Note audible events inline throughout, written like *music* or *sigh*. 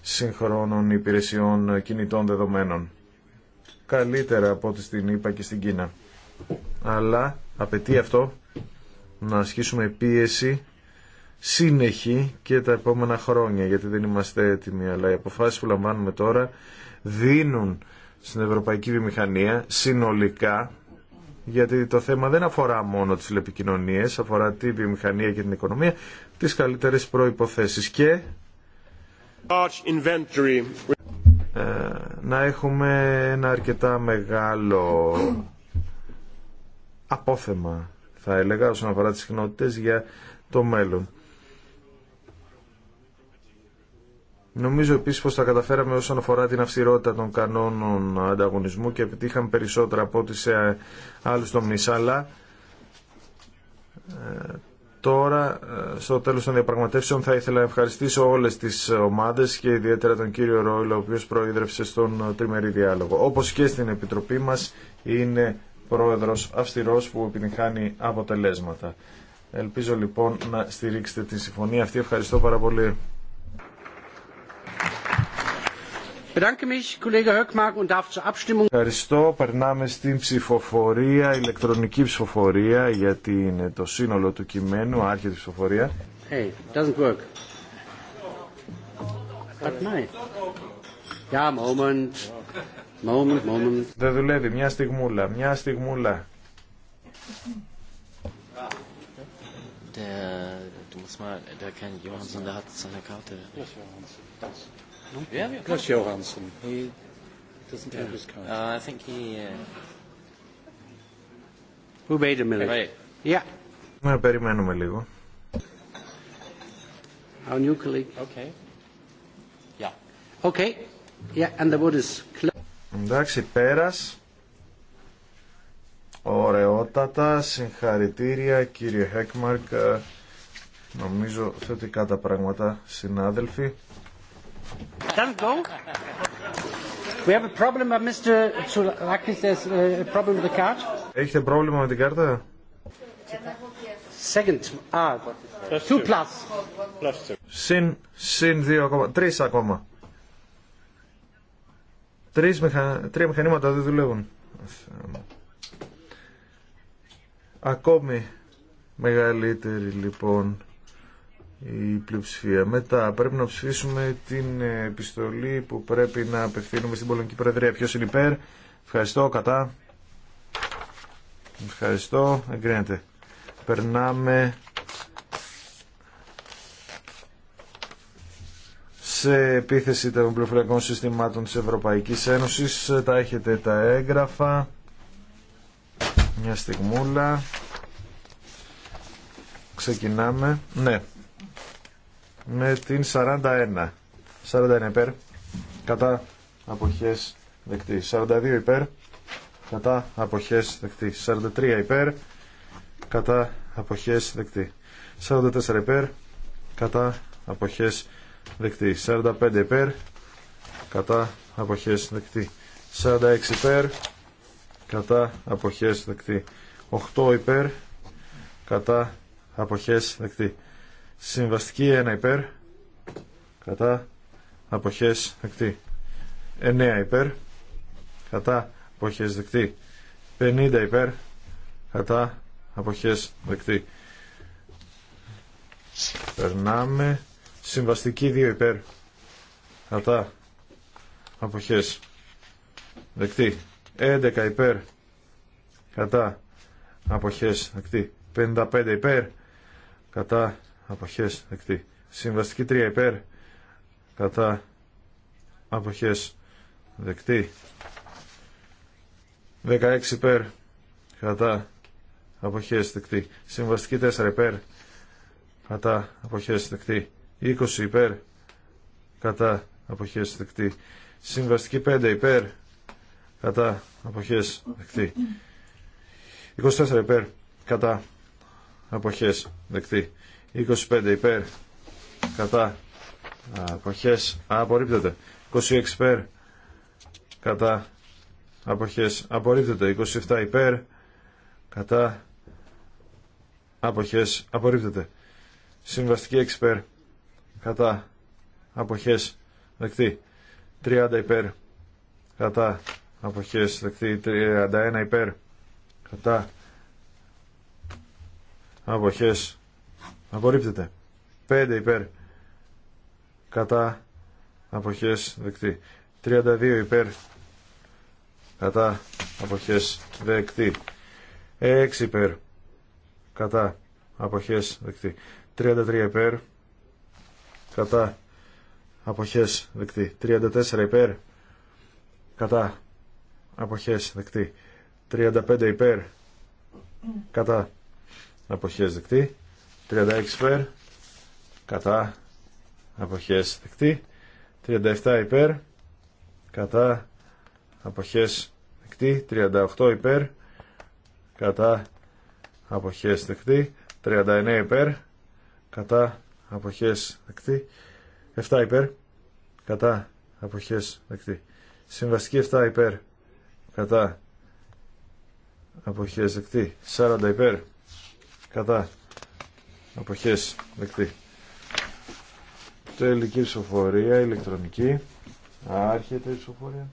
συγχρόνων υπηρεσιών κινητών δεδομένων. Καλύτερα από ό,τι στην ΗΠΑ και στην Κίνα. Αλλά απαιτεί αυτό να ασκήσουμε πίεση συνεχή και τα επόμενα χρόνια γιατί δεν είμαστε έτοιμοι αλλά οι αποφάσεις που λαμβάνουμε τώρα δίνουν στην ευρωπαϊκή βιομηχανία συνολικά γιατί το θέμα δεν αφορά μόνο τις λεπικοινωνίες αφορά τη βιομηχανία και την οικονομία τις καλύτερες προϋποθέσεις και ε, να έχουμε ένα αρκετά μεγάλο απόθεμα θα έλεγα όσον αφορά τις συχνότητες για το μέλλον. Νομίζω επίσης πως τα καταφέραμε όσον αφορά την αυστηρότητα των κανόνων ανταγωνισμού και επιτύχαμε περισσότερα από ό,τι σε άλλους τομείς, αλλά ε, Τώρα, ε, στο τέλος των διαπραγματεύσεων, θα ήθελα να ευχαριστήσω όλες τις ομάδες και ιδιαίτερα τον κύριο Ρόιλο, ο οποίος προείδρευσε στον ε, τριμερή διάλογο. Όπως και στην Επιτροπή μας, είναι πρόεδρος αυστηρός που επιτυχάνει αποτελέσματα. Ελπίζω λοιπόν να στηρίξετε τη συμφωνία αυτή. Ευχαριστώ πάρα πολύ. Ευχαριστώ. Περνάμε στην ψηφοφορία, ηλεκτρονική ψηφοφορία, γιατί είναι το σύνολο του κειμένου, άρχιτη ψηφοφορία. doesn't work. Δεν δουλεύει, μια στιγμούλα, μια στιγμούλα. Der, du musst mal, der Johansson, der hat seine Karte. Yeah, Να περιμένουμε λίγο. Εντάξει, πέρας. Ωραιότατα, συγχαρητήρια κύριε Χέκμαρκ. Ε, νομίζω θετικά τα πράγματα, συνάδελφοι. Έχετε πρόβλημα με την κάρτα? Ah, συν, συν δύο ακόμα. Τρεις ακόμα. Τρεις μηχα... Τρία μηχανήματα δεν δουλεύουν. Ακόμη μεγαλύτερη λοιπόν η πλειοψηφία. Μετά πρέπει να ψηφίσουμε την επιστολή που πρέπει να απευθύνουμε στην Πολωνική Προεδρία. Ποιο είναι υπέρ. Ευχαριστώ. Κατά. Ευχαριστώ. Εγκρίνεται. Περνάμε σε επίθεση των πληροφοριακών συστημάτων της Ευρωπαϊκής Ένωσης. Τα έχετε τα έγγραφα. Μια στιγμούλα. Ξεκινάμε. Ναι με την 41. 41 υπέρ, κατά αποχές δεκτή. 42 υπέρ, κατά αποχές δεκτή. 43 υπέρ, κατά αποχές δεκτή. 44 υπέρ, κατά αποχές δεκτή. 45 υπέρ, κατά αποχές δεκτή. 46 υπέρ, κατά αποχές δεκτή. 8 υπέρ, κατά αποχές δεκτή. Συμβαστική 1 υπέρ. Κατά αποχές δεκτή. 9 υπέρ. Κατά αποχές δεκτή. 50 υπέρ. Κατά αποχές δεκτή. Περνάμε. Συμβαστική 2 υπέρ. Κατά αποχές δεκτή. 11 υπέρ. Κατά αποχές δεκτή. 55 υπέρ. Κατά αποχές δεκτή. Συμβαστική 3 υπέρ κατά αποχές δεκτή. 16 υπέρ κατά αποχές δεκτή. Συμβαστική 4 υπέρ κατά αποχές δεκτή. 20 υπέρ κατά αποχές δεκτή. Συμβαστική 5 υπέρ κατά αποχές δεκτή. 24 υπέρ κατά αποχές δεκτή. 25 υπέρ κατά αποχές απορρίπτεται 26 υπέρ κατά αποχές απορρίπτεται 27 υπέρ κατά αποχές απορρίπτεται συμβαστική 6 κατά αποχές δεκτή 30 υπέρ κατά αποχές δεκτή 31 υπέρ κατά αποχές Απορρίπτεται. 5 υπέρ. Κατά. Αποχές δεκτή. 32 υπέρ. Κατά. Αποχές δεκτή. 6 υπέρ. Κατά. Αποχές δεκτή. 33 υπέρ. Κατά. Αποχές δεκτή. 34 υπέρ. Κατά. Αποχές δεκτή. 35 υπέρ. Κατά. Αποχές δεκτή. 36 υπέρ κατά αποχές δεκτή 37 υπέρ κατά αποχές δεκτή 38 υπέρ κατά αποχές δεκτή 39 υπέρ κατά αποχές δεκτή 7 υπέρ κατά αποχές δεκτή συμβαστική 7 υπέρ κατά αποχές δεκτή 40 υπέρ κατά Αποχές. Δεκτή. Τελική ψηφοφορία, ηλεκτρονική. Άρχεται η ψηφοφορία.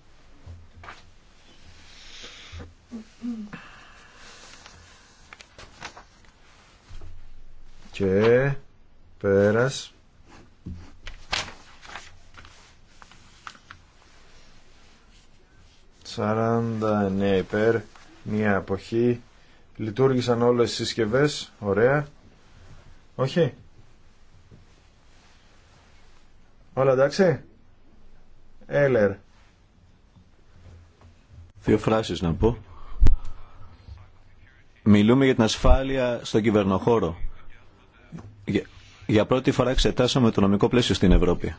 Και πέρας. Σαράντα υπέρ, μία αποχή. Λειτουργήσαν όλες οι συσκευές, ωραία. Όχι. Όλα εντάξει. Έλερ. Δύο φράσεις να πω. Μιλούμε για την ασφάλεια στον κυβερνοχώρο. Για, πρώτη φορά εξετάσαμε το νομικό πλαίσιο στην Ευρώπη.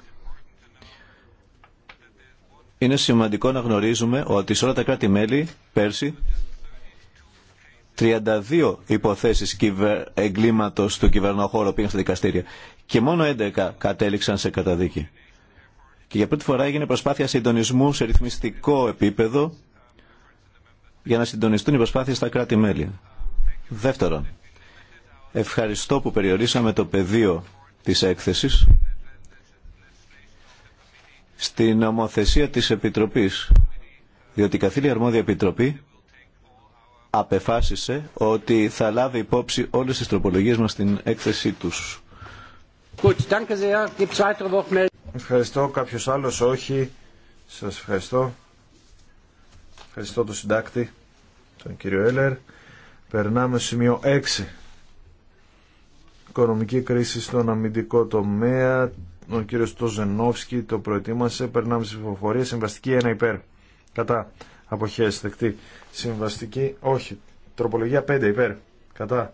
Είναι σημαντικό να γνωρίζουμε ότι σε όλα τα κράτη-μέλη πέρσι 32 υποθέσεις εγκλήματος του κυβερνοχώρου πήγαν στα δικαστήρια και μόνο 11 κατέληξαν σε καταδίκη. Και για πρώτη φορά έγινε προσπάθεια συντονισμού σε ρυθμιστικό επίπεδο για να συντονιστούν οι προσπάθειες στα κράτη-μέλη. Δεύτερον, ευχαριστώ που περιορίσαμε το πεδίο της έκθεσης στην νομοθεσία της Επιτροπής, διότι η καθήλια αρμόδια Επιτροπή απεφάσισε ότι θα λάβει υπόψη όλες τις τροπολογίες μας στην έκθεσή τους. Ευχαριστώ. Κάποιος άλλος όχι. Σας ευχαριστώ. Ευχαριστώ τον συντάκτη, τον κύριο Έλερ. Περνάμε σημείο 6. Οικονομική κρίση στον αμυντικό τομέα. Ο κύριος Τζενόφσκι το προετοίμασε. Περνάμε στις ψηφοφορίες. Συμβαστική 1 υπέρ. Κατά αποχές δεκτή. Συμβαστική όχι. Τροπολογία 5 υπέρ. Κατά.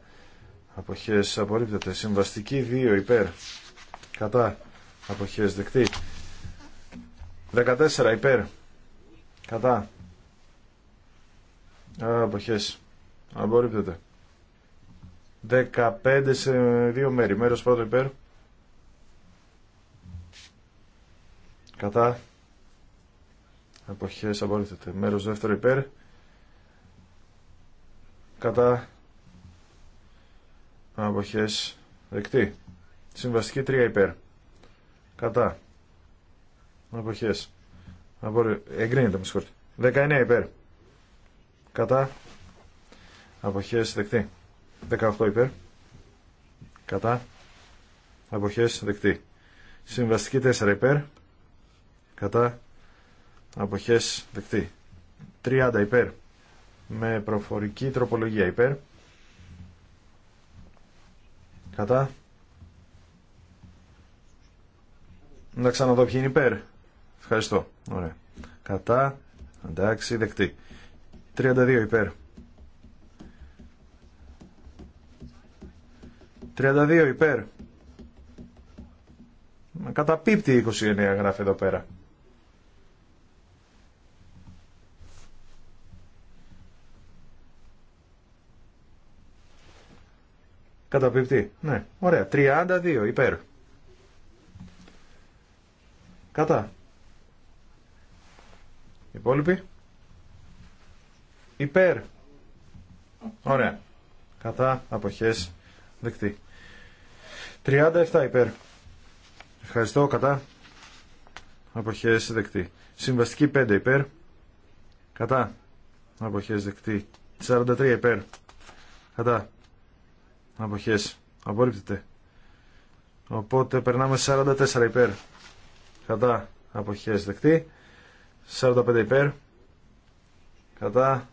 Αποχές απορρίπτεται. Συμβαστική 2 υπέρ. Κατά. Αποχές δεκτή. 14 υπέρ. Κατά. Αποχές. Απορρίπτεται. 15 σε 2 μέρη. Μέρος πρώτο υπέρ. Κατά. Αποχές απορρίπτεται. Μέρος δεύτερο υπέρ. Κατά. Αποχές δεκτή. Συμβαστική τρία υπέρ. Κατά. Αποχές. Απορρι... Εγκρίνεται με συγχωρείτε. 19 υπέρ. Κατά. Αποχές δεκτή. 18 υπέρ. Κατά. Αποχές δεκτή. Συμβαστική 4 υπέρ. Κατά αποχές δεκτή 30 υπέρ με προφορική τροπολογία υπέρ κατά να ξαναδώ ποιοι είναι υπέρ ευχαριστώ ωραία κατά εντάξει δεκτή 32 υπέρ 32 υπέρ καταπίπτει 29 γράφει εδώ πέρα Καταπληκτή, Ναι. Ωραία. 32 υπέρ. Κατά. Υπόλοιποι. Υπέρ. Ωραία. Κατά. Αποχές. Δεκτή. 37 υπέρ. Ευχαριστώ. Κατά. Αποχές δεκτή. Συμβαστική 5 υπέρ. Κατά. Αποχές δεκτή. 43 υπέρ. Κατά. Αποχές. Απορρίπτεται. Οπότε περνάμε 44 υπέρ. Κατά. Αποχές δεκτή. 45 υπέρ. Κατά.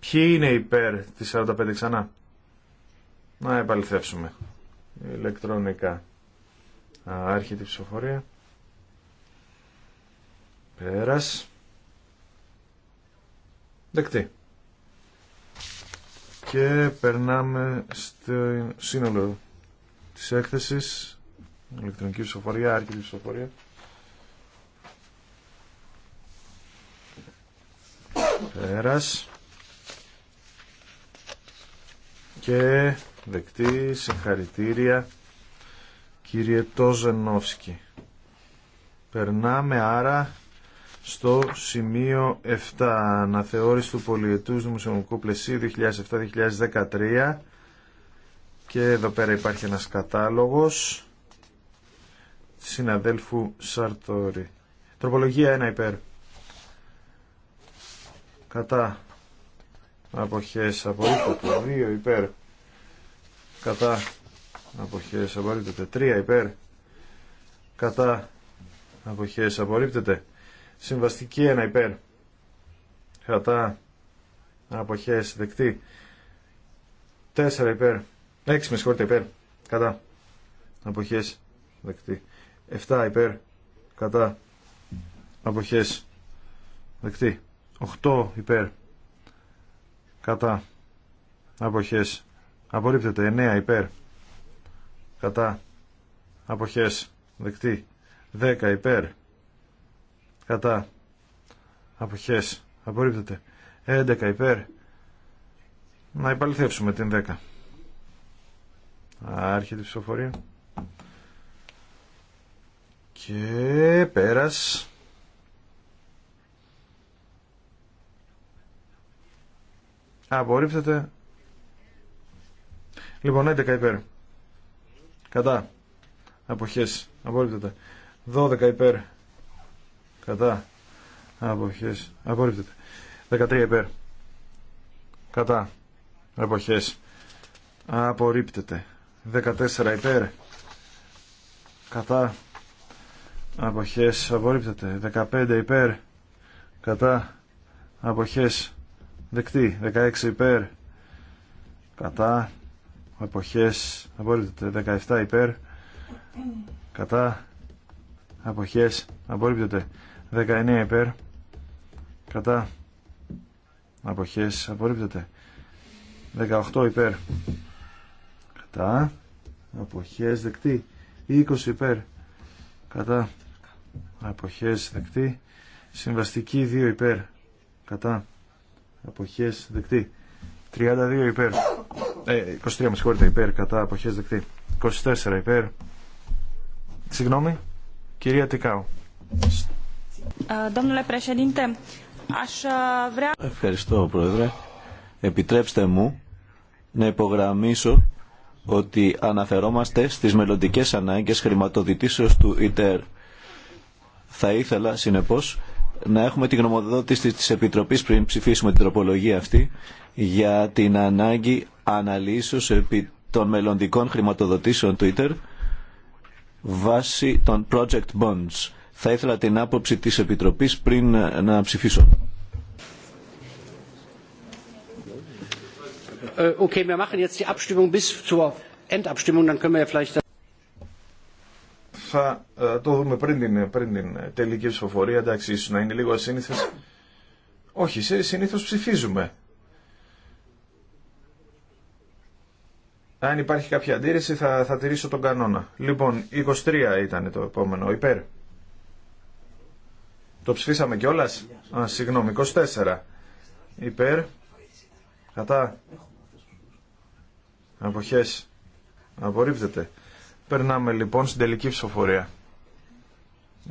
Ποιοι είναι υπέρ τη 45 ξανά. Να επαληθεύσουμε. Ηλεκτρονικά. Άρχεται η ψηφοφορία. Πέρας. Δεκτή. Και περνάμε στο σύνολο της έκθεσης, ηλεκτρονική ψηφοφορία, άρχιτη ψηφοφορία. Πέρας. Και δεκτή συγχαρητήρια κύριε Τόζενόφσκι. Περνάμε άρα στο σημείο 7 αναθεώρηση του πολιετούς δημοσιονομικού πλαισίου 2007-2013 και εδώ πέρα υπάρχει ένας κατάλογος συναδέλφου Σαρτόρη τροπολογία 1 υπέρ κατά αποχές απορρίπτεται 2 υπέρ κατά αποχές απορρίπτεται 3 υπέρ κατά αποχές απορρίπτεται Συμβαστική 1 υπέρ. Κατά. Αποχές δεκτή. 4 υπέρ. 6 με συγχωρείτε υπέρ. Κατά. Αποχές δεκτή. 7 υπέρ. Κατά. Αποχές δεκτή. 8 υπέρ. Κατά. Αποχές. Απορρίπτεται. 9 υπέρ. Κατά. Αποχές. Δεκτή. 10 υπέρ κατά αποχές απορρίπτεται 11 υπέρ να υπαλληθεύσουμε την 10 άρχεται η ψηφοφορία και πέρας απορρίπτεται λοιπόν 11 υπέρ κατά αποχές απορρίπτεται 12 υπέρ κατά αποχές απορρίπτεται 13 υπέρ κατά αποχές απορρίπτεται 14 υπέρ κατά αποχές απορρίπτεται 15 υπέρ κατά αποχές δεκτή 16 υπέρ κατά αποχές απορρίπτεται 17 υπέρ κατά αποχές απορρίπτεται 19 υπέρ κατά αποχές απορρίπτεται 18 υπέρ κατά αποχές δεκτή 20 υπέρ κατά αποχές δεκτή συμβαστική 2 υπέρ κατά αποχές δεκτή 32 υπέρ ε, 23 με συγχωρείτε υπέρ κατά αποχές δεκτή 24 υπέρ συγγνώμη κυρία Τικάου Uh, Ευχαριστώ, Πρόεδρε. Επιτρέψτε μου να υπογραμμίσω ότι αναφερόμαστε στις μελλοντικέ ανάγκες χρηματοδοτήσεως του ΙΤΕΡ. Θα ήθελα, συνεπώς, να έχουμε την γνωμοδότηση της Επιτροπής πριν ψηφίσουμε την τροπολογία αυτή για την ανάγκη αναλύσεως επί των μελλοντικών χρηματοδοτήσεων ΙΤΕΡ, βάσει των project bonds θα ήθελα την άποψη της Επιτροπής πριν ε, να ψηφίσω. θα το δούμε πριν την, ε, τελική ψηφοφορία, εντάξει, ίσως να είναι λίγο ασύνηθες. Όχι, συνήθως ψηφίζουμε. Αν υπάρχει κάποια αντίρρηση θα, θα τηρήσω τον κανόνα. Λοιπόν, 23 ήταν το επόμενο, υπέρ. Το ψηφίσαμε κιόλα. Α, συγγνώμη, 24. Υπέρ. Κατά. Αποχέ. Απορρίπτεται. Περνάμε λοιπόν στην τελική ψηφοφορία.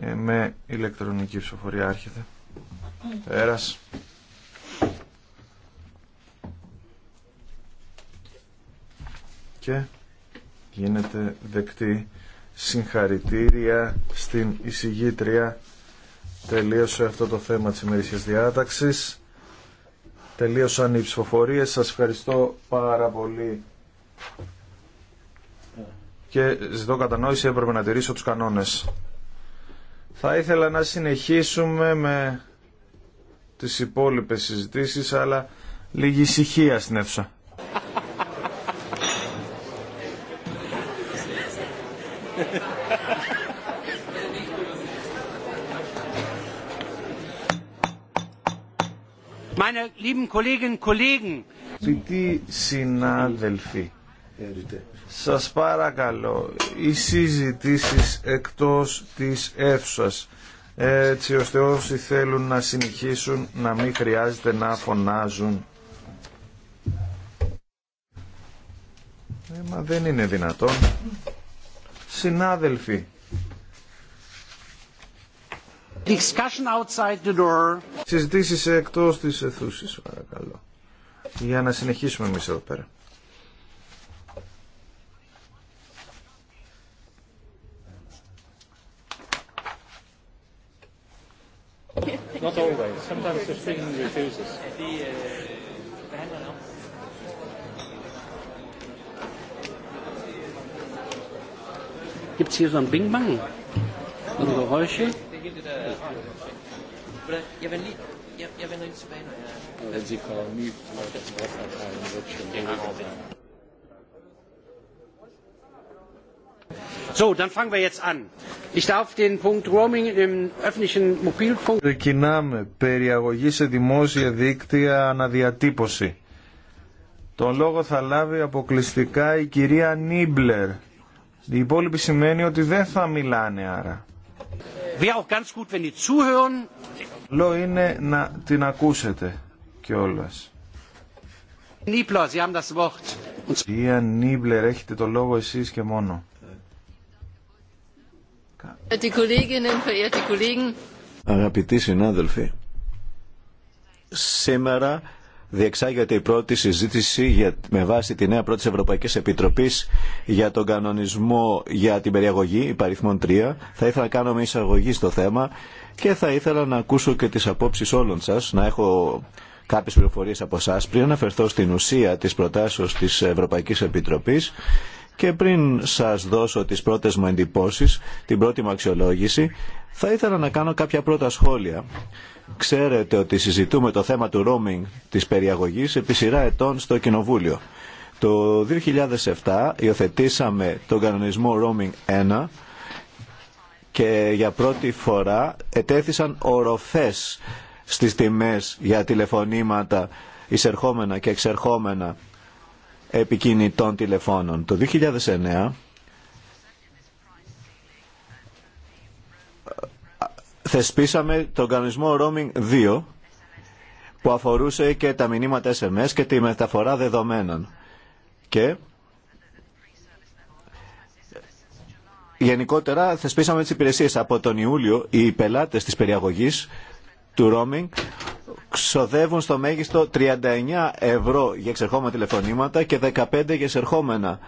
Ε, με ηλεκτρονική ψηφοφορία άρχεται. Πέρα. Και γίνεται δεκτή συγχαρητήρια στην εισηγήτρια τελείωσε αυτό το θέμα της ημερήσιας διάταξης. Τελείωσαν οι ψηφοφορίες. Σας ευχαριστώ πάρα πολύ. Και ζητώ κατανόηση, έπρεπε να τηρήσω τους κανόνες. Θα ήθελα να συνεχίσουμε με τις υπόλοιπες συζητήσεις, αλλά λίγη ησυχία στην αίθουσα. Αγαπητοί συνάδελφοι, σας παρακαλώ, οι συζητήσεις εκτός της αίθουσας, έτσι ώστε όσοι θέλουν να συνεχίσουν να μην χρειάζεται να φωνάζουν. Ε, μα δεν είναι δυνατόν. Συνάδελφοι, Συζητήσεις εκτός της αιθούσης, παρακαλώ. Για να συνεχίσουμε εμείς εδώ πέρα. Not always. Sometimes the thing refuses. Gibt es hier so ein Bing-Bang? Und Geräusche? Ξεκινάμε. Περιαγωγή σε δημόσια δίκτυα αναδιατύπωση. Τον λόγο θα λάβει αποκλειστικά η κυρία Νίμπλερ. Η υπόλοιπη σημαίνει ότι δεν θα μιλάνε άρα. Καλό είναι να την ακούσετε κιόλα. Κυρία Νίμπλερ, έχετε το λόγο εσεί και μόνο. Αγαπητοί συνάδελφοι, σήμερα διεξάγεται η πρώτη συζήτηση για, με βάση τη νέα πρώτη Ευρωπαϊκή Επιτροπή για τον κανονισμό για την περιαγωγή υπαριθμών 3. Θα ήθελα να κάνω μια εισαγωγή στο θέμα και θα ήθελα να ακούσω και τι απόψει όλων σα, να έχω κάποιε πληροφορίε από εσά πριν αναφερθώ στην ουσία τη προτάσεω τη Ευρωπαϊκή Επιτροπή και πριν σας δώσω τις πρώτες μου εντυπώσεις, την πρώτη μου αξιολόγηση, θα ήθελα να κάνω κάποια πρώτα σχόλια. Ξέρετε ότι συζητούμε το θέμα του roaming της περιαγωγής επί σειρά ετών στο Κοινοβούλιο. Το 2007 υιοθετήσαμε τον κανονισμό roaming 1 και για πρώτη φορά ετέθησαν οροφές στις τιμές για τηλεφωνήματα εισερχόμενα και εξερχόμενα επικινητών τηλεφώνων. Το 2009 θεσπίσαμε τον κανονισμό Roaming 2 που αφορούσε και τα μηνύματα SMS και τη μεταφορά δεδομένων. Και γενικότερα θεσπίσαμε τις υπηρεσίες. Από τον Ιούλιο οι πελάτες της περιαγωγής του roaming ξοδεύουν στο μέγιστο 39 ευρώ για εξερχόμενα τηλεφωνήματα και 15 για εξερχόμενα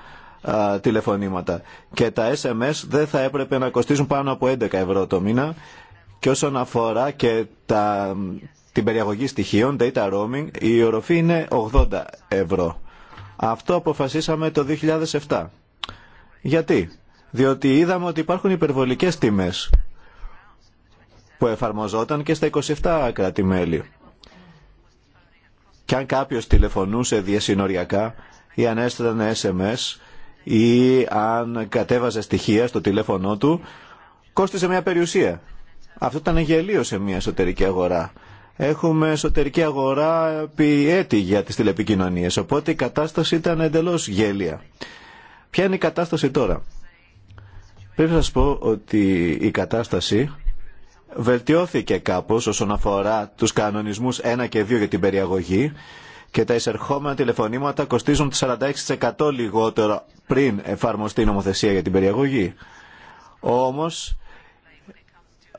τηλεφωνήματα. Και τα SMS δεν θα έπρεπε να κοστίζουν πάνω από 11 ευρώ το μήνα. Και όσον αφορά και τα, την περιαγωγή στοιχείων, data roaming, η οροφή είναι 80 ευρώ. Αυτό αποφασίσαμε το 2007. Γιατί? Διότι είδαμε ότι υπάρχουν υπερβολικές τιμές που εφαρμοζόταν και στα 27 κράτη-μέλη και αν κάποιος τηλεφωνούσε διασυνοριακά ή αν έστρανε SMS ή αν κατέβαζε στοιχεία στο τηλέφωνό του, κόστισε μια περιουσία. Αυτό ήταν γελίο σε μια εσωτερική αγορά. Έχουμε εσωτερική αγορά επί έτη για τις τηλεπικοινωνίες, οπότε η κατάσταση ήταν εντελώς γέλια. Ποια είναι η κατάσταση τώρα. Πρέπει να σας πω ότι η κατάσταση βελτιώθηκε κάπως όσον αφορά τους κανονισμούς 1 και 2 για την περιαγωγή και τα εισερχόμενα τηλεφωνήματα κοστίζουν 46% λιγότερο πριν εφαρμοστεί η νομοθεσία για την περιαγωγή. Όμως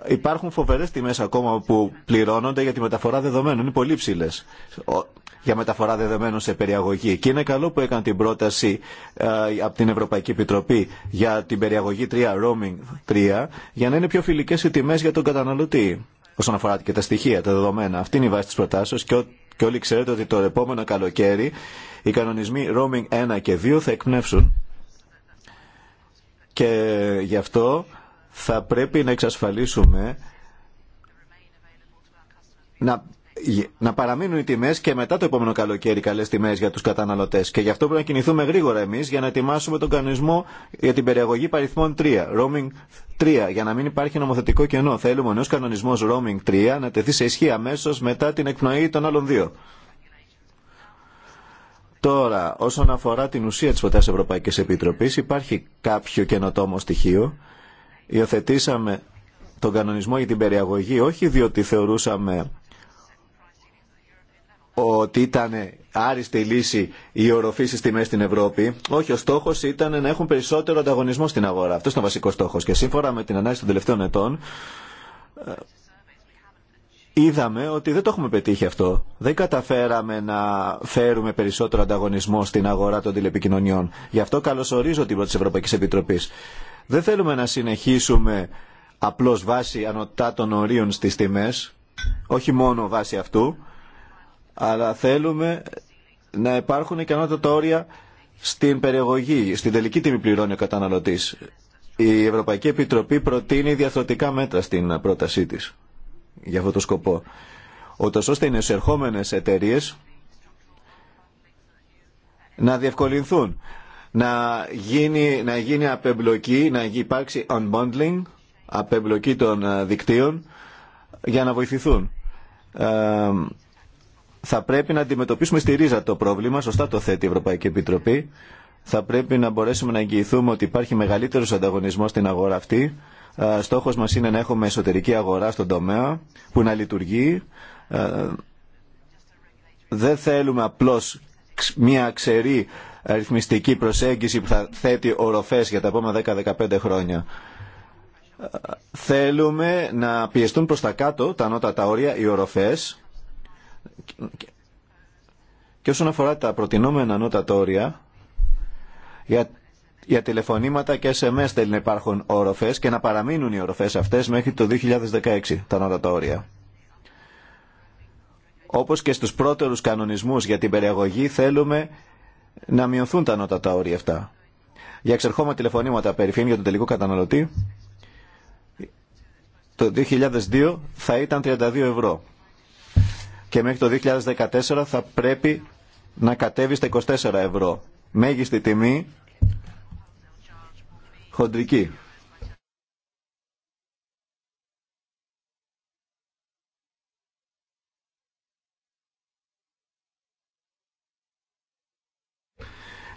υπάρχουν φοβερέ τιμέ ακόμα που πληρώνονται για τη μεταφορά δεδομένων. Είναι πολύ ψηλέ για μεταφορά δεδομένων σε περιαγωγή. Και είναι καλό που έκανε την πρόταση ε, από την Ευρωπαϊκή Επιτροπή για την περιαγωγή 3, roaming 3, για να είναι πιο φιλικέ οι τιμέ για τον καταναλωτή όσον αφορά και τα στοιχεία, τα δεδομένα. Αυτή είναι η βάση τη προτάσεω και, και όλοι ξέρετε ότι το επόμενο καλοκαίρι οι κανονισμοί roaming 1 και 2 θα εκπνεύσουν. Και γι' αυτό θα πρέπει να εξασφαλίσουμε να, να παραμείνουν οι τιμές και μετά το επόμενο καλοκαίρι καλές τιμές για τους καταναλωτές. Και γι' αυτό πρέπει να κινηθούμε γρήγορα εμείς για να ετοιμάσουμε τον κανονισμό για την περιαγωγή παριθμών 3, roaming 3, για να μην υπάρχει νομοθετικό κενό. Θέλουμε ο νέος κανονισμός roaming 3 να τεθεί σε ισχύ αμέσως μετά την εκπνοή των άλλων δύο. Τώρα, όσον αφορά την ουσία της Ποτάς Ευρωπαϊκής Επιτροπής, υπάρχει κάποιο καινοτόμο στοιχείο Υιοθετήσαμε τον κανονισμό για την περιαγωγή όχι διότι θεωρούσαμε ότι ήταν άριστη λύση οι οροφήσει τιμέ στην Ευρώπη. Όχι, ο στόχο ήταν να έχουν περισσότερο ανταγωνισμό στην αγορά. Αυτό ήταν ο βασικό στόχο. Και σύμφωνα με την ανάλυση των τελευταίων ετών, ε, είδαμε ότι δεν το έχουμε πετύχει αυτό. Δεν καταφέραμε να φέρουμε περισσότερο ανταγωνισμό στην αγορά των τηλεπικοινωνιών. Γι' αυτό καλωσορίζω την πρώτη Ευρωπαϊκή Επιτροπή δεν θέλουμε να συνεχίσουμε απλώς βάση ανωτά των ορίων στις τιμές, όχι μόνο βάση αυτού, αλλά θέλουμε να υπάρχουν και ανώτατα όρια στην περιεγωγή, στην τελική τιμή πληρώνει ο καταναλωτής. Η Ευρωπαϊκή Επιτροπή προτείνει διαθροτικά μέτρα στην πρότασή της για αυτό το σκοπό. Ότως ώστε οι εξερχόμενες εταιρείε να διευκολυνθούν να γίνει, να γίνει απεμπλοκή, να υπάρξει unbundling, απεμπλοκή των ε, δικτύων για να βοηθηθούν. Ε, θα πρέπει να αντιμετωπίσουμε στη ρίζα το πρόβλημα, σωστά το θέτει η Ευρωπαϊκή Επιτροπή. Θα πρέπει να μπορέσουμε να εγγυηθούμε ότι υπάρχει μεγαλύτερος ανταγωνισμός στην αγορά αυτή. Ε, στόχος μας είναι να έχουμε εσωτερική αγορά στον τομέα που να λειτουργεί. Ε, δεν θέλουμε απλώς μια ξερή αριθμιστική προσέγγιση που θα θέτει οροφές για τα επόμενα 10-15 χρόνια. Θέλουμε να πιεστούν προς τα κάτω τα ανώτατα όρια, οι οροφές και όσον αφορά τα προτινόμενα ανώτατα όρια για, για τηλεφωνήματα και SMS θέλει να υπάρχουν οροφές και να παραμείνουν οι οροφές αυτές μέχρι το 2016 τα ανώτατα όρια όπως και στους πρώτερους κανονισμούς για την περιαγωγή θέλουμε να μειωθούν τα ανώτατα όρια αυτά. Για εξερχόμενα τηλεφωνήματα περιφέρειων για τον τελικό καταναλωτή, το 2002 θα ήταν 32 ευρώ. Και μέχρι το 2014 θα πρέπει να κατέβει στα 24 ευρώ. Μέγιστη τιμή χοντρική.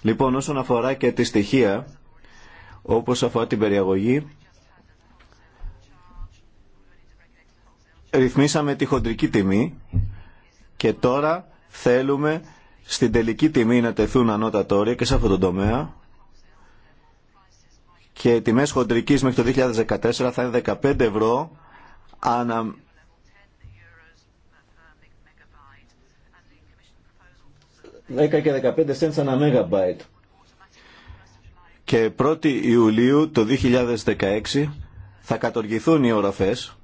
Λοιπόν, όσον αφορά και τη στοιχεία, όπως αφορά την περιαγωγή, ρυθμίσαμε τη χοντρική τιμή και τώρα θέλουμε στην τελική τιμή να τεθούν ανώτατα όρια και σε αυτόν τον τομέα και τιμές χοντρικής μέχρι το 2014 θα είναι 15 ευρώ ανά 10 και 15 cents ανά megabyte. Και 1η Ιουλίου το 2016 θα κατοργηθούν οι οροφές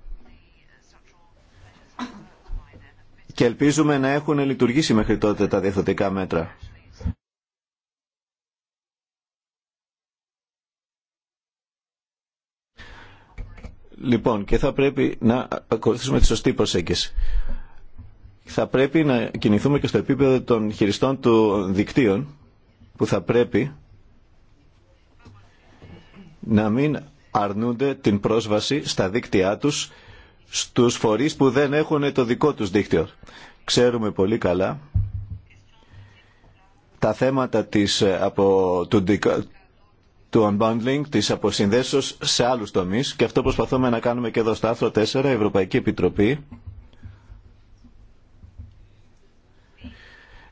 και ελπίζουμε να έχουν λειτουργήσει μέχρι τότε τα διαθωτικά μέτρα. Λοιπόν, και θα πρέπει να ακολουθήσουμε τη σωστή προσέγγιση θα πρέπει να κινηθούμε και στο επίπεδο των χειριστών του δικτύων που θα πρέπει να μην αρνούνται την πρόσβαση στα δίκτυά τους στους φορείς που δεν έχουν το δικό τους δίκτυο. Ξέρουμε πολύ καλά τα θέματα της, ε, από, του, του unbundling, της αποσυνδέσεως σε άλλους τομείς και αυτό προσπαθούμε να κάνουμε και εδώ στο άρθρο 4, Ευρωπαϊκή Επιτροπή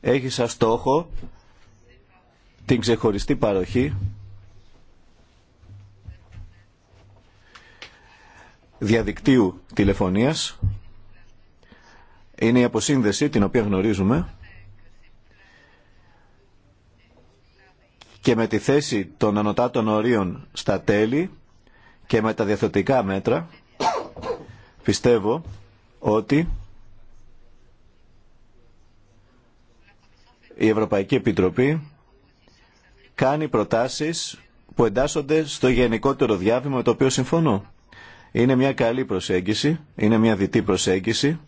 έχει σαν στόχο την ξεχωριστή παροχή διαδικτύου τηλεφωνίας είναι η αποσύνδεση την οποία γνωρίζουμε και με τη θέση των ανωτάτων ορίων στα τέλη και με τα διαθετικά μέτρα πιστεύω ότι η Ευρωπαϊκή Επιτροπή κάνει προτάσεις που εντάσσονται στο γενικότερο διάβημα με το οποίο συμφωνώ. Είναι μια καλή προσέγγιση, είναι μια διτή προσέγγιση,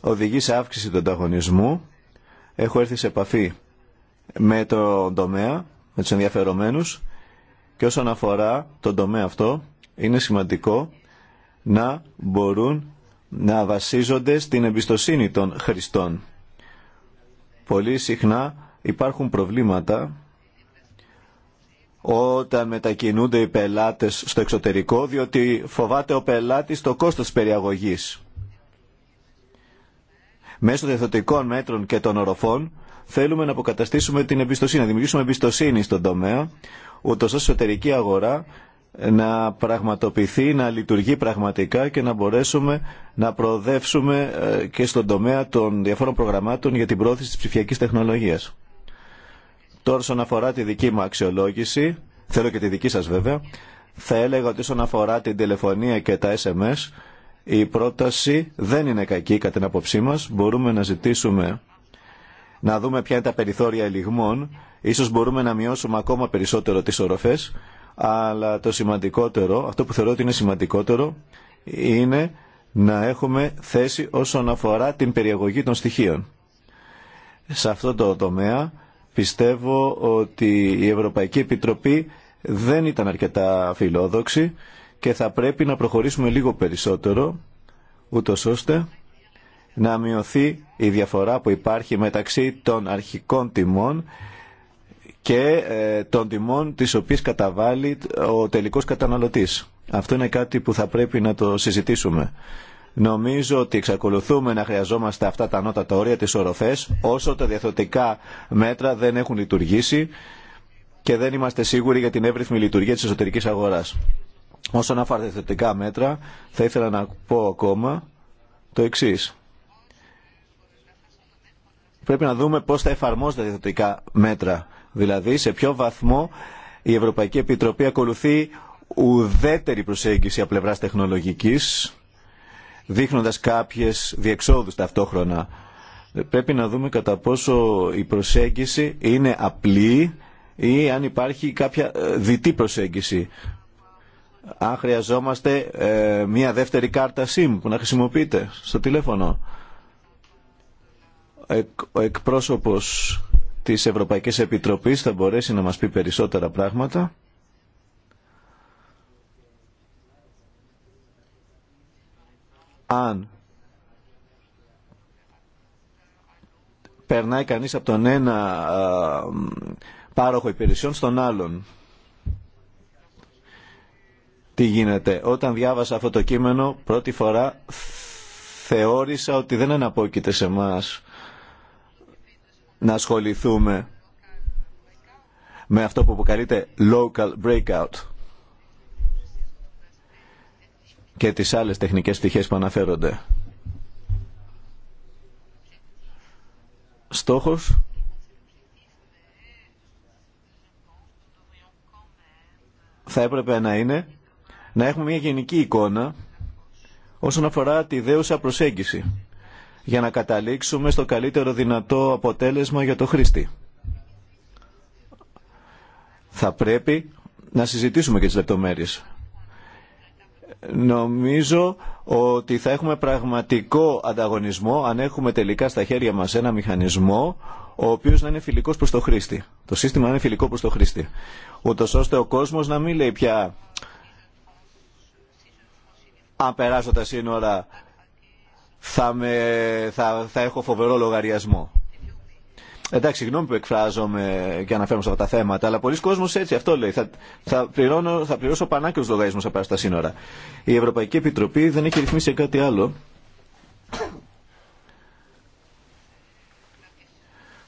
οδηγεί σε αύξηση του ανταγωνισμού. Έχω έρθει σε επαφή με τον τομέα, με τους ενδιαφερομένους και όσον αφορά τον τομέα αυτό είναι σημαντικό να μπορούν να βασίζονται στην εμπιστοσύνη των χρηστών Πολύ συχνά υπάρχουν προβλήματα όταν μετακινούνται οι πελάτες στο εξωτερικό, διότι φοβάται ο πελάτης το κόστος της περιαγωγής. Μέσω διευθυντικών μέτρων και των οροφών θέλουμε να αποκαταστήσουμε την εμπιστοσύνη, να δημιουργήσουμε εμπιστοσύνη στον τομέα, ούτως ώστε εσωτερική αγορά να πραγματοποιηθεί, να λειτουργεί πραγματικά και να μπορέσουμε να προοδεύσουμε ε, και στον τομέα των διαφόρων προγραμμάτων για την πρόθεση της ψηφιακής τεχνολογίας. Τώρα όσον αφορά τη δική μου αξιολόγηση, θέλω και τη δική σας βέβαια, θα έλεγα ότι όσον αφορά την τηλεφωνία και τα SMS, η πρόταση δεν είναι κακή κατά την απόψή μας. Μπορούμε να ζητήσουμε να δούμε ποια είναι τα περιθώρια ελιγμών. Ίσως μπορούμε να μειώσουμε ακόμα περισσότερο τις οροφές αλλά το σημαντικότερο, αυτό που θεωρώ ότι είναι σημαντικότερο, είναι να έχουμε θέση όσον αφορά την περιαγωγή των στοιχείων. Σε αυτό το τομέα πιστεύω ότι η Ευρωπαϊκή Επιτροπή δεν ήταν αρκετά φιλόδοξη και θα πρέπει να προχωρήσουμε λίγο περισσότερο, ούτω ώστε να μειωθεί η διαφορά που υπάρχει μεταξύ των αρχικών τιμών και ε, των τιμών τις οποίες καταβάλει ο τελικός καταναλωτής. Αυτό είναι κάτι που θα πρέπει να το συζητήσουμε. Νομίζω ότι εξακολουθούμε να χρειαζόμαστε αυτά τα ανώτατα όρια, τις οροφές, όσο τα διαθωτικά μέτρα δεν έχουν λειτουργήσει και δεν είμαστε σίγουροι για την εύρυθμη λειτουργία της εσωτερικής αγοράς. Όσον αφορά τα διαθωτικά μέτρα, θα ήθελα να πω ακόμα το εξής. Πρέπει να δούμε πώς θα εφαρμόζονται τα διαθωτικά μέτρα Δηλαδή σε ποιο βαθμό η Ευρωπαϊκή Επιτροπή ακολουθεί ουδέτερη προσέγγιση από πλευράς τεχνολογικής, δείχνοντας κάποιες διεξόδους ταυτόχρονα. Πρέπει να δούμε κατά πόσο η προσέγγιση είναι απλή ή αν υπάρχει κάποια ε, διτή προσέγγιση. Αν χρειαζόμαστε ε, μία δεύτερη κάρτα SIM που να χρησιμοποιείτε στο τηλέφωνο. Ο εκπρόσωπος της Ευρωπαϊκής Επιτροπής θα μπορέσει να μας πει περισσότερα πράγματα. Αν περνάει κανείς από τον ένα πάροχο υπηρεσιών στον άλλον. Τι γίνεται. Όταν διάβασα αυτό το κείμενο πρώτη φορά θεώρησα ότι δεν αναπόκειται σε μας να ασχοληθούμε με αυτό που αποκαλείται local breakout και τις άλλες τεχνικές στοιχείες που αναφέρονται. Στόχος θα έπρεπε να είναι να έχουμε μια γενική εικόνα όσον αφορά τη δέουσα προσέγγιση για να καταλήξουμε στο καλύτερο δυνατό αποτέλεσμα για το χρήστη. Θα πρέπει να συζητήσουμε και τις λεπτομέρειες. Νομίζω ότι θα έχουμε πραγματικό ανταγωνισμό αν έχουμε τελικά στα χέρια μας ένα μηχανισμό ο οποίος να είναι φιλικός προς το χρήστη. Το σύστημα να είναι φιλικό προς το χρήστη. Ούτως ώστε ο κόσμος να μην λέει πια αν περάσω τα σύνορα θα, με, θα, θα έχω φοβερό λογαριασμό. Εντάξει, συγγνώμη που εκφράζομαι και αναφέρομαι σε αυτά τα θέματα, αλλά πολλοί κόσμοι έτσι αυτό λέει. Θα, θα, πληρώνω, θα πληρώσω πανάκιου λογαριασμού απέναντι στα σύνορα. Η Ευρωπαϊκή Επιτροπή δεν έχει ρυθμίσει κάτι άλλο.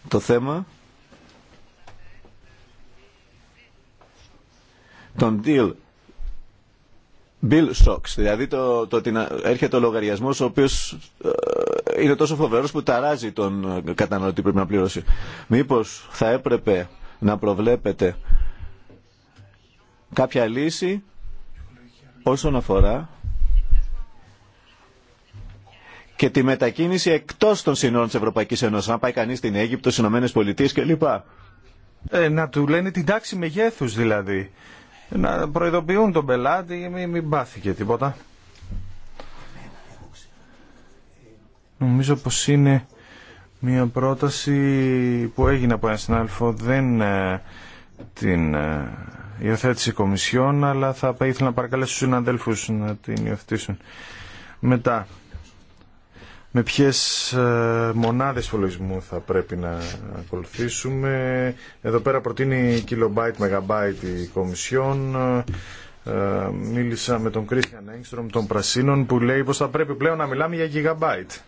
Το θέμα Τον deal bill shocks, δηλαδή το, το ότι έρχεται ο λογαριασμό, ο οποίο ε, είναι τόσο φοβερό που ταράζει τον καταναλωτή πρέπει να πληρώσει. Μήπω θα έπρεπε να προβλέπετε κάποια λύση όσον αφορά και τη μετακίνηση εκτός των συνόρων της Ευρωπαϊκής Ένωσης, να πάει κανείς στην Αίγυπτο, στις Ηνωμένες Πολιτείες κλπ. Ε, να του λένε την τάξη μεγέθους δηλαδή να προειδοποιούν τον πελάτη μην, μην πάθει τίποτα. Νομίζω πως είναι μια πρόταση που έγινε από έναν συνάδελφο, δεν ε, την ε, υιοθέτησε η Κομισιόν, αλλά θα ήθελα να παρακαλέσω τους συναδέλφους να την υιοθετήσουν. Μετά, με ποιες ε, μονάδες υπολογισμού θα πρέπει να ακολουθήσουμε. Εδώ πέρα προτείνει κιλομπάιτ, megabyte η Κομισιόν. Ε, μίλησα με τον Κρίστιαν Έγκστρομ των Πρασίνων που λέει πως θα πρέπει πλέον να μιλάμε για gigabyte.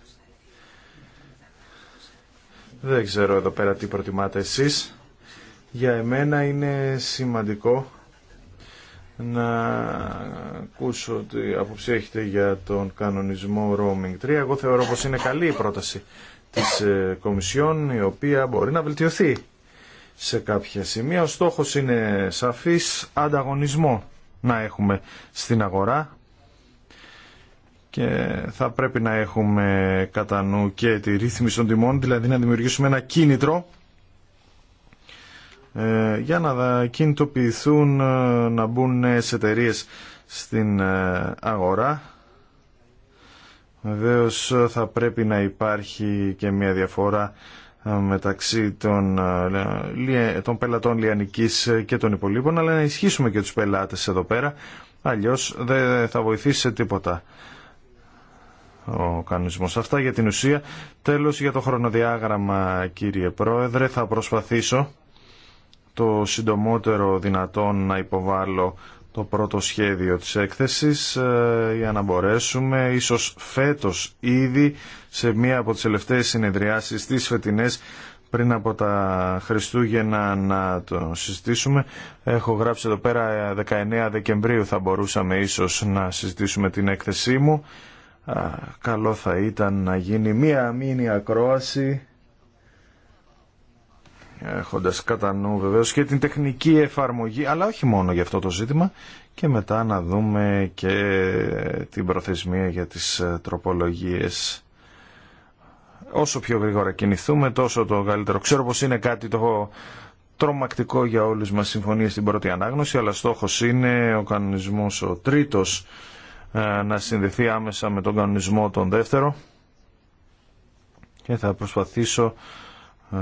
Δεν ξέρω εδώ πέρα τι προτιμάτε εσείς. Για εμένα είναι σημαντικό να ακούσω τι άποψη έχετε για τον κανονισμό roaming 3. Εγώ θεωρώ πως είναι καλή η πρόταση της ε, Κομισιόν η οποία μπορεί να βελτιωθεί σε κάποια σημεία. Ο στόχος είναι σαφής ανταγωνισμό να έχουμε στην αγορά και θα πρέπει να έχουμε κατά νου και τη ρύθμιση των τιμών, δηλαδή να δημιουργήσουμε ένα κίνητρο ε, για να κινητοποιηθούν ε, να μπουν νέες εταιρείε στην ε, αγορά. Βεβαίω θα πρέπει να υπάρχει και μια διαφορά μεταξύ των, των πελατών Λιανικής και των υπολείπων, αλλά να ισχύσουμε και τους πελάτες εδώ πέρα, αλλιώς δεν θα βοηθήσει τίποτα ο κανονισμός. Αυτά για την ουσία. Τέλος για το χρονοδιάγραμμα κύριε Πρόεδρε, θα προσπαθήσω το συντομότερο δυνατόν να υποβάλω το πρώτο σχέδιο της έκθεσης ε, για να μπορέσουμε ίσως φέτος ήδη σε μία από τις τελευταίες συνεδριάσεις τις φετινές πριν από τα Χριστούγεννα να το συζητήσουμε. Έχω γράψει εδώ πέρα 19 ε, Δεκεμβρίου θα μπορούσαμε ίσως να συζητήσουμε την έκθεσή μου. Καλό θα ήταν να γίνει μία μήνυα ακρόαση Έχοντα κατά νου βεβαίω και την τεχνική εφαρμογή, αλλά όχι μόνο για αυτό το ζήτημα, και μετά να δούμε και την προθεσμία για τις ε, τροπολογίες. Όσο πιο γρήγορα κινηθούμε, τόσο το καλύτερο. Ξέρω πως είναι κάτι το τρομακτικό για όλους μας συμφωνία στην πρώτη ανάγνωση, αλλά στόχος είναι ο κανονισμός ο τρίτος ε, να συνδεθεί άμεσα με τον κανονισμό τον δεύτερο και θα προσπαθήσω ε,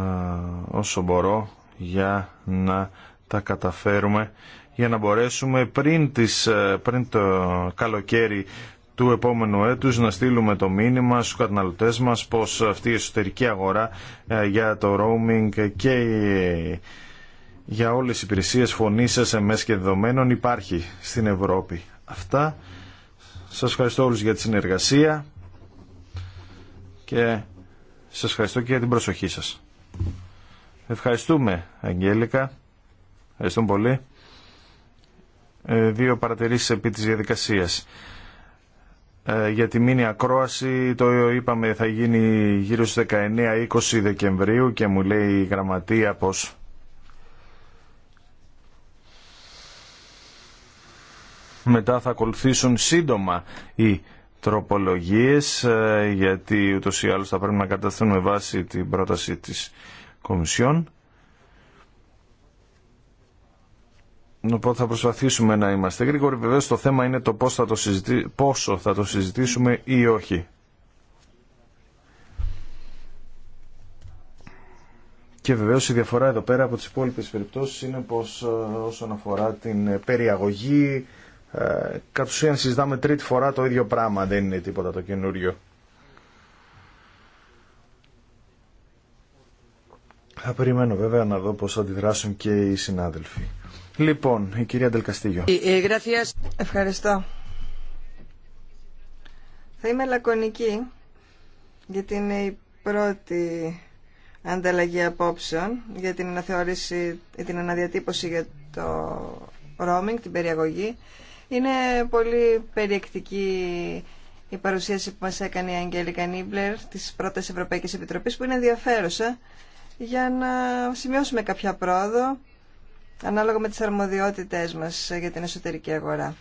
όσο μπορώ για να τα καταφέρουμε για να μπορέσουμε πριν, τις, ε, πριν το καλοκαίρι του επόμενου έτους να στείλουμε το μήνυμα στους καταναλωτές μας πως αυτή η εσωτερική αγορά ε, για το roaming και για όλες τις υπηρεσίες φωνής, SMS και δεδομένων υπάρχει στην Ευρώπη. Αυτά. Σας ευχαριστώ όλους για τη συνεργασία και σας ευχαριστώ και για την προσοχή σας. Ευχαριστούμε, Αγγέλικα. Ευχαριστούμε πολύ. Ε, δύο παρατηρήσεις επί της διαδικασίας. Ε, για τη μήνυα ακρόαση, το είπαμε, θα γίνει γύρω στις 19-20 Δεκεμβρίου και μου λέει η γραμματεία πως... Μετά θα ακολουθήσουν σύντομα οι τροπολογίες, ε, γιατί ούτως ή άλλως θα πρέπει να καταθούν με βάση την πρόταση της Κομισιόν. Οπότε θα προσπαθήσουμε να είμαστε γρήγοροι. Βεβαίως το θέμα είναι το πώς θα το πόσο θα το συζητήσουμε ή όχι. Και βεβαίως η διαφορά εδώ πέρα από τις υπόλοιπες περιπτώσεις είναι πως ε, όσον αφορά την ε, περιαγωγή ε, κατ' ουσίαν συζητάμε τρίτη φορά το ίδιο πράγμα, δεν είναι τίποτα το καινούριο. Θα περιμένω βέβαια να δω πώς θα αντιδράσουν και οι συνάδελφοι. Λοιπόν, η κυρία Ντελκαστίγιο. Ε, ε, Ευχαριστώ. Θα είμαι λακωνική, γιατί είναι η πρώτη ανταλλαγή απόψεων για την αναθεώρηση αναδιατύπωση για το roaming, την περιαγωγή. Είναι πολύ περιεκτική η παρουσίαση που μας έκανε η Αγγέλη Κανίμπλερ της πρώτης Ευρωπαϊκής Επιτροπής που είναι ενδιαφέρουσα για να σημειώσουμε κάποια πρόοδο ανάλογα με τις αρμοδιότητές μας για την εσωτερική αγορά.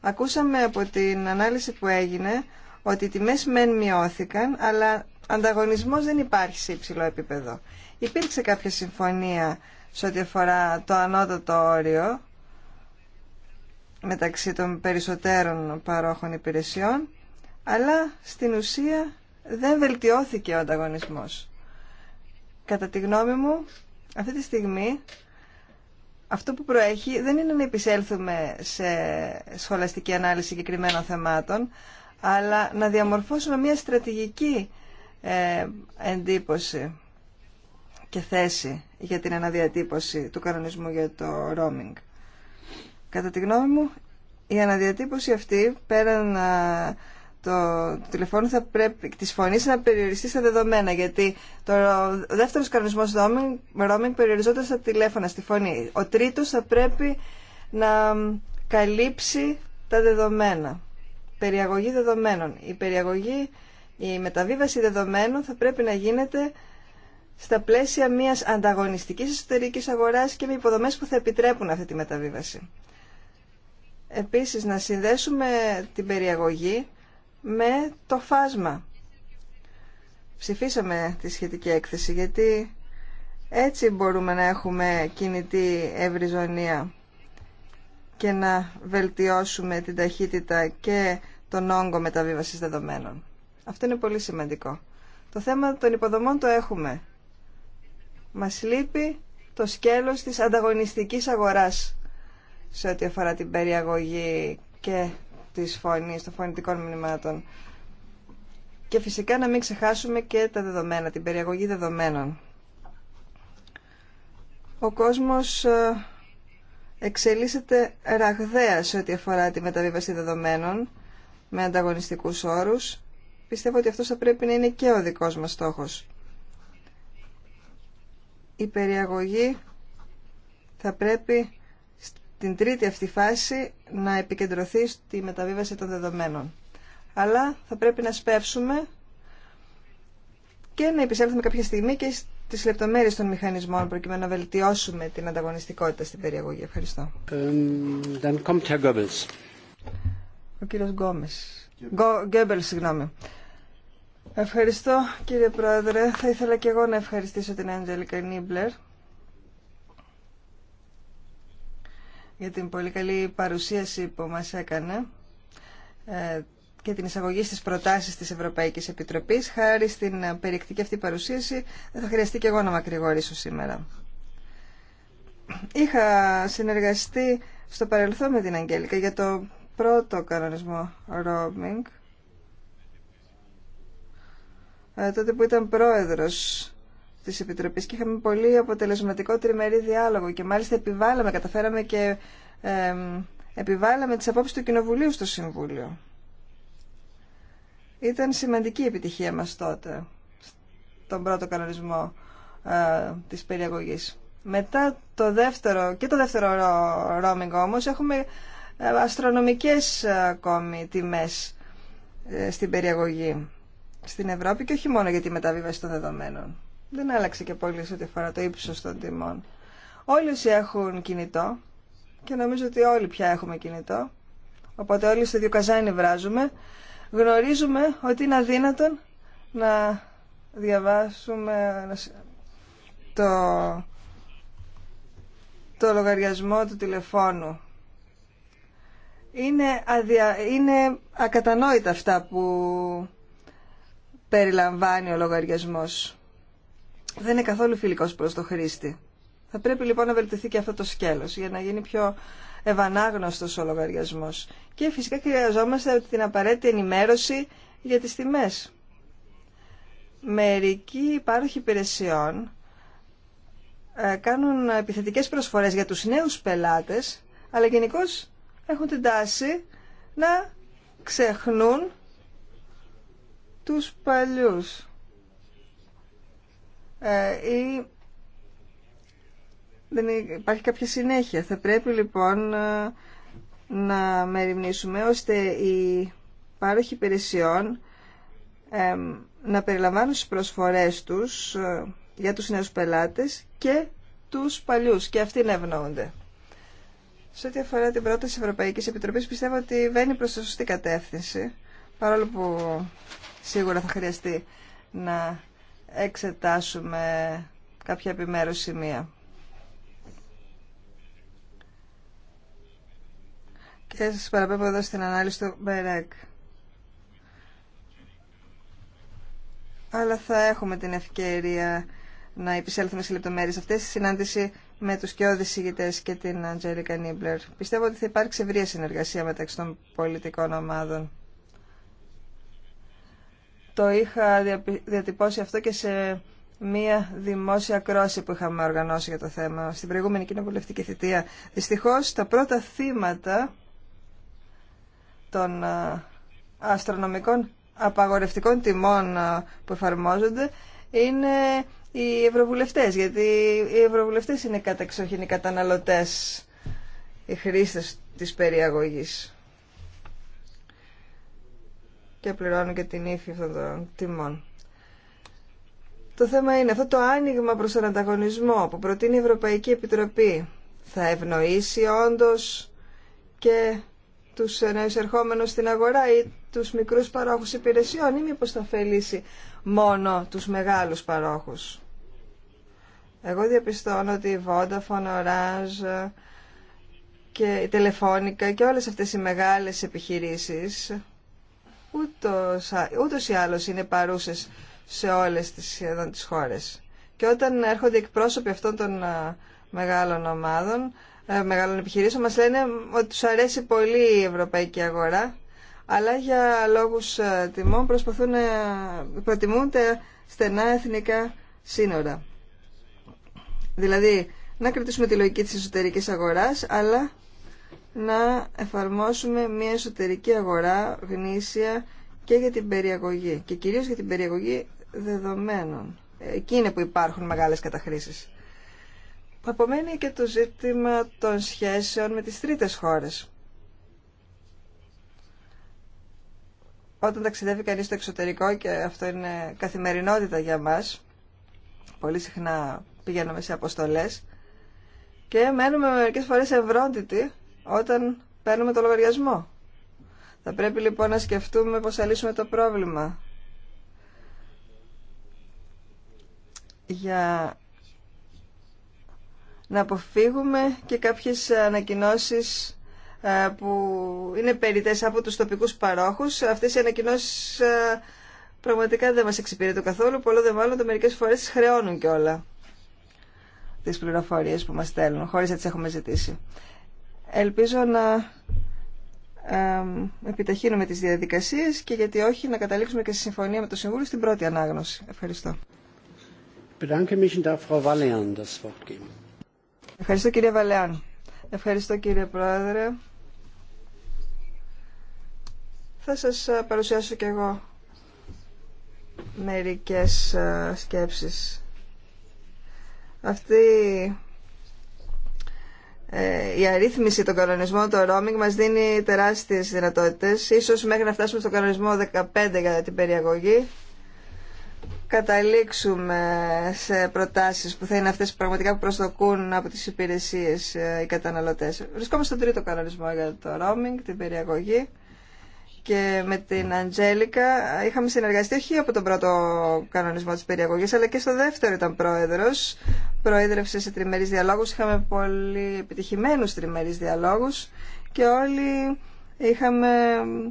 Ακούσαμε από την ανάλυση που έγινε ότι οι τιμές μεν μειώθηκαν, αλλά ανταγωνισμός δεν υπάρχει σε υψηλό επίπεδο. Υπήρξε κάποια συμφωνία σε ό,τι αφορά το ανώτατο όριο μεταξύ των περισσότερων παρόχων υπηρεσιών, αλλά στην ουσία δεν βελτιώθηκε ο ανταγωνισμός. Κατά τη γνώμη μου, αυτή τη στιγμή αυτό που προέχει δεν είναι να επισέλθουμε σε σχολαστική ανάλυση συγκεκριμένων θεμάτων, αλλά να διαμορφώσουμε μια στρατηγική ε, εντύπωση και θέση για την αναδιατύπωση του κανονισμού για το roaming. Κατά τη γνώμη μου, η αναδιατύπωση αυτή, πέραν ε, το, φωνή θα πρέπει, της φωνής να περιοριστεί στα δεδομένα γιατί το, ο δεύτερο κανονισμό roaming, roaming περιοριζόταν στα τηλέφωνα, στη φωνή. Ο τρίτο θα πρέπει να καλύψει τα δεδομένα. Περιαγωγή δεδομένων. Η περιαγωγή, η μεταβίβαση δεδομένων θα πρέπει να γίνεται στα πλαίσια μιας ανταγωνιστικής εσωτερικής αγοράς και με υποδομές που θα επιτρέπουν αυτή τη μεταβίβαση. Επίσης, να συνδέσουμε την περιαγωγή με το φάσμα. Ψηφίσαμε τη σχετική έκθεση γιατί έτσι μπορούμε να έχουμε κινητή ευρυζωνία και να βελτιώσουμε την ταχύτητα και τον όγκο μεταβίβασης δεδομένων. Αυτό είναι πολύ σημαντικό. Το θέμα των υποδομών το έχουμε. Μας λείπει το σκέλος της ανταγωνιστικής αγοράς σε ό,τι αφορά την περιαγωγή και της φωνής, των φωνητικών μηνυμάτων. Και φυσικά να μην ξεχάσουμε και τα δεδομένα, την περιαγωγή δεδομένων. Ο κόσμος ε, εξελίσσεται ραγδαία σε ό,τι αφορά τη μεταβίβαση δεδομένων με ανταγωνιστικούς όρους. Πιστεύω ότι αυτό θα πρέπει να είναι και ο δικός μας στόχος. Η περιαγωγή θα πρέπει την τρίτη αυτή φάση να επικεντρωθεί στη μεταβίβαση των δεδομένων. Αλλά θα πρέπει να σπεύσουμε και να επισέλθουμε κάποια στιγμή και στι λεπτομέρειε των μηχανισμών προκειμένου να βελτιώσουμε την ανταγωνιστικότητα στην περιαγωγή. Ευχαριστώ. Ο κύριος Γκόμες. Γκέμπελ, συγγνώμη. Ευχαριστώ κύριε Πρόεδρε. Θα ήθελα και εγώ να ευχαριστήσω την Άντζελικα Νίμπλερ για την πολύ καλή παρουσίαση που μας έκανε ε, και την εισαγωγή στις προτάσεις της Ευρωπαϊκής Επιτροπής. Χάρη στην περιεκτική αυτή παρουσίαση δεν θα χρειαστεί και εγώ να μακρηγορήσω σήμερα. Είχα συνεργαστεί στο παρελθόν με την Αγγέλικα για το πρώτο κανονισμό roaming ε, τότε που ήταν πρόεδρος της Επιτροπής και είχαμε πολύ αποτελεσματικό τριμερή διάλογο και μάλιστα επιβάλαμε, καταφέραμε και ε, επιβάλαμε τις απόψεις του Κοινοβουλίου στο Συμβούλιο. Ήταν σημαντική επιτυχία μας τότε, στον πρώτο κανονισμό ε, της περιαγωγής. Μετά το δεύτερο, και το δεύτερο ρόμιγκ όμως, έχουμε ε, αστρονομικές ε, ακόμη τιμές ε, στην περιαγωγή στην Ευρώπη και όχι μόνο για τη μεταβίβαση των δεδομένων δεν άλλαξε και πολύ σε ό,τι αφορά το ύψος των τιμών. Όλοι όσοι έχουν κινητό και νομίζω ότι όλοι πια έχουμε κινητό, οπότε όλοι στο δύο καζάνι βράζουμε, γνωρίζουμε ότι είναι αδύνατον να διαβάσουμε το, το λογαριασμό του τηλεφώνου. Είναι, είναι ακατανόητα αυτά που περιλαμβάνει ο λογαριασμός δεν είναι καθόλου φιλικός προς το χρήστη. Θα πρέπει λοιπόν να βελτιωθεί και αυτό το σκέλος για να γίνει πιο ευανάγνωστο ο λογαριασμός. Και φυσικά χρειαζόμαστε την απαραίτητη ενημέρωση για τις τιμές. Μερικοί υπάρχοι υπηρεσιών ε, κάνουν επιθετικές προσφορές για τους νέους πελάτες, αλλά γενικώ έχουν την τάση να ξεχνούν τους παλιούς. Ε, ή δεν υπάρχει κάποια συνέχεια. Θα πρέπει λοιπόν ε, να μεριμνήσουμε ώστε οι πάροχοι υπηρεσιών να περιλαμβάνουν στις προσφορές τους ε, για τους νέους πελάτες και τους παλιούς και αυτοί να ευνοούνται. Σε ό,τι αφορά την πρόταση Ευρωπαϊκής Επιτροπής πιστεύω ότι βαίνει προς τη σωστή κατεύθυνση παρόλο που σίγουρα θα χρειαστεί να εξετάσουμε κάποια επιμέρους σημεία. Και σας παραπέμπω εδώ στην ανάλυση του Μπερέκ. Αλλά θα έχουμε την ευκαιρία να επισέλθουμε σε λεπτομέρειες αυτές στη συνάντηση με τους και ηγητές και την Αντζέλικα Νίμπλερ. Πιστεύω ότι θα υπάρξει ευρία συνεργασία μεταξύ των πολιτικών ομάδων. Το είχα διατυπώσει αυτό και σε μία δημόσια κρόση που είχαμε οργανώσει για το θέμα στην προηγούμενη κοινοβουλευτική θητεία. Δυστυχώς τα πρώτα θύματα των αστρονομικών απαγορευτικών τιμών που εφαρμόζονται είναι οι ευρωβουλευτές, γιατί οι ευρωβουλευτές είναι οι οι καταναλωτές, οι χρήστες της περιαγωγής και πληρώνουν και την ύφη αυτών των τιμών. Το θέμα είναι αυτό το άνοιγμα προς τον ανταγωνισμό που προτείνει η Ευρωπαϊκή Επιτροπή θα ευνοήσει όντως και τους νέους ερχόμενους στην αγορά ή τους μικρούς παρόχους υπηρεσιών ή μήπως θα ωφελήσει μόνο τους μεγάλους παρόχους. Εγώ διαπιστώνω ότι η Vodafone, Orange και η Τελεφώνικα και όλες αυτές οι μεγάλες επιχειρήσεις ούτως, ούτως ή άλλως είναι παρούσες σε όλες τις, σχεδόν τις χώρες. Και όταν έρχονται εκπρόσωποι αυτών των μεγάλων ομάδων, ε, μεγάλων επιχειρήσεων, μας λένε ότι τους αρέσει πολύ η ευρωπαϊκή αγορά, αλλά για λόγους ε, τιμών προσπαθούν να ε, προτιμούνται στενά εθνικά σύνορα. Δηλαδή, να κρατήσουμε τη λογική της εσωτερικής αγοράς, αλλά να εφαρμόσουμε μια εσωτερική αγορά γνήσια και για την περιαγωγή και κυρίως για την περιαγωγή δεδομένων. Εκεί είναι που υπάρχουν μεγάλες καταχρήσεις. Απομένει και το ζήτημα των σχέσεων με τις τρίτες χώρες. Όταν ταξιδεύει κανείς στο εξωτερικό και αυτό είναι καθημερινότητα για μας, πολύ συχνά πηγαίνουμε σε αποστολές και μένουμε μερικές φορές ευρώντιτοι όταν παίρνουμε το λογαριασμό. Θα πρέπει λοιπόν να σκεφτούμε πώς θα λύσουμε το πρόβλημα. Για να αποφύγουμε και κάποιες ανακοινώσεις ε, που είναι περιττές από τους τοπικούς παρόχους. Αυτές οι ανακοινώσεις ε, πραγματικά δεν μας εξυπηρετούν καθόλου, πολλό δε μάλλον το μερικές φορές χρεώνουν και όλα τις πληροφορίες που μας στέλνουν, χωρίς να τις έχουμε ζητήσει. Ελπίζω να επιταχύνουμε τις διαδικασίες και γιατί όχι να καταλήξουμε και στη συμφωνία με το Συμβούλιο στην πρώτη ανάγνωση. Ευχαριστώ. Ευχαριστώ κύριε Βαλεάν. Ευχαριστώ κύριε Πρόεδρε. Θα σας ε, παρουσιάσω και εγώ μερικές ε, σκέψεις. Αυτή ε, η αρρύθμιση των κανονισμών το roaming μας δίνει τεράστιες δυνατότητες. Ίσως μέχρι να φτάσουμε στο κανονισμό 15 για την περιαγωγή καταλήξουμε σε προτάσεις που θα είναι αυτές πραγματικά που προσδοκούν από τις υπηρεσίες ε, οι καταναλωτές. Βρισκόμαστε στον τρίτο κανονισμό για το roaming, την περιαγωγή και με την Αντζέλικα είχαμε συνεργαστεί όχι από τον πρώτο κανονισμό της περιαγωγής αλλά και στο δεύτερο ήταν πρόεδρος προέδρευσε σε τριμερείς διαλόγους είχαμε πολύ επιτυχημένους τριμερείς διαλόγους και όλοι είχαμε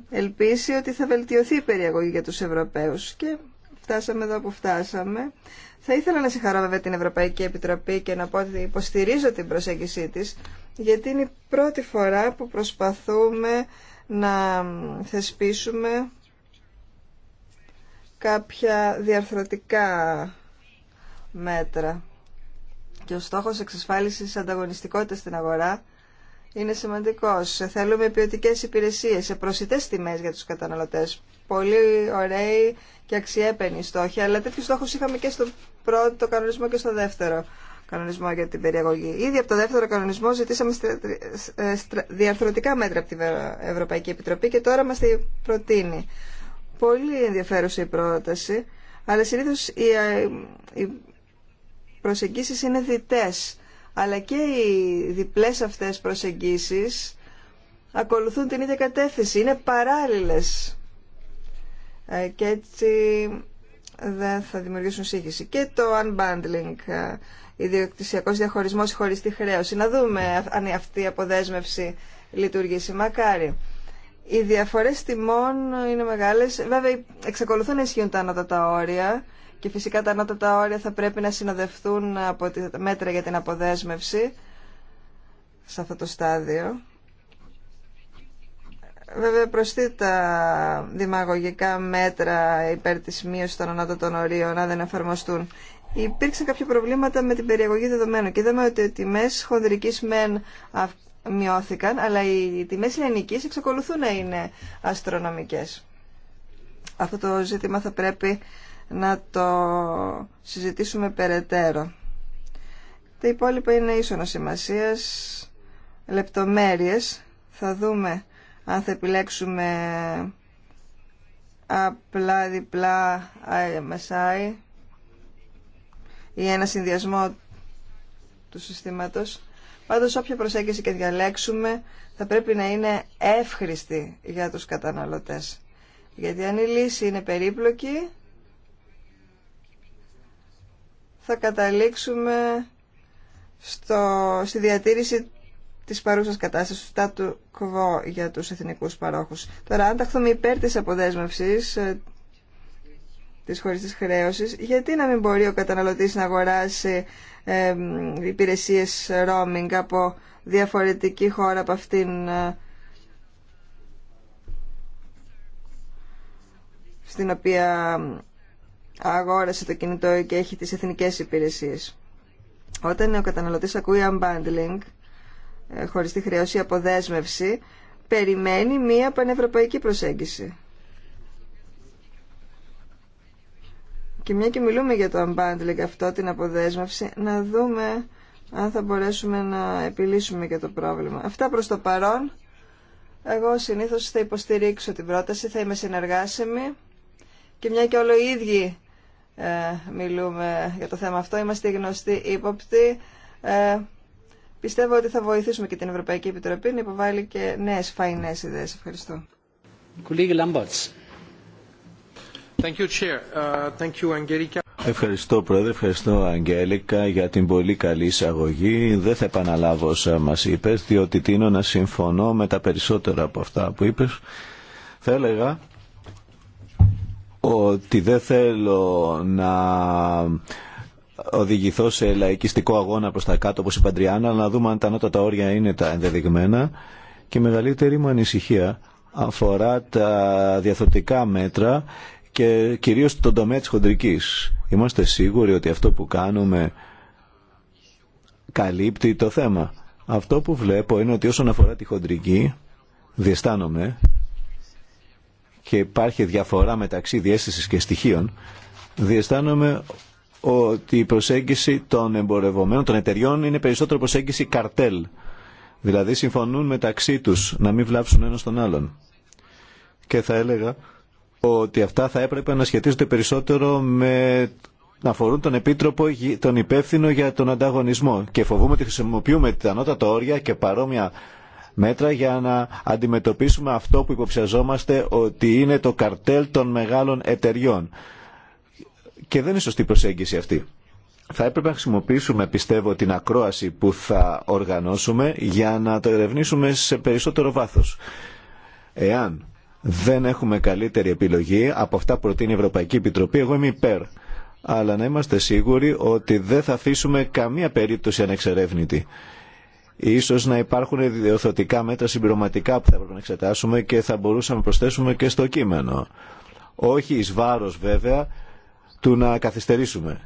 ελπίσει ότι θα βελτιωθεί η περιαγωγή για τους Ευρωπαίους και φτάσαμε εδώ που φτάσαμε θα ήθελα να συγχαρώ βέβαια την Ευρωπαϊκή Επιτροπή και να πω ότι υποστηρίζω την προσέγγισή της γιατί είναι η πρώτη φορά που προσπαθούμε να θεσπίσουμε κάποια διαρθρωτικά μέτρα. Και ο στόχος εξασφάλισης ανταγωνιστικότητας στην αγορά είναι σημαντικός. Θέλουμε ποιοτικέ υπηρεσίες σε προσιτές τιμές για τους καταναλωτές. Πολύ ωραίοι και αξιέπαινοι στόχοι, αλλά τέτοιους στόχους είχαμε και στο πρώτο κανονισμό και στο δεύτερο κανονισμό για την περιαγωγή. Ήδη από το δεύτερο κανονισμό ζητήσαμε ε, διαρθρωτικά μέτρα από την Ευρωπαϊκή Επιτροπή και τώρα μας τη προτείνει. Πολύ ενδιαφέρουσα η πρόταση, αλλά συνήθω οι, ε, οι προσεγγίσεις είναι διτές, αλλά και οι διπλές αυτές προσεγγίσεις ακολουθούν την ίδια κατεύθυνση, είναι παράλληλες ε, και έτσι δεν θα δημιουργήσουν σύγχυση. Και το unbundling ιδιοκτησιακός διαχωρισμός χωρίς τη χρέωση. Να δούμε αν αυτή η αποδέσμευση λειτουργήσει. Μακάρι. Οι διαφορές τιμών είναι μεγάλες. Βέβαια, εξακολουθούν να ισχύουν τα ανώτατα όρια και φυσικά τα ανώτατα όρια θα πρέπει να συνοδευτούν από τη μέτρα για την αποδέσμευση σε αυτό το στάδιο. Βέβαια, τα δημαγωγικά μέτρα υπέρ της μείωσης των ανώτατων ορίων, να δεν εφαρμοστούν υπήρξαν κάποια προβλήματα με την περιαγωγή δεδομένων και είδαμε ότι οι τιμές χονδρικής μεν μειώθηκαν, αλλά οι τιμές ελληνική εξακολουθούν να είναι αστρονομικές. Αυτό το ζήτημα θα πρέπει να το συζητήσουμε περαιτέρω. Τα υπόλοιπα είναι ίσονο σημασία, λεπτομέρειες. Θα δούμε αν θα επιλέξουμε απλά, διπλά, IMSI ή ένα συνδυασμό του συστήματος. Πάντως όποια προσέγγιση και διαλέξουμε θα πρέπει να είναι εύχρηστη για τους καταναλωτές. Γιατί αν η λύση είναι περίπλοκη θα καταλήξουμε στο, στη διατήρηση της παρούσας κατάστασης του quo για τους εθνικούς παρόχους. Τώρα αν ταχθούμε υπέρ της αποδέσμευσης ε, της χωρίς της γιατί να μην μπορεί ο καταναλωτής να αγοράσει ε, υπηρεσίες roaming από διαφορετική χώρα από αυτήν ε, στην οποία αγόρασε το κινητό και έχει τις εθνικές υπηρεσίες. Όταν ο καταναλωτής ακούει unbundling, ε, χωρίς τη χρέωση αποδέσμευση, περιμένει μία πανευρωπαϊκή προσέγγιση. Και μια και μιλούμε για το unbundling αυτό, την αποδέσμευση, να δούμε αν θα μπορέσουμε να επιλύσουμε και το πρόβλημα. Αυτά προς το παρόν. Εγώ συνήθως θα υποστηρίξω την πρόταση, θα είμαι συνεργάσιμη και μια και όλο οι ίδιοι ε, μιλούμε για το θέμα αυτό, είμαστε γνωστοί ύποπτοι. Ε, πιστεύω ότι θα βοηθήσουμε και την Ευρωπαϊκή Επιτροπή να υποβάλει και νέες φαϊνές ιδέες. Ευχαριστώ. Uh, ευχαριστώ Πρόεδρε, ευχαριστώ Αγγέλικα για την πολύ καλή εισαγωγή. Δεν θα επαναλάβω όσα μας είπες, διότι τίνω να συμφωνώ με τα περισσότερα από αυτά που είπες. Θα έλεγα ότι δεν θέλω να οδηγηθώ σε λαϊκιστικό αγώνα προς τα κάτω όπως η Παντριάννα, αλλά να δούμε αν τα ανώτατα όρια είναι τα ενδεδειγμένα. Και η μεγαλύτερη μου ανησυχία αφορά τα διαθωτικά μέτρα και κυρίως στον τομέα της χοντρικής. Είμαστε σίγουροι ότι αυτό που κάνουμε καλύπτει το θέμα. Αυτό που βλέπω είναι ότι όσον αφορά τη χοντρική, διαισθάνομαι και υπάρχει διαφορά μεταξύ διέστησης και στοιχείων, διαισθάνομαι ότι η προσέγγιση των εμπορευομένων, των εταιριών είναι περισσότερο προσέγγιση καρτέλ. Δηλαδή συμφωνούν μεταξύ τους να μην βλάψουν ένας τον άλλον. Και θα έλεγα ότι αυτά θα έπρεπε να σχετίζονται περισσότερο με να αφορούν τον Επίτροπο, τον υπεύθυνο για τον ανταγωνισμό. Και φοβούμαι ότι χρησιμοποιούμε τα ανώτατα όρια και παρόμοια μέτρα για να αντιμετωπίσουμε αυτό που υποψιαζόμαστε ότι είναι το καρτέλ των μεγάλων εταιριών. Και δεν είναι σωστή προσέγγιση αυτή. Θα έπρεπε να χρησιμοποιήσουμε, πιστεύω, την ακρόαση που θα οργανώσουμε για να το ερευνήσουμε σε περισσότερο βάθος. Εάν δεν έχουμε καλύτερη επιλογή από αυτά που προτείνει η Ευρωπαϊκή Επιτροπή. Εγώ είμαι υπέρ. Αλλά να είμαστε σίγουροι ότι δεν θα αφήσουμε καμία περίπτωση ανεξερεύνητη. Ίσως να υπάρχουν διορθωτικά μέτρα συμπληρωματικά που θα πρέπει να εξετάσουμε και θα μπορούσαμε να προσθέσουμε και στο κείμενο. Όχι εις βάρος βέβαια του να καθυστερήσουμε.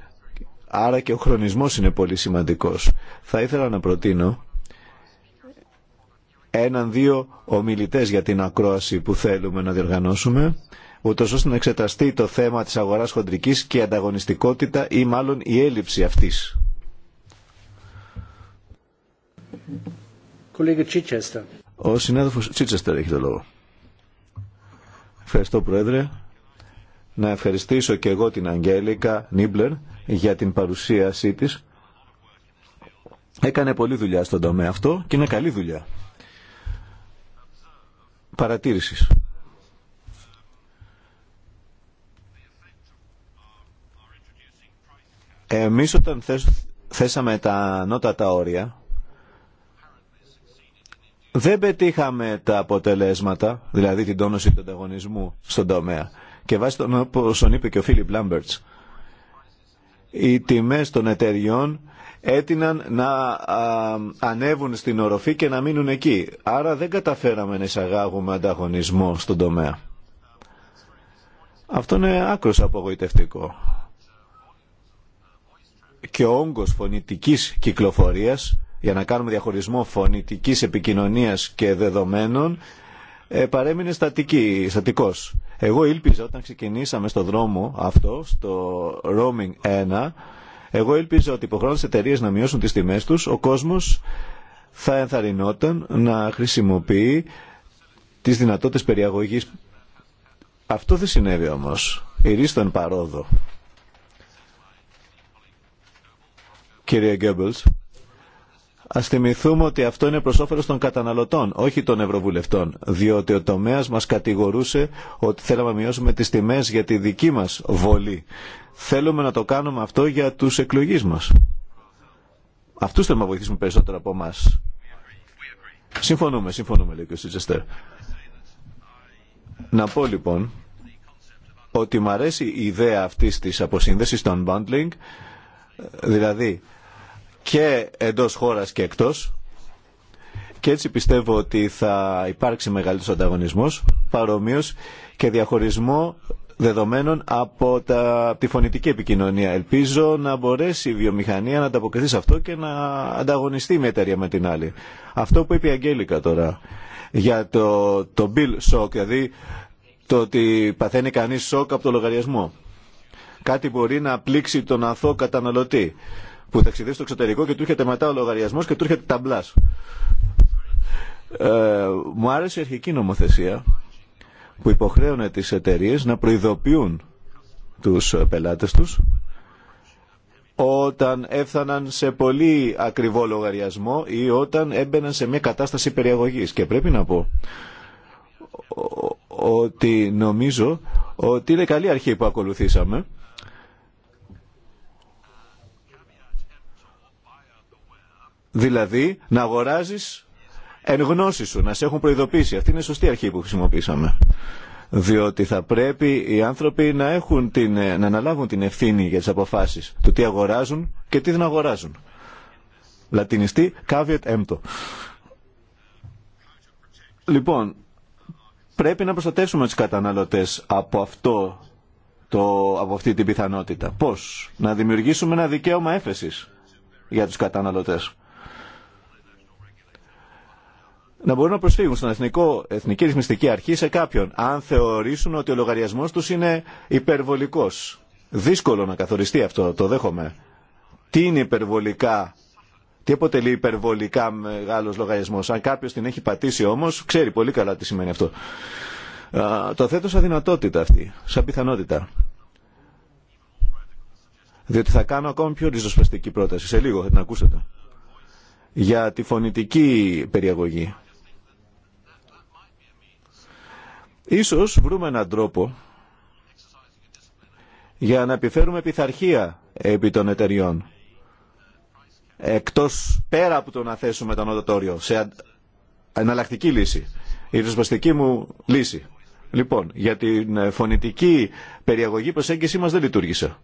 Άρα και ο χρονισμός είναι πολύ σημαντικός. Θα ήθελα να προτείνω έναν-δύο ομιλητές για την ακρόαση που θέλουμε να διοργανώσουμε, ούτως ώστε να εξεταστεί το θέμα της αγοράς χοντρικής και η ανταγωνιστικότητα ή μάλλον η έλλειψη αυτής. Ο συνάδελφος Τσίτσεστερ έχει το λόγο. Ευχαριστώ Πρόεδρε. Να ευχαριστήσω και εγώ την Αγγέλικα Νίμπλερ για την παρουσίασή της. Έκανε πολλή δουλειά στον τομέα αυτό και είναι καλή δουλειά παρατήρησης. Εμείς όταν θέσαμε τα ανώτατα όρια, δεν πετύχαμε τα αποτελέσματα, δηλαδή την τόνωση του ανταγωνισμού στον τομέα. Και βάσει τον, όπως τον είπε και ο Φίλιπ Λάμπερτς, οι τιμές των εταιριών έτειναν να ανέβουν στην οροφή και να μείνουν εκεί. Άρα δεν καταφέραμε να εισαγάγουμε ανταγωνισμό στον τομέα. Αυτό είναι άκρως απογοητευτικό. Και ο όγκος φωνητικής κυκλοφορίας, για να κάνουμε διαχωρισμό φωνητικής επικοινωνίας και δεδομένων, ε, παρέμεινε στατική, στατικός. Εγώ ήλπιζα όταν ξεκινήσαμε στο δρόμο αυτό, στο Roaming 1, εγώ ελπίζω ότι υποχρώνω τι εταιρείε να μειώσουν τι τιμέ του, ο κόσμο θα ενθαρρυνόταν να χρησιμοποιεί τι δυνατότητε περιαγωγή. Αυτό δεν συνέβη όμω. Ηρίστον παρόδο. Κύριε Γκέμπελς, Α θυμηθούμε ότι αυτό είναι προ όφελο των καταναλωτών, όχι των Ευρωβουλευτών. Διότι ο τομέα μα κατηγορούσε ότι θέλαμε να μειώσουμε τι τιμέ για τη δική μα βολή. Θέλουμε να το κάνουμε αυτό για του εκλογεί μα. Αυτού θέλουμε να βοηθήσουμε περισσότερο από εμά. Συμφωνούμε, συμφωνούμε, λέει και ο Σιτζεστέρ. Να πω λοιπόν ότι μου αρέσει η ιδέα αυτή τη αποσύνδεση, των bundling, δηλαδή και εντός χώρας και εκτός και έτσι πιστεύω ότι θα υπάρξει μεγαλύτερος ανταγωνισμός παρομοίως και διαχωρισμό δεδομένων από, τα, τη φωνητική επικοινωνία. Ελπίζω να μπορέσει η βιομηχανία να ανταποκριθεί σε αυτό και να ανταγωνιστεί μια εταιρεία με την άλλη. Αυτό που είπε η Αγγέλικα τώρα για το, το bill shock, δηλαδή το ότι παθαίνει κανείς σοκ από το λογαριασμό. Κάτι μπορεί να πλήξει τον αθώο καταναλωτή που ταξιδεύει το στο εξωτερικό και του έρχεται μετά ο λογαριασμό και του έρχεται ταμπλά. Ε, μου άρεσε η αρχική νομοθεσία που υποχρέωνε τι εταιρείε να προειδοποιούν τους πελάτες τους όταν έφταναν σε πολύ ακριβό λογαριασμό ή όταν έμπαιναν σε μια κατάσταση περιαγωγής. Και πρέπει να πω ότι νομίζω ότι είναι καλή αρχή που ακολουθήσαμε Δηλαδή να αγοράζεις εν γνώση σου, να σε έχουν προειδοποιήσει. Αυτή είναι η σωστή αρχή που χρησιμοποίησαμε. Διότι θα πρέπει οι άνθρωποι να, έχουν την, να αναλάβουν την ευθύνη για τις αποφάσεις του τι αγοράζουν και τι δεν αγοράζουν. Λατινιστή, caveat emptor. Λοιπόν, πρέπει να προστατεύσουμε τους καταναλωτές από αυτό το, από αυτή την πιθανότητα. Πώς? Να δημιουργήσουμε ένα δικαίωμα έφεσης για τους καταναλωτές να μπορούν να προσφύγουν στην Εθνικό, Εθνική Ρυθμιστική Αρχή σε κάποιον, αν θεωρήσουν ότι ο λογαριασμό του είναι υπερβολικό. Δύσκολο να καθοριστεί αυτό, το δέχομαι. Τι είναι υπερβολικά, τι αποτελεί υπερβολικά μεγάλο λογαριασμό, Αν κάποιο την έχει πατήσει όμω, ξέρει πολύ καλά τι σημαίνει αυτό. το θέτω σαν δυνατότητα αυτή, σαν πιθανότητα. Διότι θα κάνω ακόμη πιο ριζοσπαστική πρόταση. Σε λίγο θα την ακούσετε για τη φωνητική περιαγωγή. Ίσως βρούμε έναν τρόπο για να επιφέρουμε πειθαρχία επί των εταιριών. Εκτός πέρα από το να θέσουμε το νοτοτόριο σε εναλλακτική λύση. Η ριζοσπαστική μου λύση. Λοιπόν, για την ε, φωνητική περιαγωγή προσέγγιση μας δεν λειτουργήσε.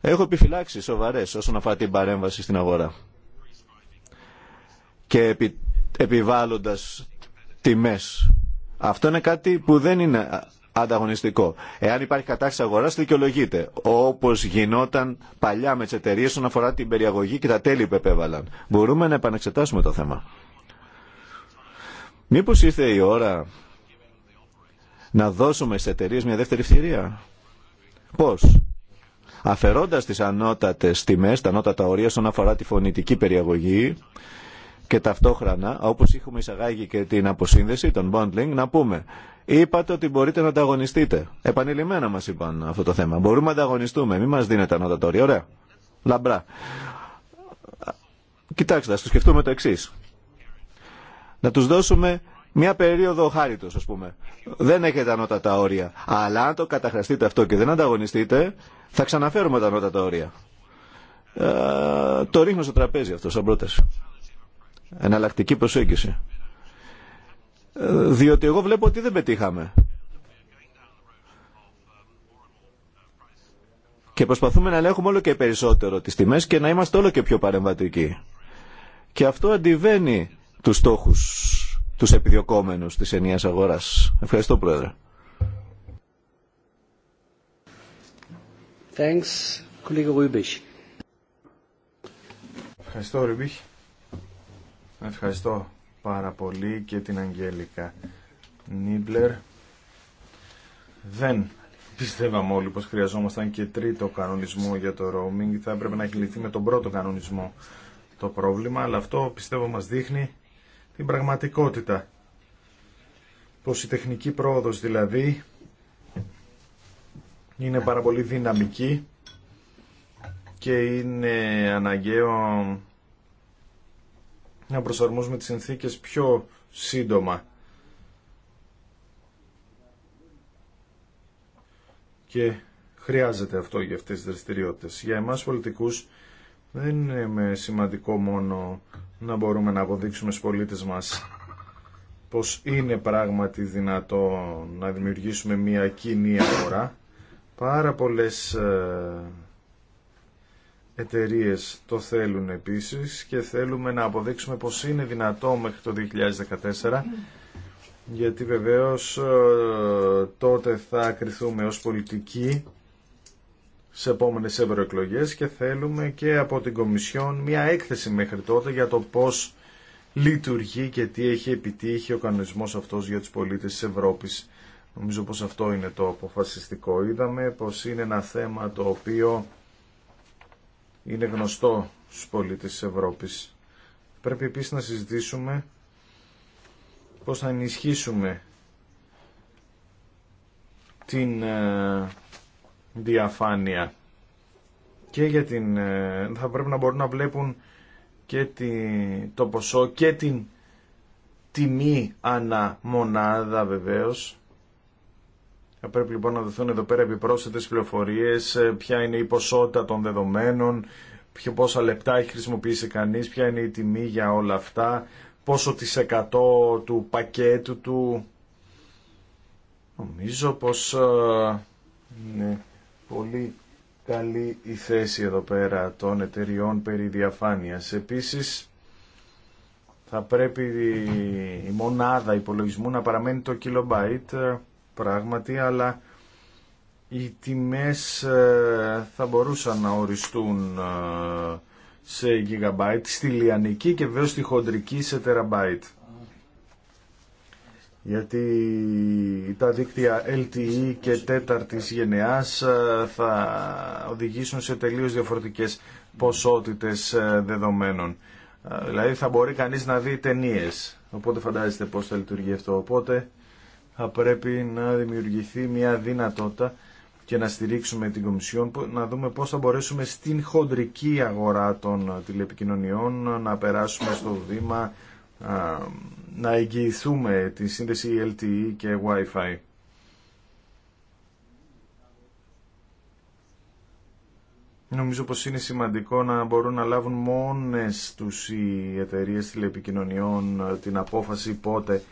Έχω επιφυλάξει σοβαρές όσον αφορά την παρέμβαση στην αγορά. Και επι, επιβάλλοντας τιμές αυτό είναι κάτι που δεν είναι ανταγωνιστικό. Εάν υπάρχει κατάξυση αγορά, δικαιολογείται. Όπω γινόταν παλιά με τι εταιρείε όσον αφορά την περιαγωγή και τα τέλη που επέβαλαν. Μπορούμε να επανεξετάσουμε το θέμα. Μήπω ήρθε η ώρα να δώσουμε στι εταιρείε μια δεύτερη ευκαιρία. Πώ. Αφαιρώντας τι ανώτατες τιμέ, τα ανώτατα ωρία όσον αφορά τη φωνητική περιαγωγή και ταυτόχρονα, όπως είχαμε εισαγάγει και την αποσύνδεση, τον bundling, να πούμε είπατε ότι μπορείτε να ανταγωνιστείτε. Επανειλημμένα μας είπαν αυτό το θέμα. Μπορούμε να ανταγωνιστούμε, μην μας δίνετε όρια. ωραία, λαμπρά. Κοιτάξτε, ας το σκεφτούμε το εξή. Να τους δώσουμε μια περίοδο χάριτος, ας πούμε. Δεν έχετε ανώτατα όρια. Αλλά αν το καταχραστείτε αυτό και δεν ανταγωνιστείτε, θα ξαναφέρουμε τα ανώτατα όρια. Ε, το ρίχνω στο τραπέζι αυτό σαν πρόταση εναλλακτική προσέγγιση. Διότι εγώ βλέπω ότι δεν πετύχαμε. Και προσπαθούμε να ελέγχουμε όλο και περισσότερο τις τιμές και να είμαστε όλο και πιο παρεμβατικοί. Και αυτό αντιβαίνει τους στόχους, τους επιδιωκόμενους της ενιαίας αγοράς. Ευχαριστώ Πρόεδρε. Thanks, Ευχαριστώ Ρούμπιχ. Ευχαριστώ πάρα πολύ και την Αγγέλικα Νίμπλερ. Δεν πιστεύαμε όλοι πως χρειαζόμασταν και τρίτο κανονισμό για το roaming. Θα έπρεπε να έχει λυθεί με τον πρώτο κανονισμό το πρόβλημα, αλλά αυτό πιστεύω μας δείχνει την πραγματικότητα. Πως η τεχνική πρόοδος δηλαδή είναι πάρα πολύ δυναμική και είναι αναγκαίο να προσαρμόσουμε τις συνθήκες πιο σύντομα. Και χρειάζεται αυτό για αυτές τις δραστηριότητες. Για εμάς πολιτικούς δεν είναι σημαντικό μόνο να μπορούμε να αποδείξουμε στους πολίτες μας πως είναι πράγματι δυνατό να δημιουργήσουμε μια κοινή αγορά. Πάρα πολλές ε, εταιρείε το θέλουν επίσης και θέλουμε να αποδείξουμε πως είναι δυνατό μέχρι το 2014 γιατί βεβαίως ε, τότε θα κριθούμε ως πολιτικοί σε επόμενες ευρωεκλογέ και θέλουμε και από την Κομισιόν μια έκθεση μέχρι τότε για το πώς λειτουργεί και τι έχει επιτύχει ο κανονισμός αυτός για τους πολίτες της Ευρώπης. Νομίζω πως αυτό είναι το αποφασιστικό. Είδαμε πως είναι ένα θέμα το οποίο είναι γνωστό στους πολίτες της Ευρώπης. Πρέπει επίσης να συζητήσουμε πώς θα ενισχύσουμε την ε, διαφάνεια και για την, ε, θα πρέπει να μπορούν να βλέπουν και τη, το ποσό και την τιμή ανά μονάδα βεβαίως θα πρέπει λοιπόν να δοθούν εδώ πέρα επιπρόσθετες πληροφορίε ε, ποια είναι η ποσότητα των δεδομένων, ποιο πόσα λεπτά έχει χρησιμοποιήσει κανεί ποια είναι η τιμή για όλα αυτά, πόσο τη εκατό του πακέτου του. Νομίζω πω ε, είναι πολύ καλή η θέση εδώ πέρα των εταιριών περί διαφάνειας. Επίσης, θα πρέπει η μονάδα υπολογισμού να παραμένει το kilobyte ε, πράγματι, αλλά οι τιμές ε, θα μπορούσαν να οριστούν ε, σε gigabyte, στη λιανική και βέβαια στη χοντρική σε terabyte. Γιατί τα δίκτυα LTE και τέταρτης γενεάς ε, θα οδηγήσουν σε τελείως διαφορετικές ποσότητες δεδομένων. Δηλαδή θα μπορεί κανείς να δει ταινίε. Οπότε φαντάζεστε πώς θα λειτουργεί αυτό. Οπότε θα πρέπει να δημιουργηθεί μια δυνατότητα και να στηρίξουμε την Κομισιόν, να δούμε πώς θα μπορέσουμε στην χοντρική αγορά των τηλεπικοινωνιών να περάσουμε στο βήμα, να εγγυηθούμε τη σύνδεση LTE και Wi-Fi. Νομίζω πως είναι σημαντικό να μπορούν να λάβουν μόνες τους οι εταιρείες τηλεπικοινωνιών ε, την απόφαση πότε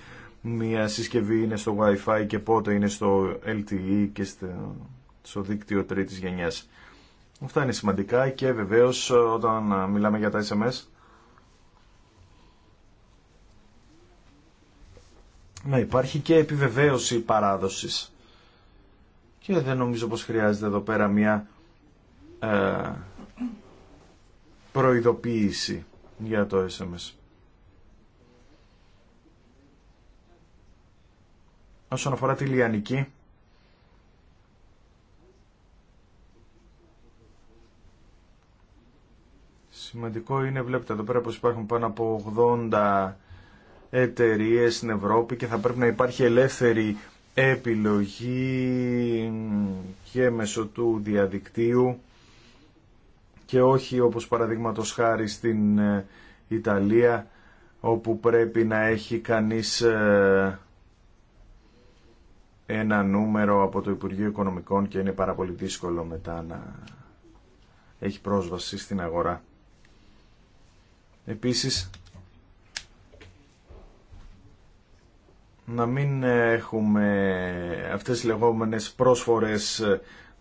μια συσκευή είναι στο Wi-Fi και πότε είναι στο LTE και στο δίκτυο τρίτης γενιάς. Αυτά είναι σημαντικά και βεβαίως ε, όταν ε, μιλάμε για τα SMS να υπάρχει και επιβεβαίωση παράδοσης. Και δεν νομίζω πως χρειάζεται εδώ πέρα μια ε, προειδοποίηση για το SMS. Όσον αφορά τη Λιανική, σημαντικό είναι, βλέπετε εδώ πέρα πως υπάρχουν πάνω από 80 εταιρείε στην Ευρώπη και θα πρέπει να υπάρχει ελεύθερη επιλογή και μέσω του διαδικτύου και όχι όπως παραδείγματο χάρη στην ε, Ιταλία όπου πρέπει να έχει κανείς ε, ένα νούμερο από το Υπουργείο Οικονομικών και είναι πάρα πολύ δύσκολο μετά να έχει πρόσβαση στην αγορά. Επίσης, να μην έχουμε αυτές τις λεγόμενες πρόσφορες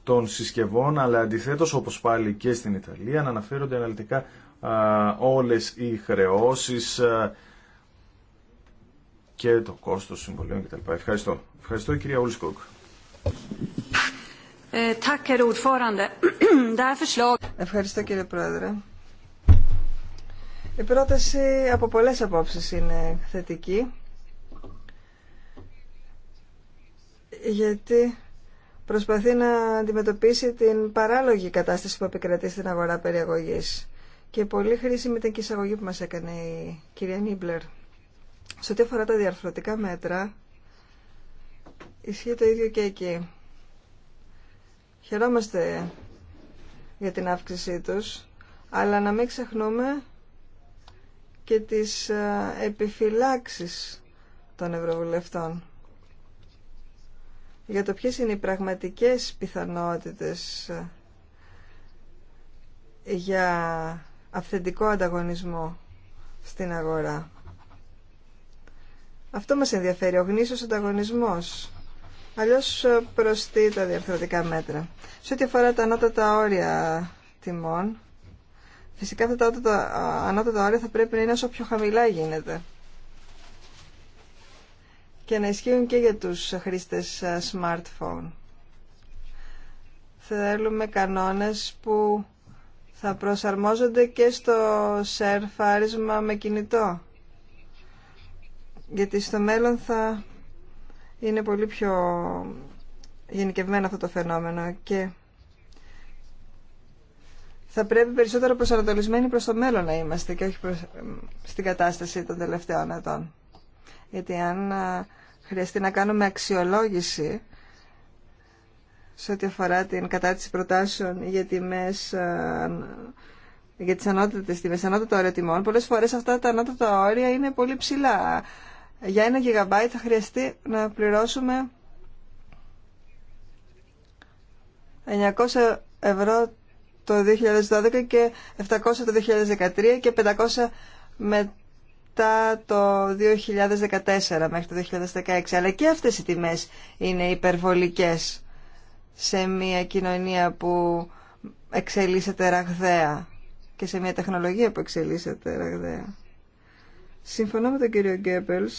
των συσκευών, αλλά αντιθέτως όπως πάλι και στην Ιταλία να αναφέρονται αναλυτικά όλες οι χρεώσεις, και το κόστος συμβολίων κτλ. Ευχαριστώ. Ευχαριστώ κυρία Ουλσκοκ. Ε, *clears throat* Ευχαριστώ κύριε Πρόεδρε. Η πρόταση από πολλές απόψεις είναι θετική γιατί προσπαθεί να αντιμετωπίσει την παράλογη κατάσταση που επικρατεί στην αγορά περιαγωγής και πολύ χρήσιμη ήταν και η εισαγωγή που μας έκανε η κυρία Νίμπλερ. Σε ό,τι αφορά τα διαρθρωτικά μέτρα, ισχύει το ίδιο και εκεί. Χαιρόμαστε για την αύξησή τους, αλλά να μην ξεχνούμε και τις ε, επιφυλάξεις των Ευρωβουλευτών για το ποιες είναι οι πραγματικές πιθανότητες ε, για αυθεντικό ανταγωνισμό στην αγορά. Αυτό μας ενδιαφέρει, ο γνήσιος ανταγωνισμός. Αλλιώς ε, προστεί τα διαφορετικά μέτρα. Σε ό,τι αφορά τα ανώτατα όρια τιμών, φυσικά αυτά τα ε, ανώτατα όρια θα πρέπει να είναι όσο πιο χαμηλά γίνεται. Και να ισχύουν και για τους χρήστες ε, smartphone. Θέλουμε κανόνες που θα προσαρμόζονται και στο σερφάρισμα με κινητό γιατί στο μέλλον θα είναι πολύ πιο γενικευμένο αυτό το φαινόμενο και θα πρέπει περισσότερο προσανατολισμένοι προς το μέλλον να είμαστε και όχι στην κατάσταση των τελευταίων ετών. Γιατί αν χρειαστεί να κάνουμε αξιολόγηση σε ό,τι αφορά την κατάρτιση προτάσεων για τιμές για τις ανώτατες τιμές, ανώτατα όρια τιμών. Πολλές φορές αυτά τα ανώτατα όρια είναι πολύ ψηλά για ένα γιγαμπάιτ θα χρειαστεί να πληρώσουμε 900 ευρώ το 2012 και 700 το 2013 και 500 μετά το 2014 μέχρι το 2016. Αλλά και αυτές οι τιμές είναι υπερβολικές σε μια κοινωνία που εξελίσσεται ραγδαία και σε μια τεχνολογία που εξελίσσεται ραγδαία. Συμφωνώ με τον κύριο Γκέμπελ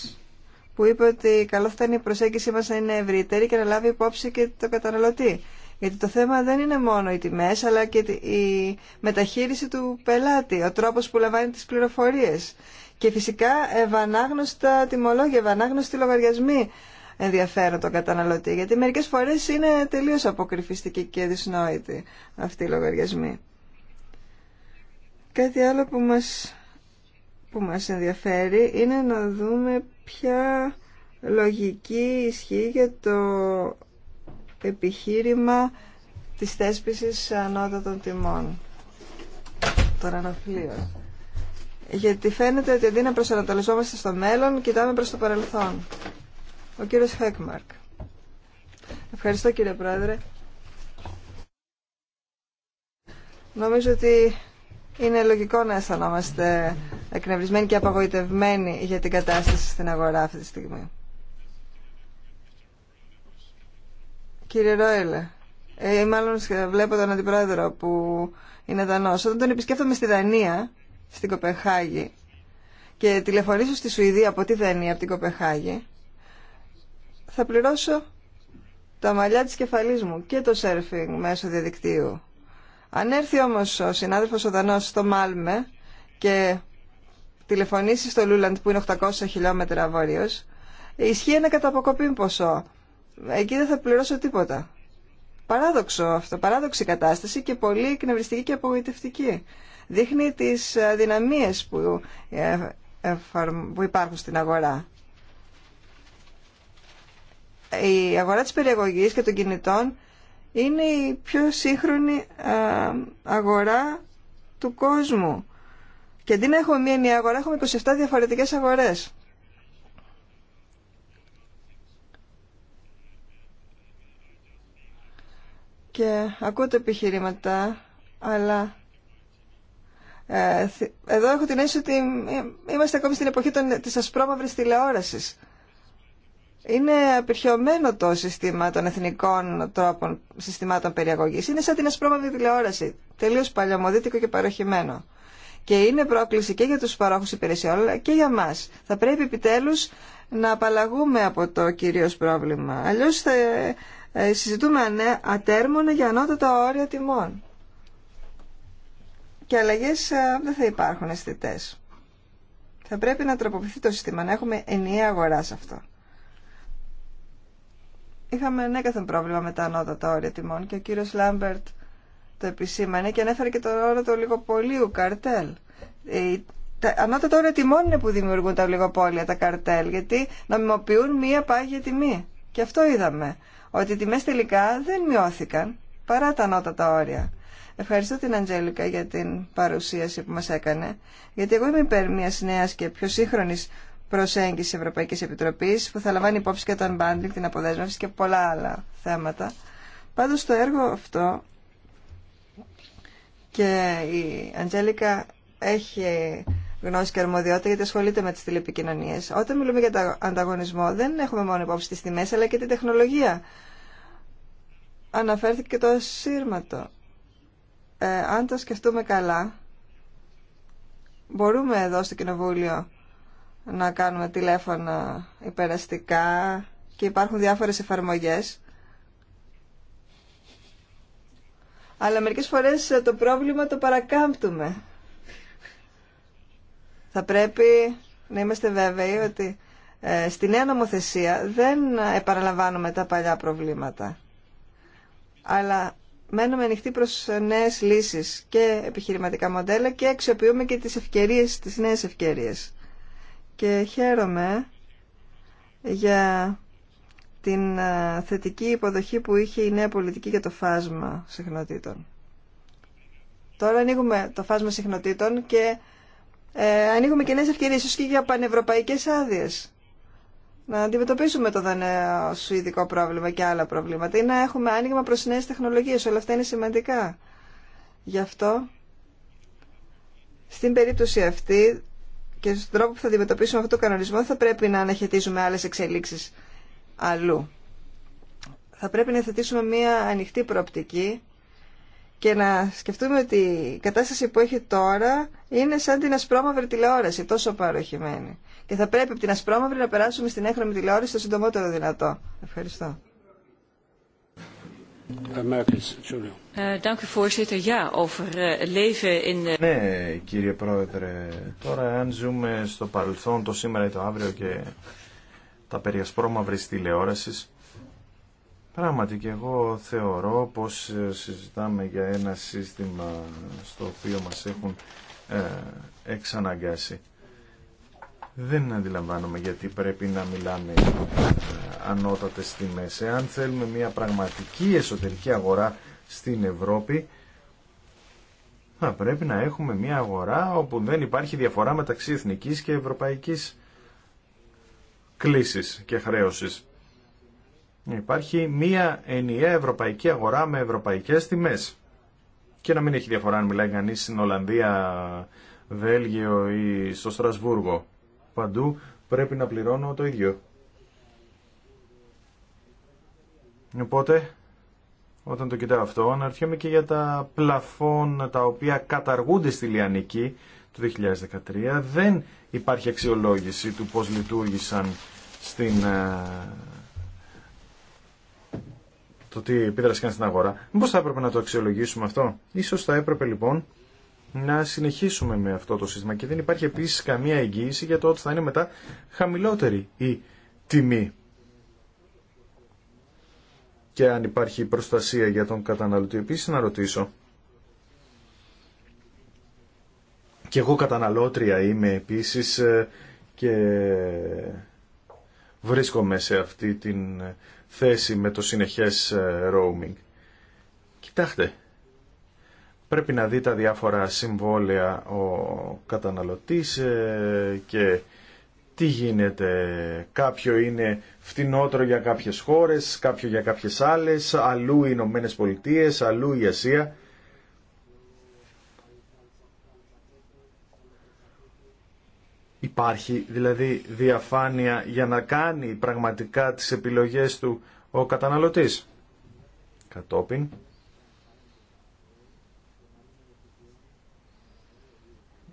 που είπε ότι καλό θα είναι η προσέγγιση μα να είναι ευρύτερη και να λάβει υπόψη και το καταναλωτή. Γιατί το θέμα δεν είναι μόνο οι τιμέ, αλλά και η μεταχείριση του πελάτη, ο τρόπο που λαμβάνει τι πληροφορίε. Και φυσικά ευανάγνωστα τιμολόγια, ευανάγνωστοι λογαριασμοί ενδιαφέρον τον καταναλωτή. Γιατί μερικέ φορέ είναι τελείω αποκρυφιστικοί και δυσνόητοι αυτοί οι λογαριασμοί. Κάτι άλλο που μας που μας ενδιαφέρει είναι να δούμε ποια λογική ισχύει για το επιχείρημα της θέσπισης ανώτατων τιμών των αναφλίων. Γιατί φαίνεται ότι αντί να προσανατολισόμαστε στο μέλλον, κοιτάμε προς το παρελθόν. Ο κύριος Χέκμαρκ. Ευχαριστώ κύριε Πρόεδρε. Νομίζω ότι είναι λογικό να αισθανόμαστε εκνευρισμένη και απαγοητευμένη για την κατάσταση στην αγορά αυτή τη στιγμή. Κύριε Ρόιλε, ε, μάλλον βλέπω τον αντιπρόεδρο που είναι Δανός. Όταν τον επισκέφτομαι στη Δανία, στην Κοπεχάγη, και τηλεφωνήσω στη Σουηδία από τη Δανία, από την Κοπεχάγη, θα πληρώσω τα μαλλιά της κεφαλής μου και το σέρφινγκ μέσω διαδικτύου. Αν έρθει όμως ο συνάδελφος ο Δανός στο Μάλμε και τηλεφωνήσει στο Λούλαντ που είναι 800 χιλιόμετρα βόρειος, ισχύει ένα καταποκοπή ποσό. Εκεί δεν θα πληρώσω τίποτα. Παράδοξο αυτό, παράδοξη κατάσταση και πολύ εκνευριστική και απογοητευτική. Δείχνει τις αδυναμίες που, ε, που υπάρχουν στην αγορά. Η αγορά της περιεγωγής και των κινητών είναι η πιο σύγχρονη ε, αγορά του κόσμου και αντί να έχουμε μία μία αγορά, έχουμε 27 διαφορετικές αγορές. Και ακούτε επιχειρήματα, αλλά ε, εδώ έχω την αίσθηση ότι ε, είμαστε ακόμη στην εποχή των, της ασπρόμαυρης τηλεόρασης. Είναι απειρχιωμένο το σύστημα των εθνικών τρόπων συστημάτων περιαγωγής. Είναι σαν την ασπρόμαυρη τηλεόραση. Τελείως παλαιομοδίτικο και παροχημένο. Και είναι πρόκληση και για τους παρόχους υπηρεσιών, και για μας. Θα πρέπει επιτέλους να απαλλαγούμε από το κυρίως πρόβλημα. Αλλιώς θα ε, συζητούμε ατέρμονα για ανώτατα όρια τιμών. Και αλλαγέ ε, δεν θα υπάρχουν αισθητέ. Θα πρέπει να τροποποιηθεί το σύστημα, να έχουμε ενιαία αγορά σε αυτό. Είχαμε ανέκαθεν πρόβλημα με τα ανώτατα όρια τιμών και ο κύριος Λάμπερτ το επισήμανε και ανέφερε και το όρο του ολιγοπολίου καρτέλ. Ε, τα ανώτατα όρια τιμών είναι που δημιουργούν τα ολιγοπόλια, τα καρτέλ, γιατί νομιμοποιούν μία πάγια τιμή. Και αυτό είδαμε, ότι οι τιμές τελικά δεν μειώθηκαν παρά τα ανώτατα όρια. Ευχαριστώ την Αντζέλικα για την παρουσίαση που μας έκανε, γιατί εγώ είμαι υπέρ μιας νέας και πιο σύγχρονης προσέγγιση Ευρωπαϊκή Επιτροπής, που θα λαμβάνει υπόψη και το unbundling, την αποδέσμευση και πολλά άλλα θέματα. Πάντω το έργο αυτό και η Αντζέλικα έχει γνώση και αρμοδιότητα γιατί ασχολείται με τι τηλεπικοινωνίες. Όταν μιλούμε για τον ανταγωνισμό δεν έχουμε μόνο υπόψη τι τιμέ, αλλά και την τεχνολογία. Αναφέρθηκε και το ασύρματο. Ε, αν το σκεφτούμε καλά, μπορούμε εδώ στο Κοινοβούλιο να κάνουμε τηλέφωνα υπεραστικά και υπάρχουν διάφορες εφαρμογές αλλά μερικές φορές ε, το πρόβλημα το παρακάμπτουμε. Θα πρέπει να είμαστε βέβαιοι ότι ε, στη νέα νομοθεσία δεν επαναλαμβάνουμε τα παλιά προβλήματα, αλλά μένουμε ανοιχτοί προς ε, νέες λύσεις και επιχειρηματικά μοντέλα και αξιοποιούμε και τις ευκαιρίες, τις νέες ευκαιρίες. Και χαίρομαι για την ε, θετική υποδοχή που είχε η νέα πολιτική για το φάσμα συχνοτήτων. Τώρα ανοίγουμε το φάσμα συχνοτήτων και ε, ανοίγουμε και νέες ευκαιρίες, και για πανευρωπαϊκές άδειε. Να αντιμετωπίσουμε το δανέο ειδικό πρόβλημα και άλλα προβλήματα ή να έχουμε άνοιγμα προς νέες τεχνολογίες. Όλα αυτά είναι σημαντικά. Γι' αυτό, στην περίπτωση αυτή και στον τρόπο που θα αντιμετωπίσουμε αυτό το κανονισμό θα πρέπει να αναχαιτίζουμε άλλες εξελίξεις αλλού. Θα πρέπει να θετήσουμε μία ανοιχτή προοπτική και να σκεφτούμε ότι η κατάσταση που έχει τώρα είναι σαν την ασπρόμαυρη τηλεόραση, τόσο παροχημένη. Και θα πρέπει από την ασπρόμαυρη να περάσουμε στην έγχρωμη τηλεόραση το συντομότερο δυνατό. Ευχαριστώ. Ε, eh, eh, ναι, κύριε Πρόεδρε, τώρα αν ζούμε στο παρελθόν, το σήμερα ή το αύριο και τα περί ασπρόμαυρης τηλεόρασης. Πράγματι και εγώ θεωρώ πως ε, συζητάμε για ένα σύστημα στο οποίο μας έχουν ε, εξαναγκάσει. Δεν αντιλαμβάνομαι γιατί πρέπει να μιλάμε ε, ανώτατες τιμές. Εάν θέλουμε μια πραγματική εσωτερική αγορά στην Ευρώπη, θα πρέπει να έχουμε μια αγορά όπου δεν υπάρχει διαφορά μεταξύ εθνικής και ευρωπαϊκής κλήσεις και χρέωσης. Υπάρχει μία ενιαία ευρωπαϊκή αγορά με ευρωπαϊκές τιμές. Και να μην έχει διαφορά αν μιλάει κανείς στην Ολλανδία, Βέλγιο ή στο Στρασβούργο. Παντού πρέπει να πληρώνω το ίδιο. Οπότε, όταν το κοιτάω αυτό, αναρωτιέμαι και για τα πλαφόν τα οποία καταργούνται στη Λιανική του 2013 δεν υπάρχει αξιολόγηση του πώς λειτουργήσαν στην, ε, το τι επίδρασκαν στην αγορά. Μήπως θα έπρεπε να το αξιολογήσουμε αυτό. Ίσως θα έπρεπε λοιπόν να συνεχίσουμε με αυτό το σύστημα και δεν υπάρχει επίσης καμία εγγύηση για το ότι θα είναι μετά χαμηλότερη η τιμή και αν υπάρχει προστασία για τον καταναλωτή. Επίσης να ρωτήσω και εγώ καταναλώτρια είμαι επίσης ε, και βρίσκομαι σε αυτή την θέση με το συνεχές ε, roaming. Κοιτάξτε, πρέπει να δει τα διάφορα συμβόλαια ο καταναλωτής ε, και τι γίνεται. Κάποιο είναι φτηνότερο για κάποιες χώρες, κάποιο για κάποιες άλλες, αλλού οι Ηνωμένε Πολιτείε, αλλού η Ασία. Υπάρχει δηλαδή διαφάνεια για να κάνει πραγματικά τις επιλογές του ο καταναλωτής. Κατόπιν.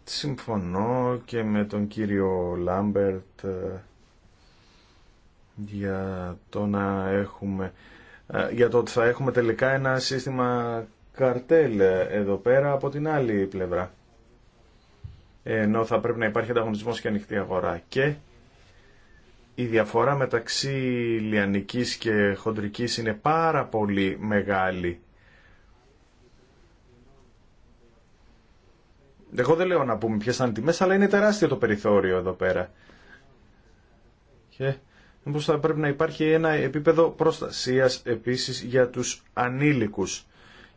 Συμφωνώ και με τον κύριο Λάμπερτ ε, για το να έχουμε ε, για το ότι θα έχουμε τελικά ένα σύστημα καρτέλ εδώ πέρα από την άλλη πλευρά ενώ θα πρέπει να υπάρχει ανταγωνισμός και ανοιχτή αγορά. Και η διαφορά μεταξύ λιανικής και χοντρικής είναι πάρα πολύ μεγάλη. Εγώ δεν λέω να πούμε ποιες θα είναι τιμές, αλλά είναι τεράστιο το περιθώριο εδώ πέρα. Και μήπως θα πρέπει να υπάρχει ένα επίπεδο προστασίας επίσης για τους ανήλικους.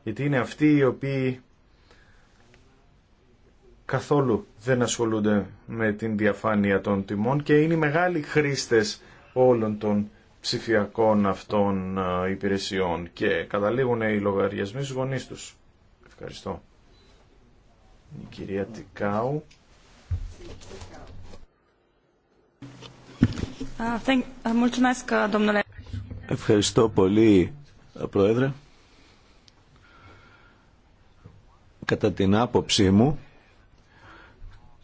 Γιατί είναι αυτοί οι οποίοι καθόλου δεν ασχολούνται με την διαφάνεια των τιμών και είναι οι μεγάλοι χρήστες όλων των ψηφιακών αυτών υπηρεσιών και καταλήγουν οι λογαριασμοί στους γονείς τους. Ευχαριστώ. Η κυρία Τικάου. Ευχαριστώ πολύ, Πρόεδρε. Κατά την άποψή μου,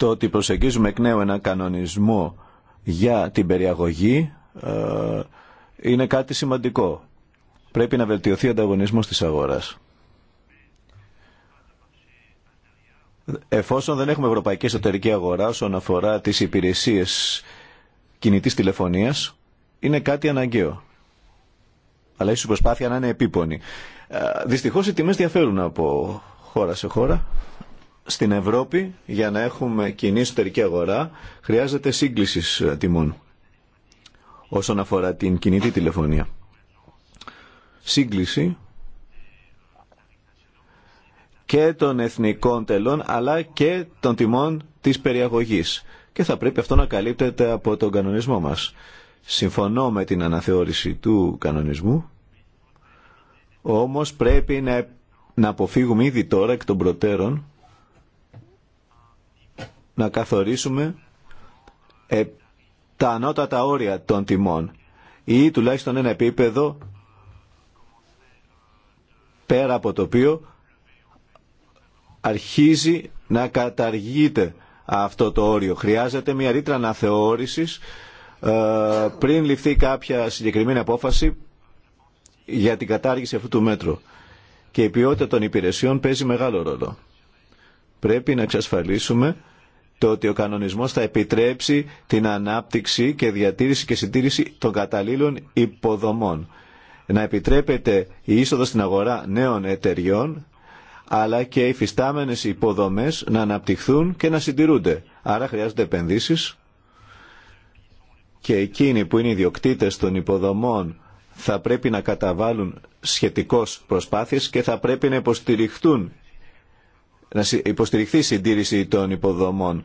το ότι προσεγγίζουμε εκ νέου ένα κανονισμό για την περιαγωγή ε, είναι κάτι σημαντικό. Πρέπει να βελτιωθεί ο ανταγωνισμός της αγοράς. Εφόσον δεν έχουμε ευρωπαϊκή εσωτερική αγορά όσον αφορά τις υπηρεσίες κινητής τηλεφωνίας, είναι κάτι αναγκαίο. Αλλά ίσως η προσπάθεια να είναι επίπονη. Ε, δυστυχώς οι τιμές διαφέρουν από χώρα σε χώρα στην Ευρώπη για να έχουμε κοινή εσωτερική αγορά χρειάζεται σύγκληση ε, τιμών όσον αφορά την κινητή τηλεφωνία. Σύγκληση και των εθνικών τελών αλλά και των τιμών της περιαγωγής και θα πρέπει αυτό να καλύπτεται από τον κανονισμό μας. Συμφωνώ με την αναθεώρηση του κανονισμού όμως πρέπει να, να αποφύγουμε ήδη τώρα εκ των προτέρων να καθορίσουμε ε, τα ανώτατα όρια των τιμών ή τουλάχιστον ένα επίπεδο πέρα από το οποίο αρχίζει να καταργείται αυτό το όριο. Χρειάζεται μια ρήτρα αναθεώρησης ε, πριν ληφθεί κάποια συγκεκριμένη απόφαση για την κατάργηση αυτού του μέτρου. Και η ποιότητα των υπηρεσιών παίζει μεγάλο ρόλο. Πρέπει να εξασφαλίσουμε το ότι ο κανονισμός θα επιτρέψει την ανάπτυξη και διατήρηση και συντήρηση των καταλήλων υποδομών. Να επιτρέπεται η είσοδος στην αγορά νέων εταιριών, αλλά και οι φυστάμενες υποδομές να αναπτυχθούν και να συντηρούνται. Άρα χρειάζονται επενδύσεις και εκείνοι που είναι ιδιοκτήτες των υποδομών θα πρέπει να καταβάλουν σχετικώς προσπάθειες και θα πρέπει να υποστηριχτούν να υποστηριχθεί η συντήρηση των υποδομών.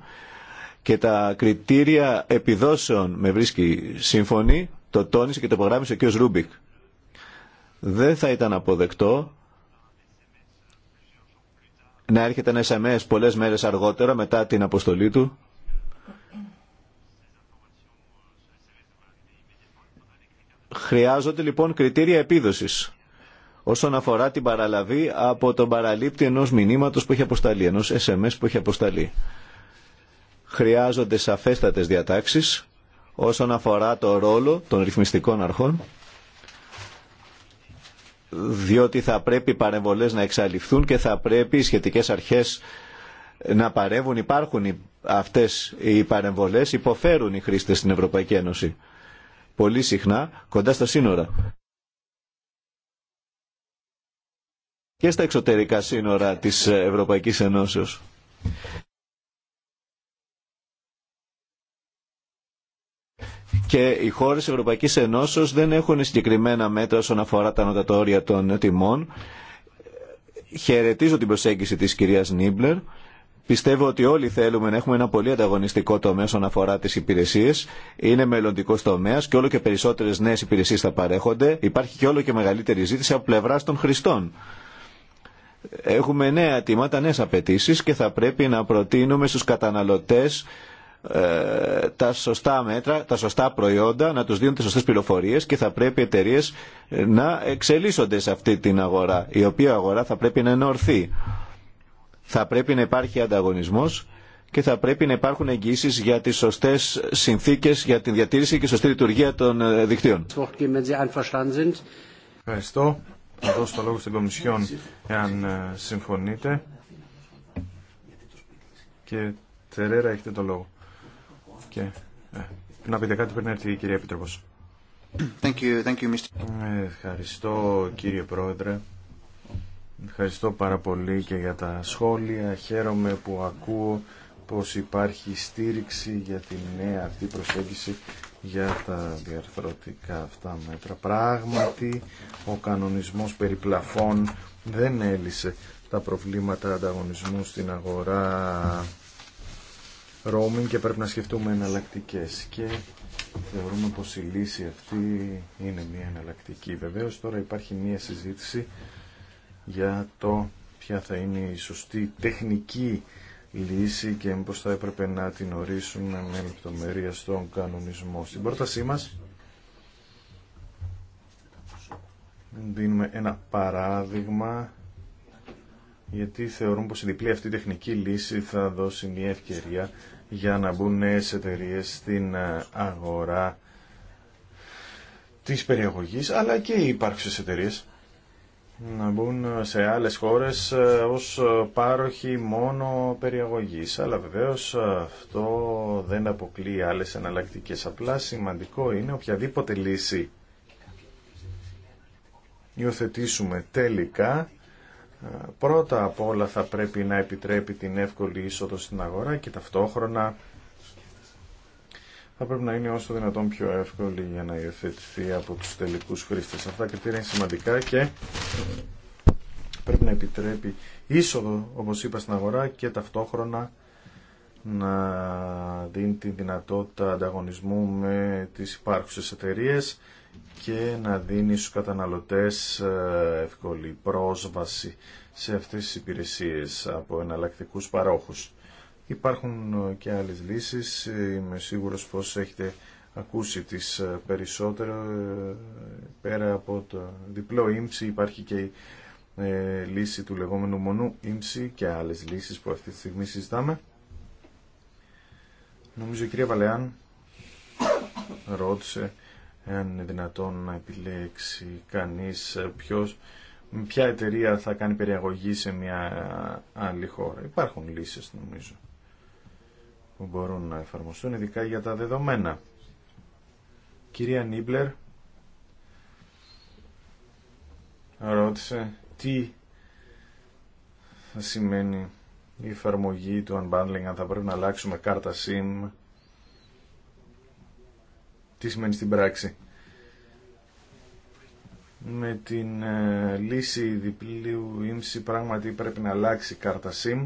Και τα κριτήρια επιδόσεων με βρίσκει σύμφωνη, το τόνισε και το υπογράμισε ο κ. Ρούμπικ. Δεν θα ήταν αποδεκτό να έρχεται ένα SMS πολλές μέρες αργότερα μετά την αποστολή του Χρειάζονται λοιπόν κριτήρια επίδοσης όσον αφορά την παραλαβή από τον παραλήπτη ενός μηνύματος που έχει αποσταλεί, ενός SMS που έχει αποσταλεί. Χρειάζονται σαφέστατες διατάξεις όσον αφορά το ρόλο των ρυθμιστικών αρχών διότι θα πρέπει οι παρεμβολές να εξαλειφθούν και θα πρέπει οι σχετικές αρχές να παρεύουν. Υπάρχουν αυτές οι παρεμβολές, υποφέρουν οι χρήστες στην Ευρωπαϊκή Ένωση. Πολύ συχνά κοντά στα σύνορα. και στα εξωτερικά σύνορα της Ευρωπαϊκής Ενώσεως. Και οι χώρε Ευρωπαϊκής Ενώσεως δεν έχουν συγκεκριμένα μέτρα όσον αφορά τα νοτατόρια των τιμών. Χαιρετίζω την προσέγγιση της κυρίας Νίμπλερ. Πιστεύω ότι όλοι θέλουμε να έχουμε ένα πολύ ανταγωνιστικό τομέα όσον αφορά τι υπηρεσίε. Είναι μελλοντικό τομέα και όλο και περισσότερε νέε υπηρεσίε θα παρέχονται. Υπάρχει και όλο και μεγαλύτερη ζήτηση από πλευρά των χρηστών έχουμε νέα αιτήματα, νέες απαιτήσει και θα πρέπει να προτείνουμε στους καταναλωτές ε, τα σωστά μέτρα, τα σωστά προϊόντα, να τους δίνουν τις σωστές πληροφορίες και θα πρέπει οι εταιρείε να εξελίσσονται σε αυτή την αγορά, η οποία αγορά θα πρέπει να ορθή. Θα πρέπει να υπάρχει ανταγωνισμός και θα πρέπει να υπάρχουν εγγύσει για τι σωστέ συνθήκε για τη διατήρηση και σωστή λειτουργία των ε, δικτύων να δώσω το λόγο στην Κομισιόν εάν ε, συμφωνείτε. Και Τερέρα έχετε το λόγο. Και ε, να πείτε κάτι πριν έρθει η κυρία Επιτροπός. Thank you, thank you, Mr. Ευχαριστώ κύριε Πρόεδρε. Ευχαριστώ πάρα πολύ και για τα σχόλια. Χαίρομαι που ακούω πως υπάρχει στήριξη για τη νέα αυτή προσέγγιση για τα διαρθρωτικά αυτά μέτρα. Πράγματι, ο κανονισμός περιπλαφών δεν έλυσε τα προβλήματα ανταγωνισμού στην αγορά roaming και πρέπει να σκεφτούμε εναλλακτικέ. Και θεωρούμε πως η λύση αυτή είναι μια εναλλακτική. Βεβαίως τώρα υπάρχει μια συζήτηση για το ποια θα είναι η σωστή τεχνική λύση και μήπως θα έπρεπε να την ορίσουμε με λεπτομερία στον κανονισμό. Στην πρότασή μας δίνουμε ένα παράδειγμα γιατί θεωρούμε πως η διπλή αυτή τεχνική λύση θα δώσει μια ευκαιρία για να μπουν νέε εταιρείε στην ε, αγορά της περιαγωγής αλλά και οι υπάρξεις εταιρείες να μπουν σε άλλες χώρες ε, ως πάροχοι μόνο περιαγωγής. Αλλά βεβαίως ε, αυτό δεν αποκλείει άλλες εναλλακτικές. Απλά σημαντικό είναι οποιαδήποτε λύση υιοθετήσουμε τελικά ε, πρώτα απ' όλα θα πρέπει να επιτρέπει την εύκολη είσοδο στην αγορά και ταυτόχρονα θα πρέπει να είναι όσο δυνατόν πιο εύκολη για να υιοθετηθεί από τους τελικούς χρήστες. Αυτά τα κριτήρια είναι σημαντικά και πρέπει να επιτρέπει είσοδο, όπως είπα στην αγορά, και ταυτόχρονα να δίνει τη δυνατότητα ανταγωνισμού με τις υπάρχουσες εταιρείε και να δίνει στους καταναλωτές ε, εύκολη πρόσβαση σε αυτές τις υπηρεσίες από εναλλακτικούς παρόχους. Υπάρχουν ε, και άλλες λύσεις. Είμαι σίγουρος πως έχετε ακούσει τις ε, περισσότερο. Ε, πέρα από το διπλό ύμψη υπάρχει και η λύση του λεγόμενου μονού ύμψη και άλλες λύσεις που αυτή τη στιγμή συζητάμε. Νομίζω η κυρία Βαλεάν ρώτησε αν είναι δυνατόν να επιλέξει κανείς ποιος, ποια εταιρεία θα κάνει περιαγωγή σε μια άλλη χώρα. Υπάρχουν λύσεις νομίζω που μπορούν να εφαρμοστούν, ειδικά για τα δεδομένα. Κυρία Νίμπλερ ρώτησε τι θα σημαίνει η εφαρμογή του unbundling, αν θα πρέπει να αλλάξουμε κάρτα SIM, τι σημαίνει στην πράξη. Με την ε, λύση διπλίου ίμψη πράγματι πρέπει να αλλάξει κάρτα SIM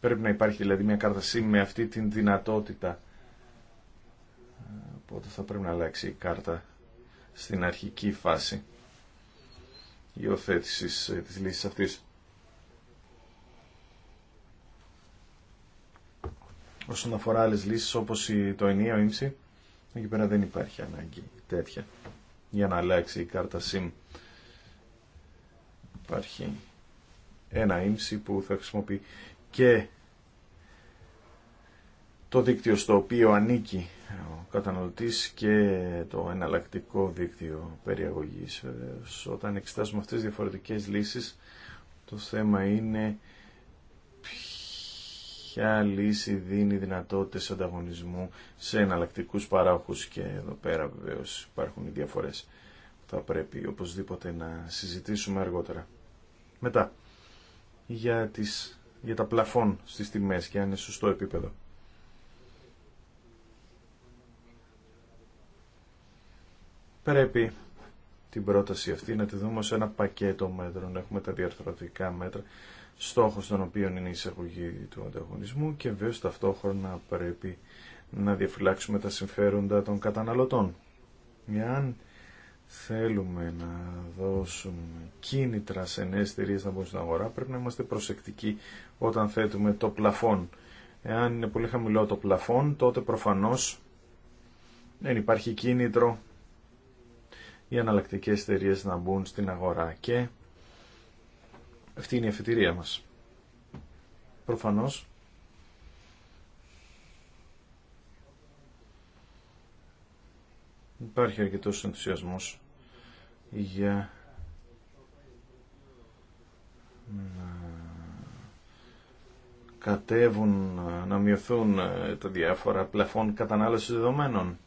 Πρέπει να υπάρχει δηλαδή μια κάρτα SIM με αυτή την δυνατότητα. Οπότε θα πρέπει να αλλάξει η κάρτα στην αρχική φάση υιοθέτηση ε, της λύσης αυτής. Όσον αφορά άλλες λύσεις όπως το ενίο ίμψη, εκεί πέρα δεν υπάρχει ανάγκη τέτοια για να αλλάξει η κάρτα SIM. Υπάρχει ένα ίμψη που θα χρησιμοποιεί και το δίκτυο στο οποίο ανήκει ο καταναλωτής και το εναλλακτικό δίκτυο περιαγωγής. Όταν εξετάζουμε αυτές τις διαφορετικές λύσεις, το θέμα είναι ποια λύση δίνει δυνατότητες ανταγωνισμού σε εναλλακτικούς παράγους και εδώ πέρα βεβαίω υπάρχουν οι διαφορές που θα πρέπει οπωσδήποτε να συζητήσουμε αργότερα. Μετά, για τις για τα πλαφόν στις τιμές και αν είναι σωστό επίπεδο. Πρέπει την πρόταση αυτή να τη δούμε ως ένα πακέτο μέτρων. Έχουμε τα διαρθρωτικά μέτρα, στόχος των οποίων είναι η εισαγωγή του ανταγωνισμού και βέβαια ταυτόχρονα πρέπει να διαφυλάξουμε τα συμφέροντα των καταναλωτών θέλουμε να δώσουμε κίνητρα σε νέε εταιρείε να μπουν στην αγορά, πρέπει να είμαστε προσεκτικοί όταν θέτουμε το πλαφόν. Εάν είναι πολύ χαμηλό το πλαφόν, τότε προφανώς δεν υπάρχει κίνητρο οι αναλλακτικέ εταιρείε να μπουν στην αγορά και αυτή είναι η αφετηρία μας. Προφανώς Υπάρχει αρκετός ενθουσιασμός για να κατέβουν, να μειωθούν ε, τα διάφορα πλαφών κατανάλωσης δεδομένων.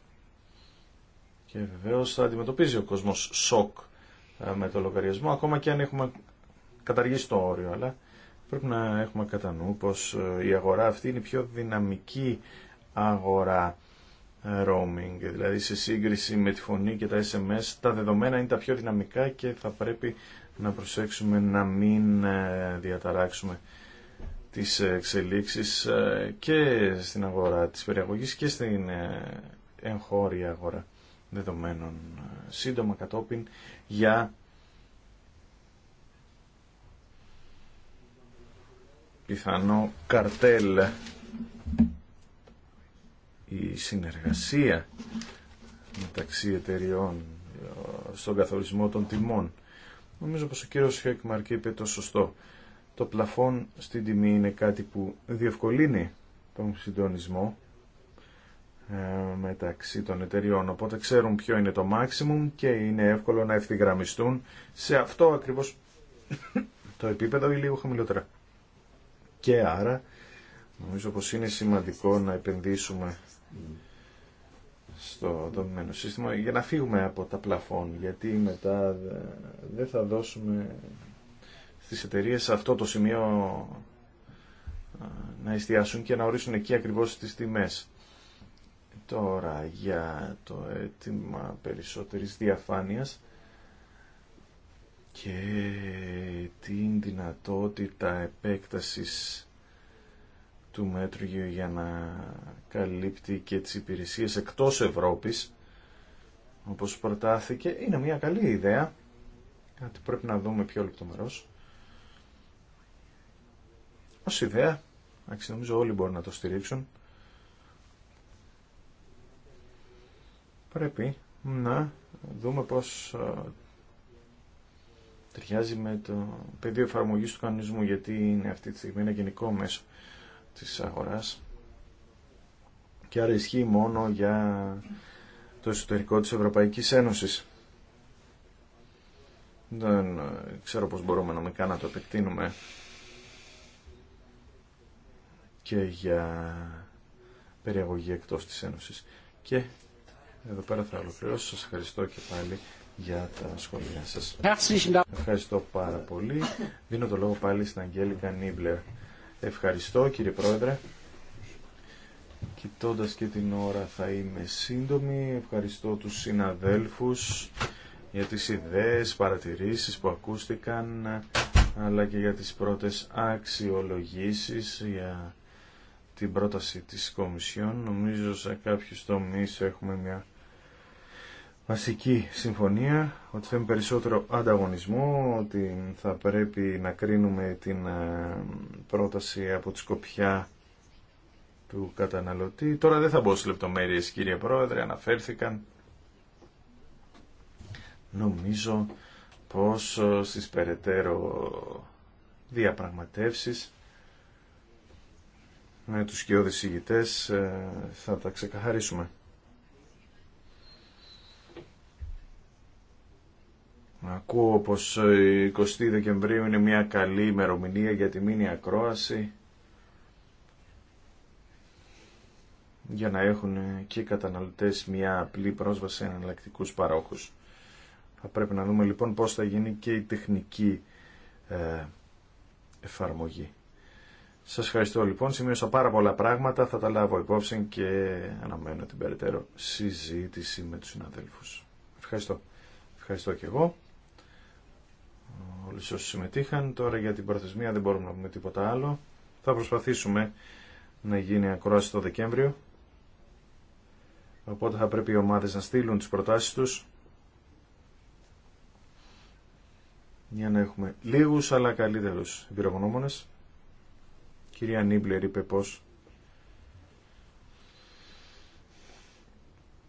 Και βεβαίως θα αντιμετωπίζει ο κόσμος σοκ ε, με το λογαριασμό, ακόμα και αν έχουμε καταργήσει το όριο, αλλά πρέπει να έχουμε κατά νου πως ε, η αγορά αυτή είναι η πιο δυναμική αγορά roaming. Δηλαδή σε σύγκριση με τη φωνή και τα SMS τα δεδομένα είναι τα πιο δυναμικά και θα πρέπει να προσέξουμε να μην ε, διαταράξουμε τις εξελίξεις ε, και στην αγορά της περιαγωγής και στην ε, εγχώρια αγορά δεδομένων σύντομα κατόπιν για πιθανό καρτέλ η συνεργασία μεταξύ εταιριών ε, στον καθορισμό των τιμών. Νομίζω πως ο κύριος Χέκμαρκ είπε το σωστό. Το πλαφόν στην τιμή είναι κάτι που διευκολύνει τον συντονισμό ε, μεταξύ των εταιριών. Οπότε ξέρουν ποιο είναι το maximum και είναι εύκολο να ευθυγραμμιστούν σε αυτό ακριβώς *coughs* το επίπεδο ή λίγο χαμηλότερα. Και άρα νομίζω πως είναι σημαντικό να επενδύσουμε στο δομημένο σύστημα για να φύγουμε από τα πλαφόν γιατί μετά δεν θα δώσουμε στις εταιρείε αυτό το σημείο να εστιάσουν και να ορίσουν εκεί ακριβώς τις τιμές. Τώρα για το αίτημα περισσότερης διαφάνειας και την δυνατότητα επέκτασης του μέτρου για να καλύπτει και τις υπηρεσίες εκτός Ευρώπης όπως προτάθηκε είναι μια καλή ιδέα κάτι πρέπει να δούμε πιο λεπτομερώς ως ιδέα νομίζω όλοι μπορούν να το στηρίξουν πρέπει να δούμε πως ε, ταιριάζει με το πεδίο εφαρμογής του κανονισμού γιατί είναι αυτή τη στιγμή ένα γενικό μέσο της αγοράς και άρα ισχύει μόνο για το εσωτερικό της Ευρωπαϊκής Ένωσης. Δεν ε, ξέρω πώς μπορούμε νομικά να το επεκτείνουμε και για περιαγωγή εκτός της Ένωσης. Και εδώ πέρα θα ολοκληρώσω. Σας ευχαριστώ και πάλι για τα σχόλια σας. Ευχαριστώ πάρα πολύ. Δίνω το λόγο πάλι στην Αγγέλικα Νίμπλερ. Ευχαριστώ κύριε Πρόεδρε. Κοιτώντας και την ώρα θα είμαι σύντομη. Ευχαριστώ τους συναδέλφους για τις ιδέες, παρατηρήσεις που ακούστηκαν αλλά και για τις πρώτες αξιολογήσεις για την πρόταση της Κομισιόν. Νομίζω σε κάποιους τομείς έχουμε μια βασική συμφωνία, ότι θέλουμε περισσότερο ανταγωνισμό, ότι θα πρέπει να κρίνουμε την ε, πρόταση από τη σκοπιά του καταναλωτή. Τώρα δεν θα μπω στις λεπτομέρειες κύριε Πρόεδρε, αναφέρθηκαν. Νομίζω πως ε, στις περαιτέρω διαπραγματεύσεις με τους κοιόδης ηγητές ε, θα τα ξεκαθαρίσουμε. Ακούω πως η 20 Δεκεμβρίου είναι μια καλή ημερομηνία για τη μήνυα ακρόαση για να έχουν και οι καταναλωτές μια απλή πρόσβαση σε εναλλακτικού παρόχους. Θα πρέπει να δούμε λοιπόν πώς θα γίνει και η τεχνική ε, εφαρμογή. Σας ευχαριστώ λοιπόν, σημείωσα πάρα πολλά πράγματα, θα τα λάβω υπόψη και αναμένω την περαιτέρω συζήτηση με τους συναδέλφους. Ευχαριστώ. Ευχαριστώ και εγώ όλοι όσοι συμμετείχαν. Τώρα για την προθεσμία δεν μπορούμε να πούμε τίποτα άλλο. Θα προσπαθήσουμε να γίνει ακρόαση το Δεκέμβριο. Οπότε θα πρέπει οι ομάδες να στείλουν τις προτάσεις τους για να έχουμε λίγους αλλά καλύτερους εμπειρογνώμονες. κυρία Νίμπλερ είπε πως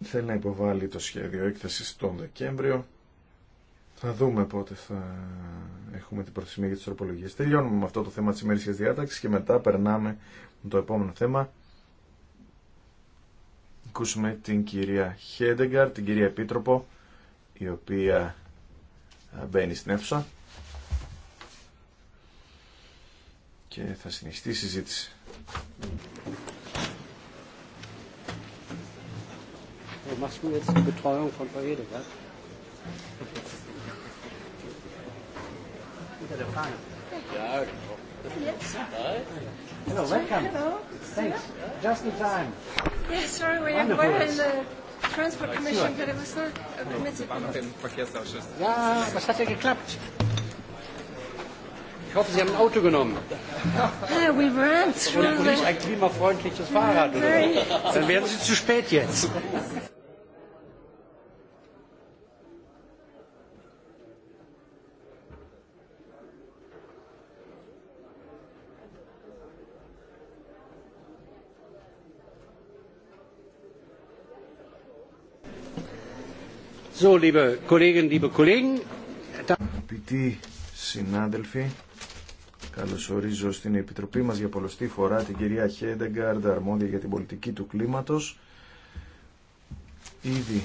θέλει να υποβάλει το σχέδιο έκθεσης τον Δεκέμβριο θα δούμε πότε θα έχουμε την προθεσμία για τι τροπολογίες. Τελειώνουμε με αυτό το θέμα τη ημερήσιας διάταξη και μετά περνάμε με το επόμενο θέμα. Ακούσουμε την κυρία Χέντεγκαρ, την κυρία Επίτροπο, η οποία μπαίνει στην αίθουσα και θα συνεχιστεί η συζήτηση. Machst Betreuung von the fun. Hello, welcome. Hello. Thanks. Just in time. Yeah, sorry, we were in the Transport Commission, but it was not permitted. Ja, aber hat ja geklappt. Ich hoffe, Sie haben ein Auto genommen. Yeah, we ran through und, ein klimafreundliches Fahrrad. Oder so. Dann werden Sie zu spät jetzt. So, liebe Αγαπητοί συνάδελφοι, καλωσορίζω στην Επιτροπή μας για πολλωστή φορά την κυρία Χέντεγκαρντ, αρμόδια για την πολιτική του κλίματος. Ήδη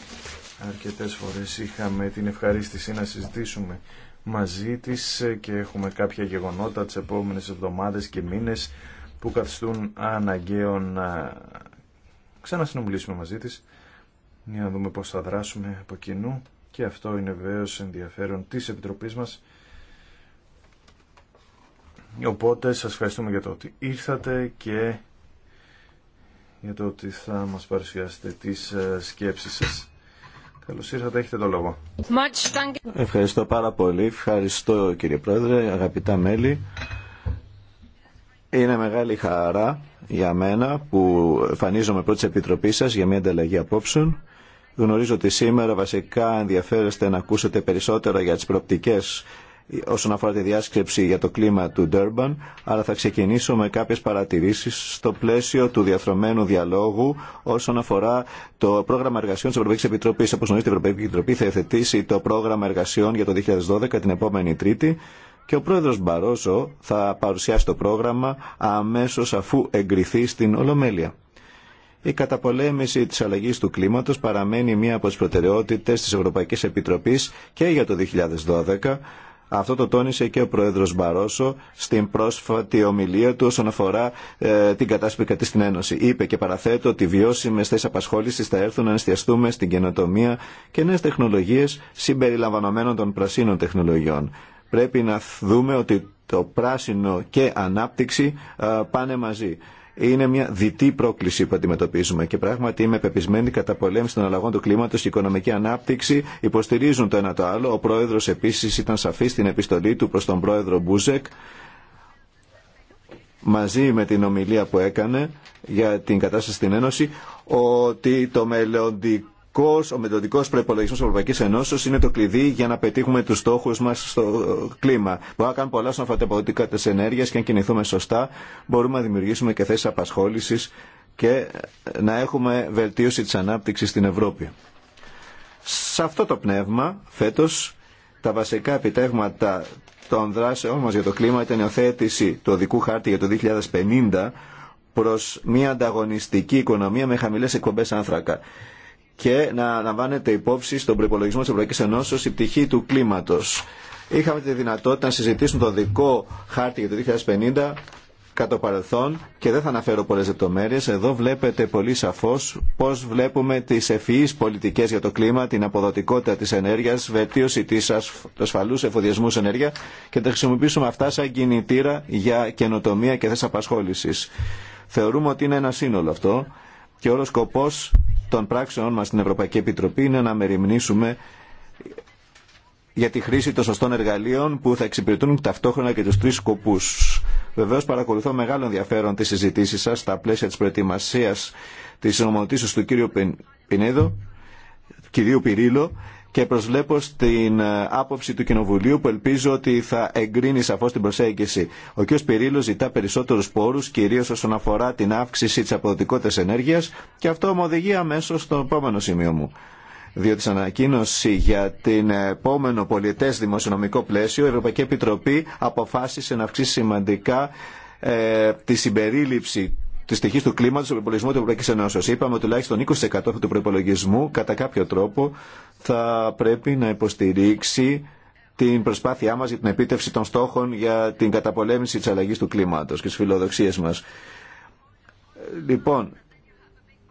αρκετές φορές είχαμε την ευχαρίστηση να συζητήσουμε μαζί της και έχουμε κάποια γεγονότα τις επόμενες εβδομάδες και μήνες που καθιστούν αναγκαίο να ξανασυνομιλήσουμε μαζί της για να δούμε πώς θα δράσουμε από κοινού και αυτό είναι βεβαίω ενδιαφέρον της Επιτροπής μας. Οπότε σας ευχαριστούμε για το ότι ήρθατε και για το ότι θα μας παρουσιάσετε τις ε, σκέψεις σας. Καλώς ήρθατε, έχετε το λόγο. Ευχαριστώ πάρα πολύ. Ευχαριστώ κύριε Πρόεδρε, αγαπητά μέλη. Είναι μεγάλη χαρά για μένα που εμφανίζομαι πρώτη επιτροπή σα για μια ανταλλαγή απόψεων Γνωρίζω ότι σήμερα βασικά ενδιαφέρεστε να ακούσετε περισσότερα για τις προοπτικές όσον αφορά τη διάσκεψη για το κλίμα του Ντέρμπαν, αλλά θα ξεκινήσω με κάποιες παρατηρήσεις στο πλαίσιο του διαθρωμένου διαλόγου όσον αφορά το πρόγραμμα εργασιών της Ευρωπαϊκής Επιτροπής. Όπως γνωρίζετε, η Ευρωπαϊκή Επιτροπή θα εθετήσει το πρόγραμμα εργασιών για το 2012 την επόμενη Τρίτη και ο πρόεδρος Μπαρόζο θα παρουσιάσει το πρόγραμμα αμέσως αφού εγκριθεί στην Ολομέλεια. Η καταπολέμηση τη αλλαγή του κλίματο παραμένει μία από τι προτεραιότητε τη Ευρωπαϊκή Επιτροπή και για το 2012. Αυτό το τόνισε και ο Πρόεδρος Μπαρόσο στην πρόσφατη ομιλία του όσον αφορά ε, την κατάσταση κατή στην Ένωση. Είπε και παραθέτω ότι βιώσιμε θέσει απασχόληση θα έρθουν να εστιαστούμε στην καινοτομία και νέε τεχνολογίε συμπεριλαμβανομένων των πρασίνων τεχνολογιών. Πρέπει να δούμε ότι το πράσινο και ανάπτυξη ε, πάνε μαζί είναι μια διτή πρόκληση που αντιμετωπίζουμε και πράγματι είμαι πεπισμένη κατά πολέμηση των αλλαγών του κλίματο και οικονομική ανάπτυξη υποστηρίζουν το ένα το άλλο. Ο πρόεδρο επίση ήταν σαφή στην επιστολή του προ τον πρόεδρο Μπούζεκ μαζί με την ομιλία που έκανε για την κατάσταση στην Ένωση ότι το μελλοντικό ο μεθοδικός προϋπολογισμός της Ευρωπαϊκής Ενώσεως είναι το κλειδί για να πετύχουμε τους στόχους μας στο κλίμα. Μπορούμε να κάνουμε πολλά στον αφορά της ενέργειας και αν κινηθούμε σωστά μπορούμε να δημιουργήσουμε και θέσεις απασχόλησης και να έχουμε βελτίωση της ανάπτυξης στην Ευρώπη. Σε αυτό το πνεύμα, φέτος, τα βασικά επιτεύγματα των δράσεων μας για το κλίμα ήταν η οθέτηση του οδικού χάρτη για το 2050 προς μια ανταγωνιστική οικονομία με χαμηλές εκπομπές άνθρακα και να λαμβάνεται υπόψη στον προπολογισμό τη Ευρωπαϊκή Ενώσεω η πτυχή του κλίματο. Είχαμε τη δυνατότητα να συζητήσουμε το δικό χάρτη για το 2050 κατά παρελθόν και δεν θα αναφέρω πολλέ λεπτομέρειε. Εδώ βλέπετε πολύ σαφώ πώ βλέπουμε τι ευφυεί πολιτικέ για το κλίμα, την αποδοτικότητα τη ενέργεια, βελτίωση τη ασφαλού εφοδιασμούς ενέργεια και τα χρησιμοποιήσουμε αυτά σαν κινητήρα για καινοτομία και θέσει απασχόληση. Θεωρούμε ότι είναι ένα σύνολο αυτό και όλο σκοπό των πράξεών μας στην Ευρωπαϊκή Επιτροπή είναι να μεριμνήσουμε για τη χρήση των σωστών εργαλείων που θα εξυπηρετούν ταυτόχρονα και τους τρεις σκοπούς. Βεβαίως παρακολουθώ μεγάλο ενδιαφέρον τις συζητήσεις σας στα πλαίσια της προετοιμασίας της συνομονωτήσεως του κύριου Πινέδο, κυρίου Πυρίλο και προσβλέπω στην ε, άποψη του Κοινοβουλίου που ελπίζω ότι θα εγκρίνει σαφώ την προσέγγιση. Ο κ. Πυρίλο ζητά περισσότερου πόρου, κυρίω όσον αφορά την αύξηση τη αποδοτικότητα ενέργεια και αυτό μου οδηγεί αμέσω στο επόμενο σημείο μου. Διότι σαν ανακοίνωση για την επόμενο πολιτέ δημοσιονομικό πλαίσιο, η Ευρωπαϊκή Επιτροπή αποφάσισε να αυξήσει σημαντικά ε, τη συμπερίληψη τη στοιχή του κλίματο του προπολογισμού του Ευρωπαϊκή Ενώσεω. Είπαμε ότι τουλάχιστον 20% του προπολογισμού κατά κάποιο τρόπο θα πρέπει να υποστηρίξει την προσπάθειά μα για την επίτευξη των στόχων για την καταπολέμηση τη αλλαγή του κλίματο και τι φιλοδοξίε μα. Λοιπόν,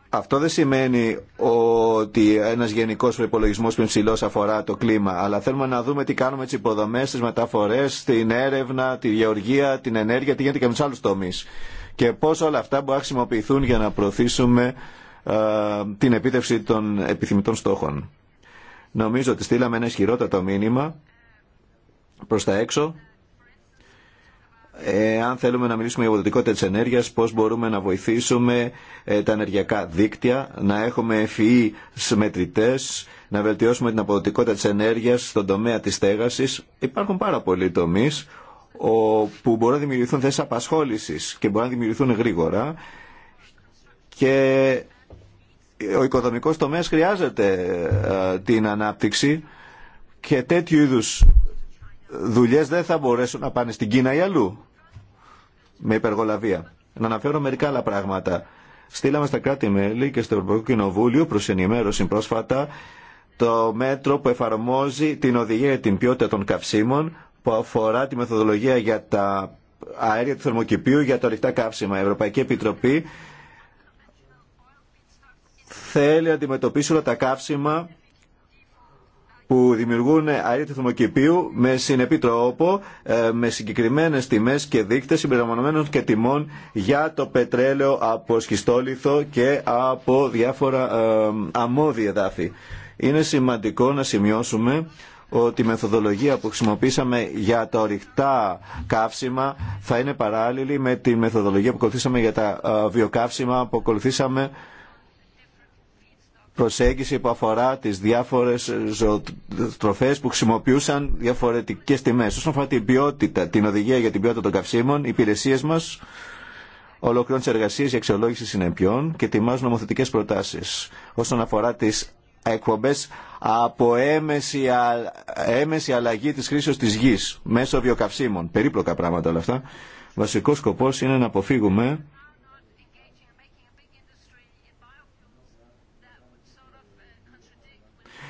αυτό δεν σημαίνει ότι ένα γενικό προπολογισμό που είναι αφορά το κλίμα, αλλά θέλουμε να δούμε τι κάνουμε τι υποδομέ, τι μεταφορέ, την έρευνα, τη γεωργία, την ενέργεια, τι γίνεται και με του άλλου τομεί και πώς όλα αυτά μπορούν να χρησιμοποιηθούν για να προωθήσουμε ε, την επίτευξη των επιθυμητών στόχων. Νομίζω ότι στείλαμε ένα ισχυρότατο μήνυμα προς τα έξω. Ε, αν θέλουμε να μιλήσουμε για αποδοτικότητα της ενέργειας, πώς μπορούμε να βοηθήσουμε ε, τα ενεργειακά δίκτυα, να έχουμε ευφυεί μετρητές, να βελτιώσουμε την αποδοτικότητα της ενέργειας στον τομέα της στέγασης. Υπάρχουν πάρα πολλοί τομείς που μπορούν να δημιουργηθούν θέσει απασχόλησης και μπορούν να δημιουργηθούν γρήγορα και ο οικοδομικός τομέα χρειάζεται ε, την ανάπτυξη και τέτοιου είδους δουλειέ δεν θα μπορέσουν να πάνε στην Κίνα ή αλλού με υπεργολαβία. Να αναφέρω μερικά άλλα πράγματα. Στείλαμε στα κράτη-μέλη και στο Ευρωπαϊκό Κοινοβούλιο προ ενημέρωση πρόσφατα το μέτρο που εφαρμόζει την οδηγία για την ποιότητα των καυσίμων που αφορά τη μεθοδολογία για τα αέρια του θερμοκηπίου για τα ορυκτά καύσιμα. Η Ευρωπαϊκή Επιτροπή θέλει να αντιμετωπίσει όλα τα καύσιμα που δημιουργούν αέρια του θερμοκηπίου με συνεπή τρόπο, ε, με συγκεκριμένες τιμές και δείκτες συμπεριλαμβανομένων και τιμών για το πετρέλαιο από σχιστόλιθο και από διάφορα ε, αμμόδια δάφη. Είναι σημαντικό να σημειώσουμε ότι η μεθοδολογία που χρησιμοποίησαμε για τα ορυκτά καύσιμα θα είναι παράλληλη με τη μεθοδολογία που ακολουθήσαμε για τα ε, βιοκαύσιμα που ακολουθήσαμε προσέγγιση που αφορά τις διάφορες ζωοτροφές που χρησιμοποιούσαν διαφορετικές τιμές. Όσον αφορά την ποιότητα, την οδηγία για την ποιότητα των καυσίμων, οι υπηρεσίες μας ολοκληρώνουν τις εργασίες για αξιολόγηση συνεπιών και ετοιμάζουν νομοθετικέ προτάσει. Όσον αφορά τις εκπομπές από έμεση, έμεση αλλαγή της χρήσης της γης μέσω βιοκαυσίμων. Περίπλοκα πράγματα όλα αυτά. Βασικό σκοπός είναι να αποφύγουμε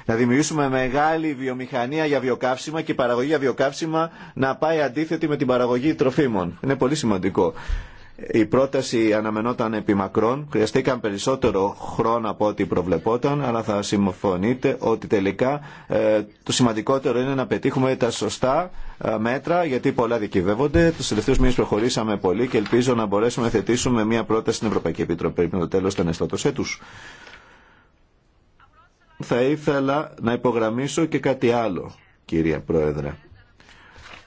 να δημιουργήσουμε μεγάλη βιομηχανία για βιοκαύσιμα και η παραγωγή για βιοκαύσιμα να πάει αντίθετη με την παραγωγή τροφίμων. Είναι πολύ σημαντικό. Η πρόταση αναμενόταν επί μακρόν, χρειαστήκαν περισσότερο χρόνο από ό,τι προβλεπόταν, αλλά θα συμφωνείτε ότι τελικά ε, το σημαντικότερο είναι να πετύχουμε τα σωστά ε, μέτρα, γιατί πολλά δικηβεύονται. Του τελευταίου μήνε προχωρήσαμε πολύ και ελπίζω να μπορέσουμε να θετήσουμε μια πρόταση στην Ευρωπαϊκή Επιτροπή με το τέλο των ενεστώτο έτου. Θα ήθελα να υπογραμμίσω και κάτι άλλο, κυρία Πρόεδρε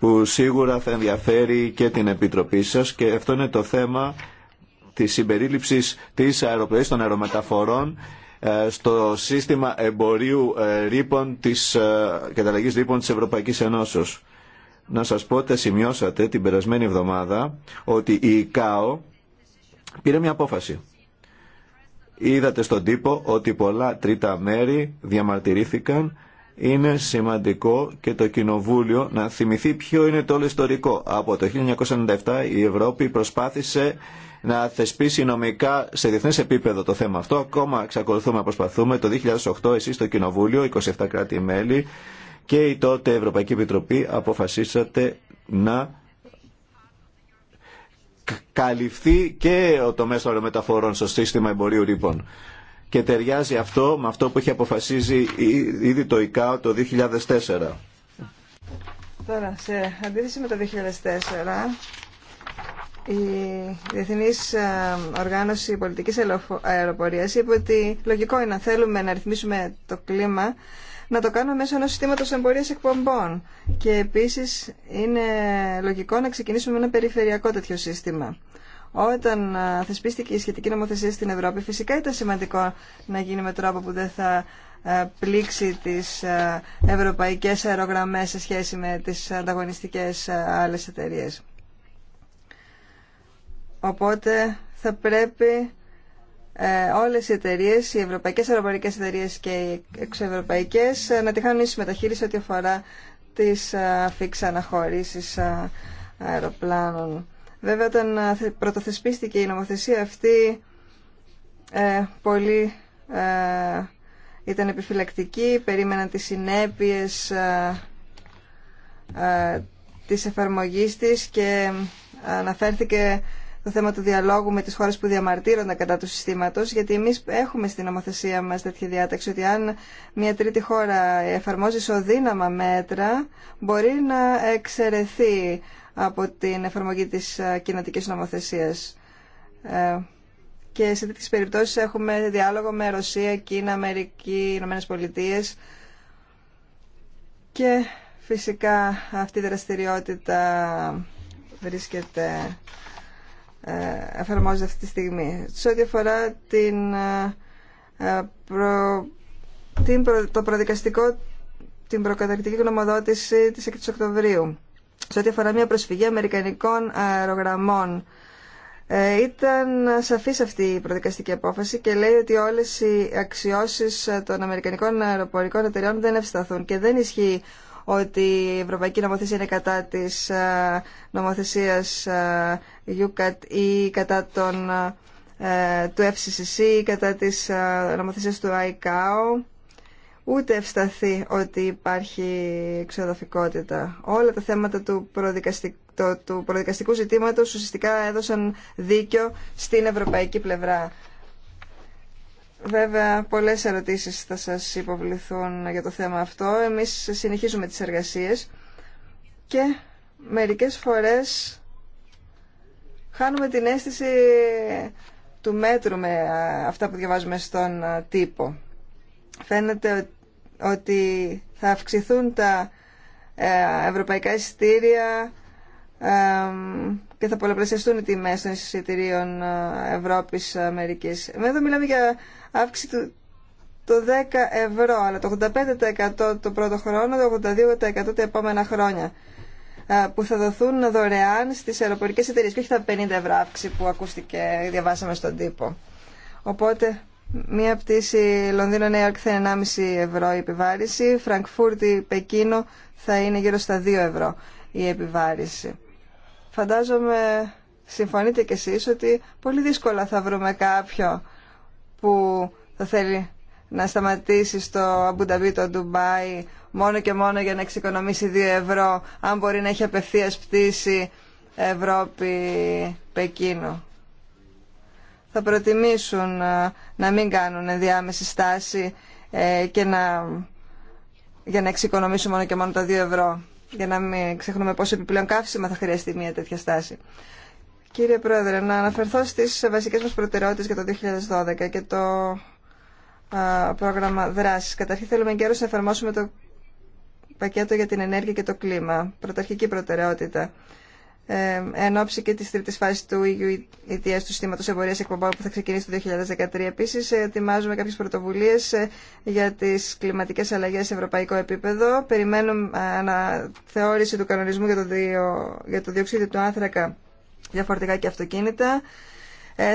που σίγουρα θα ενδιαφέρει και την Επιτροπή σας και αυτό είναι το θέμα της συμπερίληψης της των αερομεταφορών ε, στο σύστημα εμπορίου ε, ρήπων της, ε, καταλλαγής ρήπων της Ευρωπαϊκής Ενώσεως. Να σας πω ότι σημειώσατε την περασμένη εβδομάδα ότι η ΚΑΟ πήρε μια απόφαση. Είδατε στον τύπο ότι πολλά τρίτα μέρη διαμαρτυρήθηκαν είναι σημαντικό και το Κοινοβούλιο να θυμηθεί ποιο είναι το όλο ιστορικό. Από το 1997 η Ευρώπη προσπάθησε να θεσπίσει νομικά σε διεθνές επίπεδο το θέμα αυτό. Ακόμα εξακολουθούμε να προσπαθούμε. Το 2008 εσείς το Κοινοβούλιο, 27 κράτη-μέλη και η τότε Ευρωπαϊκή Επιτροπή αποφασίσατε να καλυφθεί και ο τομέας αερομεταφορών μεταφορών στο σύστημα εμπορίου ρήπων και ταιριάζει αυτό με αυτό που έχει αποφασίσει ήδη το ΙΚΑΟ το 2004. Τώρα, σε αντίθεση με το 2004, η Διεθνής ε, Οργάνωση Πολιτικής Αεροπορίας είπε ότι λογικό είναι να θέλουμε να ρυθμίσουμε το κλίμα να το κάνουμε μέσω ενός συστήματος εμπορίας εκπομπών και επίσης είναι λογικό να ξεκινήσουμε με ένα περιφερειακό τέτοιο σύστημα. Όταν ε, θεσπίστηκε η σχετική νομοθεσία στην Ευρώπη, φυσικά ήταν σημαντικό να γίνει με τρόπο που δεν θα ε, πλήξει τις ε, ευρωπαϊκές αερογραμμές σε σχέση με τις ανταγωνιστικές άλλες εταιρείε. Οπότε θα πρέπει όλες οι εταιρείες, οι ευρωπαϊκές αεροπορικές εταιρείες και οι εξωευρωπαϊκές να τη χάνουν ίση μεταχείριση ό,τι αφορά τις αφήξεις αναχωρήσεις αεροπλάνων. Βέβαια, όταν ε, πρωτοθεσπίστηκε η νομοθεσία αυτή, ε, πολλοί ε, ήταν επιφυλακτική, περίμεναν τις συνέπειες ε, ε, της εφαρμογής της και ε, αναφέρθηκε το θέμα του διαλόγου με τις χώρες που διαμαρτύρονταν κατά του συστήματος, γιατί εμείς έχουμε στην νομοθεσία μας τέτοια διάταξη ότι αν μια τρίτη χώρα εφαρμόζει ισοδύναμα μέτρα, μπορεί να εξαιρεθεί από την εφαρμογή της ε, κοινοτικής νομοθεσίας. Ε, και σε τέτοιες περιπτώσεις έχουμε διάλογο με Ρωσία, Κίνα, Αμερική, Ηνωμένες Πολιτείες και φυσικά αυτή η δραστηριότητα βρίσκεται ε, εφαρμόζεται αυτή τη στιγμή. Σε ό,τι αφορά την, το προδικαστικό, την προκαταρκτική γνωμοδότηση της 6 Οκτωβρίου σε ό,τι αφορά μια προσφυγή αμερικανικών αερογραμμών. Ε, ήταν σαφής αυτή η προδικαστική απόφαση και λέει ότι όλες οι αξιώσεις ε, των αμερικανικών αεροπορικών εταιριών δεν ευσταθούν και δεν ισχύει ότι η Ευρωπαϊκή Νομοθεσία είναι κατά της ε, νομοθεσίας UCAT ή κατά του FCCC ή κατά της νομοθεσίας του ICAO ούτε ευσταθεί ότι υπάρχει εξοδοφικότητα. Όλα τα θέματα του προδικαστικού, του προδικαστικού ζητήματος ουσιαστικά έδωσαν δίκιο στην ευρωπαϊκή πλευρά. Βέβαια, πολλές ερωτήσεις θα σας υποβληθούν για το θέμα αυτό. Εμείς συνεχίζουμε τις εργασίες και μερικές φορές χάνουμε την αίσθηση του μέτρου με ε, αυτά που διαβάζουμε στον ε, τύπο. Φαίνεται ότι ότι θα αυξηθούν τα ε, ευρωπαϊκά εισιτήρια και θα πολλαπλασιαστούν οι τιμές των εισιτηρίων ε, Ευρώπης-Αμερικής. Εδώ μιλάμε για αύξηση του το 10 ευρώ, αλλά το 85% το πρώτο χρόνο, το 82% τα επόμενα χρόνια ε, που θα δοθούν δωρεάν στις αεροπορικές εταιρείες και όχι τα 50 ευρώ αύξηση που ακούστηκε, διαβάσαμε στον τύπο. Οπότε Μία πτήση Λονδίνο-Νέα Υόρκ θα είναι 1,5 ευρώ η επιβάρηση. Φραγκφούρτη-Πεκίνο θα είναι γύρω στα 2 ευρώ η επιβάρηση. Φαντάζομαι συμφωνείτε κι εσείς ότι πολύ δύσκολα θα βρούμε κάποιο που θα θέλει να σταματήσει στο Αμπουνταβί το Ντουμπάι, μόνο και μόνο για να εξοικονομήσει 2 ευρώ, αν μπορεί να έχει απευθείας πτήση Ευρώπη-Πεκίνο θα προτιμήσουν ε, να μην κάνουν διάμεση στάση ε, και να, για να εξοικονομήσουν μόνο και μόνο τα 2 ευρώ. Για να μην ξεχνούμε πόσο επιπλέον καύσιμα θα χρειαστεί μια τέτοια στάση. Κύριε Πρόεδρε, να αναφερθώ στις βασικές μας προτεραιότητες για το 2012 και το πρόγραμμα δράσης. Καταρχήν θέλουμε καιρό να εφαρμόσουμε το πακέτο για την ενέργεια και το κλίμα. Πρωταρχική προτεραιότητα. Ε, εν ώψη και τη τρίτη φάση του EU του Συστήματος Εμπορία Εκπομπών που θα ξεκινήσει το 2013. Επίση, ε, ετοιμάζουμε κάποιε πρωτοβουλίε ε, για τι κλιματικέ αλλαγέ σε ευρωπαϊκό επίπεδο. Περιμένουμε αναθεώρηση του κανονισμού για το, διο... για το διοξείδιο του άνθρακα για φορτηγά και αυτοκίνητα.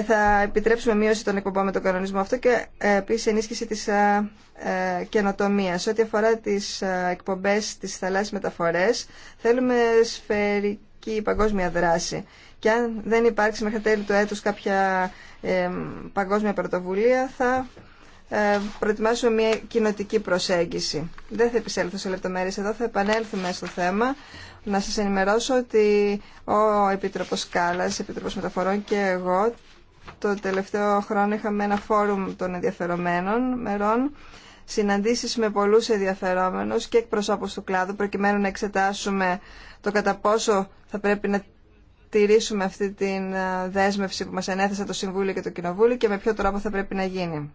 θα επιτρέψουμε μείωση των εκπομπών με τον κανονισμό αυτό και επίση ενίσχυση τη ε, καινοτομίας. Ό,τι αφορά τις εκπομπέ, τη θαλάσσιε μεταφορέ. θέλουμε σφαιρική η παγκόσμια δράση. Και αν δεν υπάρξει μέχρι τέλη του έτους κάποια ε, παγκόσμια πρωτοβουλία, θα ε, προετοιμάσουμε μια κοινοτική προσέγγιση. Δεν θα επισέλθω σε λεπτομέρειες εδώ, θα επανέλθουμε στο θέμα. Να σας ενημερώσω ότι ο Επίτροπος Κάλλας, Επίτροπος Μεταφορών και εγώ το τελευταίο χρόνο είχαμε ένα φόρουμ των ενδιαφερομένων μερών, συναντήσεις με πολλούς ενδιαφερόμενους και εκπροσώπους του κλάδου προκειμένου να εξετάσουμε το κατά πόσο θα πρέπει να τηρήσουμε αυτή τη ε, δέσμευση που μας ενέθεσε το Συμβούλιο και το Κοινοβούλιο και με ποιο τρόπο θα πρέπει να γίνει.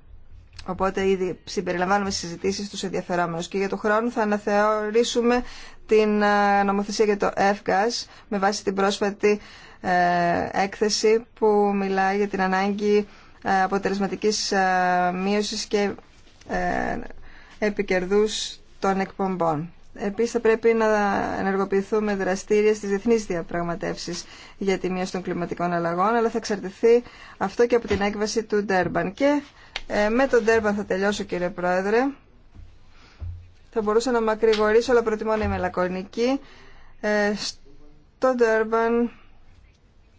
Οπότε ήδη συμπεριλαμβάνουμε συζητήσεις στους ενδιαφερόμενους και για το χρόνο θα αναθεωρήσουμε την ε, νομοθεσία για το ΕΦΚΑΣ με βάση την πρόσφατη ε, έκθεση που μιλάει για την ανάγκη αποτελεσματικής μείωσης και επικερδούς των εκπομπών. Επίσης θα πρέπει να ενεργοποιηθούμε δραστήρια στις διεθνείς διαπραγματεύσεις για τη μείωση των κλιματικών αλλαγών, αλλά θα εξαρτηθεί αυτό και από την έκβαση του Ντέρμπαν. Και ε, με τον Ντέρμπαν θα τελειώσω κύριε Πρόεδρε. Θα μπορούσα να μακρηγορήσω, αλλά προτιμώ να είμαι λακωνική. Ε, στο Ντέρμπαν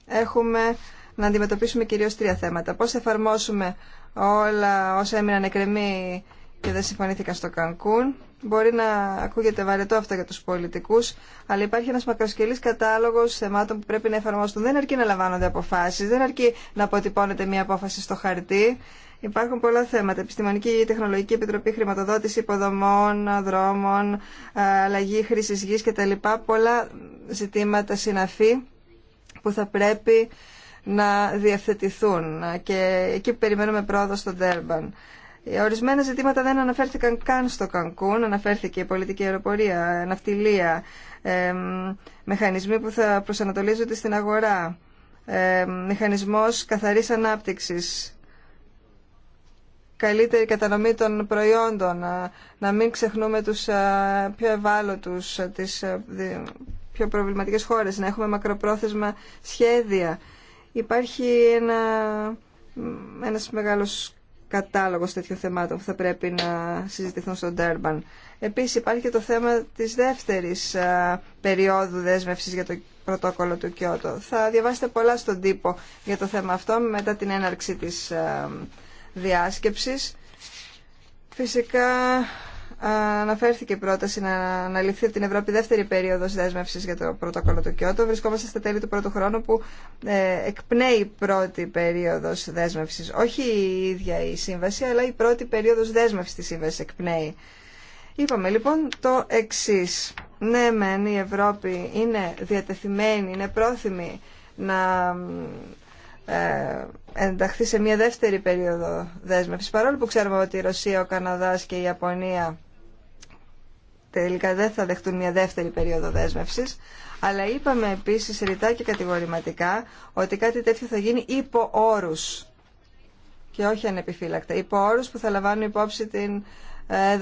έχουμε να αντιμετωπίσουμε κυρίως τρία θέματα. Πώς εφαρμόσουμε όλα όσα έμειναν εκκρεμή και δεν συμφωνήθηκαν στο Κανκούν Μπορεί να ακούγεται βαρετό αυτό για τους πολιτικούς, αλλά υπάρχει ένας μακροσκελής κατάλογος θεμάτων που πρέπει να εφαρμόσουν. Δεν αρκεί να λαμβάνονται αποφάσεις, δεν αρκεί να αποτυπώνεται μια απόφαση στο χαρτί. Υπάρχουν πολλά θέματα. Επιστημονική τεχνολογική επιτροπή, χρηματοδότηση υποδομών, δρόμων, αλλαγή χρήση γη κτλ. Πολλά ζητήματα συναφή που θα πρέπει να διευθετηθούν και εκεί περιμένουμε πρόοδο στον Τέρμπαν. Ε, ορισμένα ζητήματα δεν αναφέρθηκαν καν στο Κανκούν. Αναφέρθηκε η πολιτική αεροπορία, ναυτιλία, ε, μηχανισμοί που θα προσανατολίζονται στην αγορά, ε, μηχανισμός καθαρής ανάπτυξης, καλύτερη κατανομή των προϊόντων, ε, να, μην ξεχνούμε τους ε, πιο ευάλωτους, τις πιο προβληματικές χώρες, να έχουμε μακροπρόθεσμα σχέδια. Υπάρχει ένα, ένας μεγάλος κατάλογος τέτοιων θεμάτων που θα πρέπει να συζητηθούν στον Τέρμπαν. Επίσης υπάρχει και το θέμα της δεύτερης περίοδου δέσμευσης για το πρωτόκολλο του Κιώτο. Θα διαβάσετε πολλά στον τύπο για το θέμα αυτό μετά την έναρξη της διάσκεψης. Φυσικά αναφέρθηκε η πρόταση να αναλυθεί από την Ευρώπη δεύτερη περίοδο δέσμευση για το πρωτόκολλο του Κιώτο. Βρισκόμαστε στα τέλη του πρώτου χρόνου που ε, εκπνέει η πρώτη περίοδο δέσμευση. Όχι η ίδια η σύμβαση, αλλά η πρώτη περίοδο δέσμευση τη σύμβαση εκπνέει. Είπαμε λοιπόν το εξή. Ναι, μεν η Ευρώπη είναι διατεθειμένη, είναι πρόθυμη να ε, ενταχθεί σε μια δεύτερη περίοδο δέσμευση, παρόλο που ξέρουμε ότι η Ρωσία, ο Καναδά και η Ιαπωνία τελικά δεν θα δεχτούν μια δεύτερη περίοδο δέσμευσης, αλλά είπαμε επίσης ρητά και κατηγορηματικά ότι κάτι τέτοιο θα γίνει υπό όρου και όχι ανεπιφύλακτα, υπό όρου που θα λαμβάνουν υπόψη ε,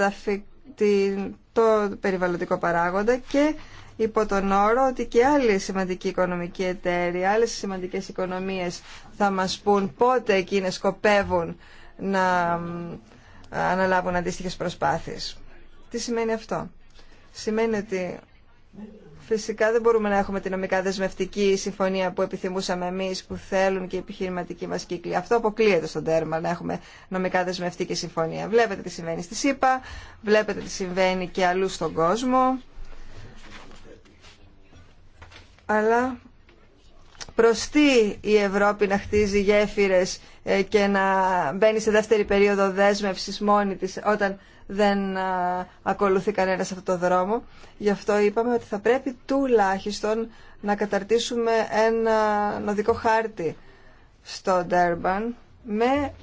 την, το περιβαλλοντικό παράγοντα και υπό τον όρο ότι και άλλοι σημαντικοί οικονομικοί εταίροι, άλλες σημαντικέ οικονομίε θα μας πούν πότε εκείνε σκοπεύουν να αναλάβουν αντίστοιχες προσπάθειες. Τι σημαίνει αυτό σημαίνει ότι φυσικά δεν μπορούμε να έχουμε την νομικά δεσμευτική συμφωνία που επιθυμούσαμε εμείς, που θέλουν και οι επιχειρηματικοί μα κύκλοι. Αυτό αποκλείεται στον τέρμα, να έχουμε νομικά δεσμευτική συμφωνία. Βλέπετε τι συμβαίνει στη ΣΥΠΑ, βλέπετε τι συμβαίνει και αλλού στον κόσμο. Αλλά τι η Ευρώπη να χτίζει γέφυρες ε, και να μπαίνει σε δεύτερη περίοδο δέσμευσης μόνη της όταν δεν ακολουθεί κανένα σε αυτό τον δρόμο. Γι' αυτό είπαμε ότι θα πρέπει τουλάχιστον να καταρτήσουμε ένα νοδικό χάρτη στο Ντέρμπαν με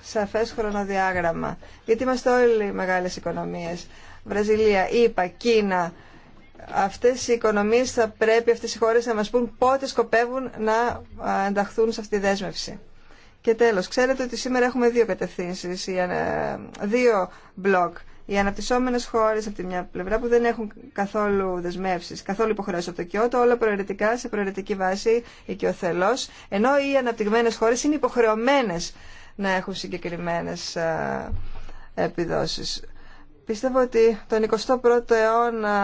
σαφές χρονοδιάγραμμα. Γιατί είμαστε όλοι μεγάλες οικονομίες. Βραζιλία, Ήπα, Κίνα. Αυτές οι οικονομίες θα πρέπει αυτές οι χώρες να μας πούν πότε σκοπεύουν να ενταχθούν σε αυτή τη δέσμευση. Και τέλος, ξέρετε ότι σήμερα έχουμε δύο κατευθύνσεις, δύο μπλοκ. Οι αναπτυσσόμενες χώρες από τη μια πλευρά που δεν έχουν καθόλου δεσμεύσεις, καθόλου υποχρεώσεις από το Κιώτο, όλα προαιρετικά σε προαιρετική βάση οικειοθελώς, ενώ οι αναπτυγμένες χώρες είναι υποχρεωμένες να έχουν συγκεκριμένες επιδόσεις. Πιστεύω ότι τον 21ο αιώνα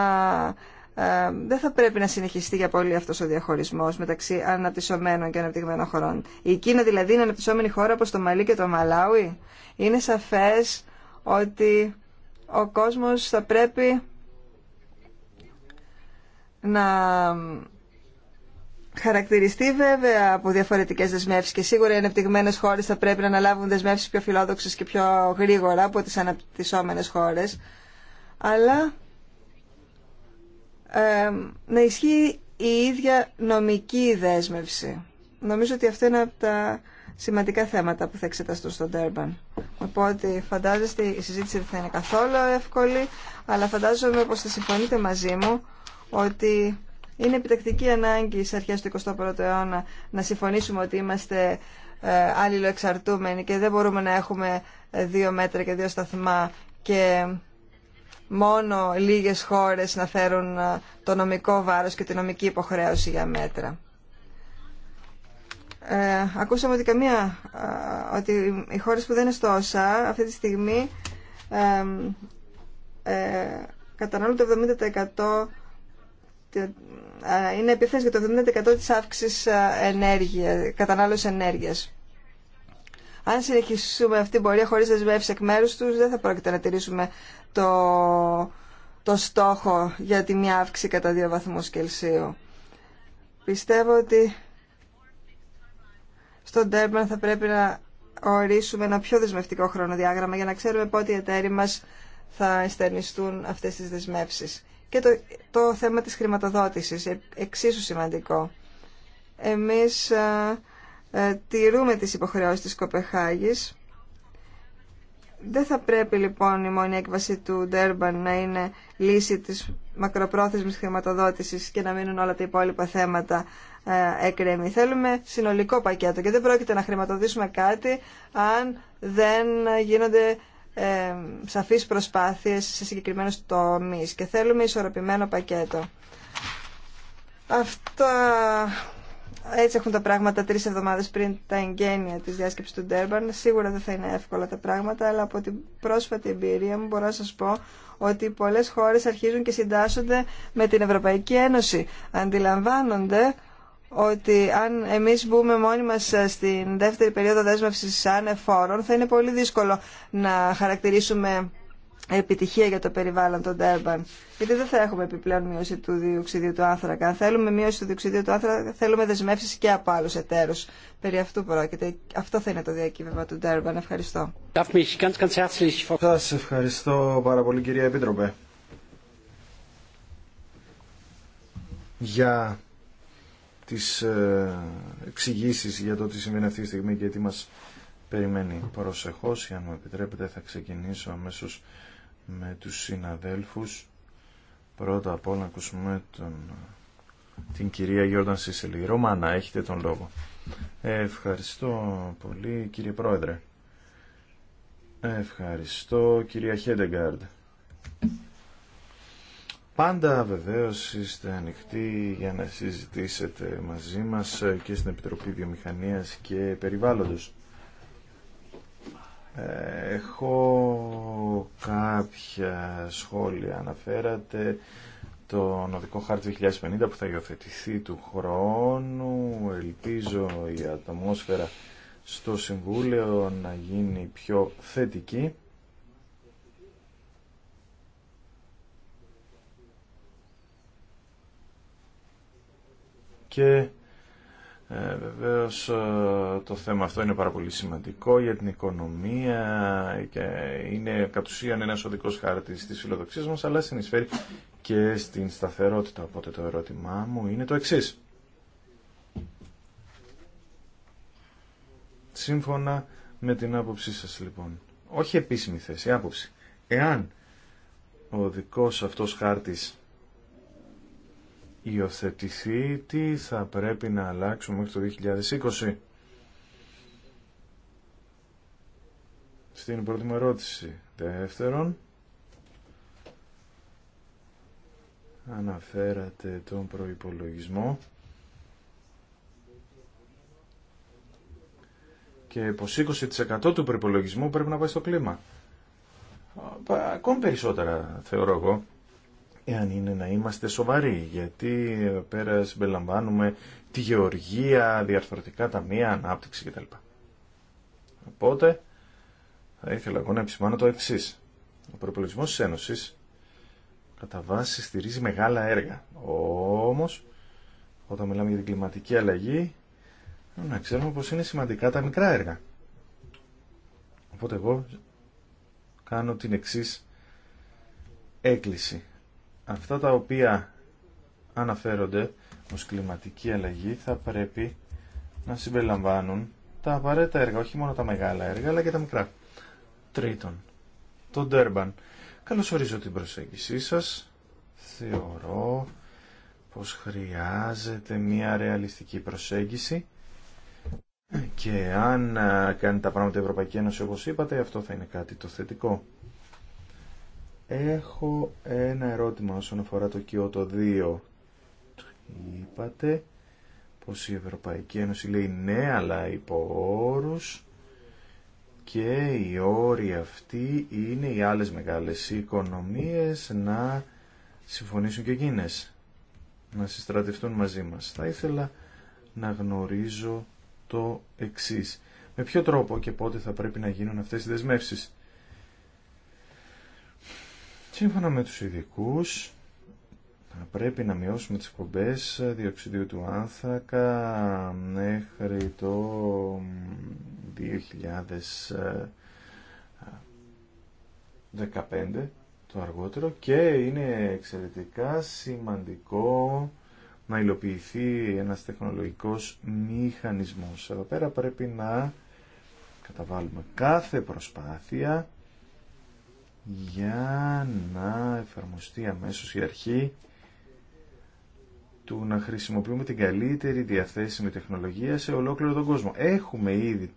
ε, δεν θα πρέπει να συνεχιστεί για πολύ αυτός ο διαχωρισμός μεταξύ αναπτυσσομένων και αναπτυγμένων χωρών. Η Κίνα δηλαδή είναι αναπτυσσόμενη χώρα όπως το Μαλί και το Μαλάουι. Είναι σαφές ότι ο κόσμος θα πρέπει να χαρακτηριστεί βέβαια από διαφορετικέ δεσμεύσει και σίγουρα οι ανεπτυγμένε χώρε θα πρέπει να αναλάβουν δεσμεύσει πιο φιλόδοξε και πιο γρήγορα από τι αναπτυσσόμενε χώρε. Αλλά να ισχύει η ίδια νομική δέσμευση. Νομίζω ότι αυτό είναι από τα σημαντικά θέματα που θα εξεταστούν στο Τέρμπαν. Οπότε φαντάζεστε η συζήτηση δεν θα είναι καθόλου εύκολη, αλλά φαντάζομαι πως θα συμφωνείτε μαζί μου ότι είναι επιτακτική ανάγκη στις αρχές του 21ου αιώνα να συμφωνήσουμε ότι είμαστε αλληλοεξαρτούμενοι ε, και δεν μπορούμε να έχουμε ε, δύο μέτρα και δύο σταθμά και μόνο λίγες χώρες να φέρουν ε, το νομικό βάρος και τη νομική υποχρέωση για μέτρα. Ε, ακούσαμε ότι καμία, ε, ότι οι χώρες που δεν είναι στο ΩΣΑ αυτή τη στιγμή ε, ε, το 70% είναι επίθεση για το 70% της αύξησης ε, ενέργεια, κατανάλωσης ενέργειας. Αν συνεχίσουμε αυτή την πορεία χωρίς δεσμεύσει εκ μέρους τους, δεν θα πρόκειται να τηρήσουμε το, στόχο για τη μία αύξηση κατά δύο βαθμούς Κελσίου. Πιστεύω ότι στον Τέρμα θα πρέπει να ορίσουμε ένα πιο δεσμευτικό χρονοδιάγραμμα για να ξέρουμε πότε οι εταίροι μας θα εστερνιστούν αυτές τις δεσμεύσεις. Και το, το θέμα της χρηματοδότησης, ε, εξίσου σημαντικό. Εμείς α, ε, ε, τηρούμε τις υποχρεώσεις της Κοπεχάγης δεν θα πρέπει λοιπόν η μόνη έκβαση του Ντέρμπαν να είναι λύση της μακροπρόθεσμης χρηματοδότησης και να μείνουν όλα τα υπόλοιπα θέματα εκρέμη. Θέλουμε συνολικό πακέτο και δεν πρόκειται να χρηματοδοτήσουμε κάτι αν δεν γίνονται ε, σαφείς προσπάθειες σε συγκεκριμένους τομείς και θέλουμε ισορροπημένο πακέτο. Αυτά έτσι έχουν τα πράγματα τρει εβδομάδες πριν τα εγγένεια της διάσκεψης του Ντέρμπαν. Σίγουρα δεν θα είναι εύκολα τα πράγματα, αλλά από την πρόσφατη εμπειρία μου μπορώ να σας πω ότι πολλέ χώρες αρχίζουν και συντάσσονται με την Ευρωπαϊκή Ένωση. Αντιλαμβάνονται ότι αν εμείς μπούμε μόνοι μας στην δεύτερη περίοδο δέσμευση σαν θα είναι πολύ δύσκολο να χαρακτηρίσουμε επιτυχία για το περιβάλλον των Ντέρμπαν, Γιατί δεν θα έχουμε επιπλέον μείωση του διοξιδίου του άνθρακα. Αν θέλουμε μείωση του διοξιδίου του άνθρακα, θέλουμε δεσμεύσει και από άλλου εταίρου. Περί αυτού πρόκειται. Αυτό θα είναι το διακύβευμα του Ντέρμπαν. Ευχαριστώ. Σα ευχαριστώ πάρα πολύ, κυρία Επίτροπε. για τις ε, εξηγήσει για το τι σημαίνει αυτή τη στιγμή και τι μας περιμένει. Προσεχώς, αν μου επιτρέπετε, θα ξεκινήσω αμέσως με τους συναδέλφους. Πρώτα απ' όλα να ακούσουμε τον... την κυρία Γιόρταν Σίσελη. να έχετε τον λόγο. Ευχαριστώ πολύ κύριε Πρόεδρε. Ευχαριστώ κυρία Χέντεγκάρντ. Πάντα βεβαίως είστε ανοιχτοί για να συζητήσετε μαζί μας και στην Επιτροπή Βιομηχανίας και Περιβάλλοντος. Έχω κάποια σχόλια. Αναφέρατε τον οδικό χάρτη 2050 που θα υιοθετηθεί του χρόνου. Ελπίζω η ατμόσφαιρα στο Συμβούλιο να γίνει πιο θετική. Και ε, ε, το θέμα αυτό είναι πάρα πολύ σημαντικό για την οικονομία και είναι κατ' ουσίαν ένας οδικός χάρτης της φιλοδοξίας μας αλλά συνεισφέρει και στην σταθερότητα. Οπότε το ερώτημά μου είναι το εξής. Σύμφωνα με την άποψή σας λοιπόν, όχι επίσημη θέση, άποψη, εάν ο δικός αυτός χάρτης υιοθετηθεί, τι θα πρέπει να αλλάξουμε μέχρι το 2020. Στην πρώτη μου ερώτηση. Δεύτερον, αναφέρατε τον προϋπολογισμό και πως 20% του προϋπολογισμού πρέπει να πάει στο κλίμα. Ακόμη περισσότερα θεωρώ εγώ εάν είναι να είμαστε σοβαροί, γιατί εδώ πέρα τη γεωργία, διαρθρωτικά ταμεία, ανάπτυξη κτλ. Οπότε, θα ήθελα εγώ να επισημάνω το εξή. Ο προπολογισμό τη Ένωση κατά βάση στηρίζει μεγάλα έργα. Όμω, όταν μιλάμε για την κλιματική αλλαγή, να ξέρουμε πως είναι σημαντικά τα μικρά έργα. Οπότε εγώ κάνω την εξή έκκληση αυτά τα οποία αναφέρονται ως κλιματική αλλαγή θα πρέπει να συμπεριλαμβάνουν τα απαραίτητα έργα, όχι μόνο τα μεγάλα έργα, αλλά και τα μικρά. Τρίτον, το Ντέρμπαν. ορίζω την προσέγγισή σας. Θεωρώ πως χρειάζεται μια ρεαλιστική προσέγγιση και αν ε, κάνει τα πράγματα η Ευρωπαϊκή Ένωση όπως είπατε, αυτό θα είναι κάτι το θετικό. Έχω ένα ερώτημα όσον αφορά το Κιώτο 2. Είπατε πως η Ευρωπαϊκή Ένωση λέει ναι, αλλά υπό όρους και οι όροι αυτοί είναι οι άλλες μεγάλες οικονομίες να συμφωνήσουν και εκείνες, να συστρατευτούν μαζί μας. Θα ήθελα να γνωρίζω το εξής. Με ποιο τρόπο και πότε θα πρέπει να γίνουν αυτές οι δεσμεύσεις. Σύμφωνα με τους ειδικού, θα πρέπει να μειώσουμε τις κομπές διοξιδίου του άνθρακα μέχρι το 2015 το αργότερο και είναι εξαιρετικά σημαντικό να υλοποιηθεί ένας τεχνολογικός μηχανισμός. Εδώ πέρα πρέπει να καταβάλουμε κάθε προσπάθεια για να εφαρμοστεί αμέσως η αρχή του να χρησιμοποιούμε την καλύτερη διαθέσιμη τεχνολογία σε ολόκληρο τον κόσμο. Έχουμε ήδη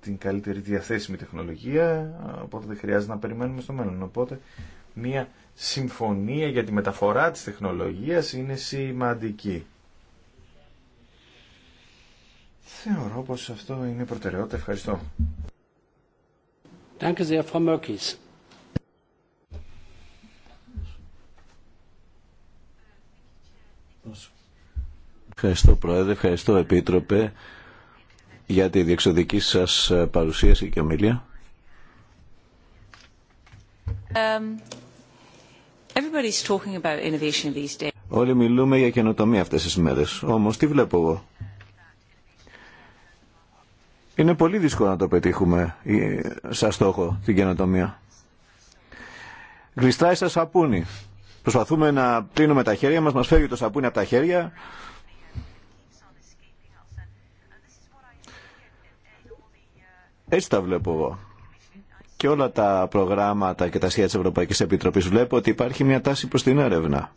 την καλύτερη διαθέσιμη τεχνολογία, οπότε δεν χρειάζεται να περιμένουμε στο μέλλον. Οπότε μια συμφωνία για τη μεταφορά της τεχνολογίας είναι σημαντική. Θεωρώ πως αυτό είναι προτεραιότητα. Ευχαριστώ. Ευχαριστώ Πρόεδρε, ευχαριστώ Επίτροπε για τη διεξοδική σας ε, παρουσίαση και ομιλία. Um, Όλοι μιλούμε για καινοτομία αυτές τις μέρες. Όμως τι βλέπω εγώ είναι πολύ δύσκολο να το πετύχουμε ε, σαν στόχο την καινοτομία. Γλιστράει σαν σαπούνι. Προσπαθούμε να πλύνουμε τα χέρια μας, μας φεύγει το σαπούνι από τα χέρια. Έτσι τα βλέπω εγώ. Και όλα τα προγράμματα και τα σχέδια της Ευρωπαϊκής Επιτροπής βλέπω ότι υπάρχει μια τάση προς την έρευνα.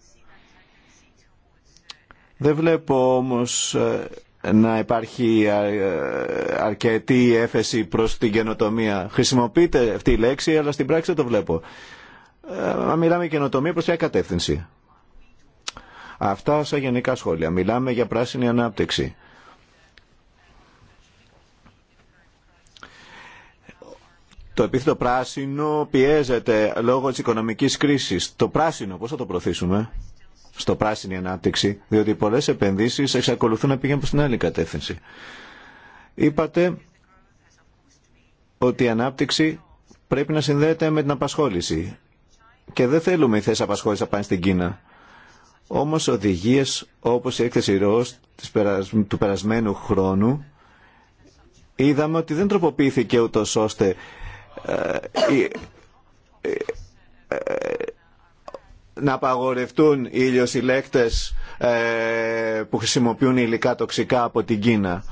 Δεν βλέπω όμως ε, να υπάρχει ε, αρκετή έφεση προς την καινοτομία. Χρησιμοποιείται αυτή η λέξη, αλλά στην πράξη δεν το βλέπω. Ε, Αν μιλάμε καινοτομία προς ποια κατεύθυνση. Αυτά σαν γενικά σχόλια. Μιλάμε για πράσινη ανάπτυξη. Το επίθετο πράσινο πιέζεται λόγω της οικονομικής κρίσης. Το πράσινο πώς θα το προωθήσουμε στο πράσινη ανάπτυξη, διότι πολλές επενδύσεις εξακολουθούν να πηγαίνουν στην άλλη κατεύθυνση. Είπατε ότι η ανάπτυξη πρέπει να συνδέεται με την απασχόληση και δεν θέλουμε οι θέσει απασχόληση να πάνε στην Κίνα. Όμως οδηγίες όπως η έκθεση ΡΟΣ του περασμένου χρόνου είδαμε ότι δεν τροποποιήθηκε ούτως ώστε ε, ε, ε, να απαγορευτούν οι ηλιοσυλλέκτες ε, που χρησιμοποιούν υλικά τοξικά από την Κίνα.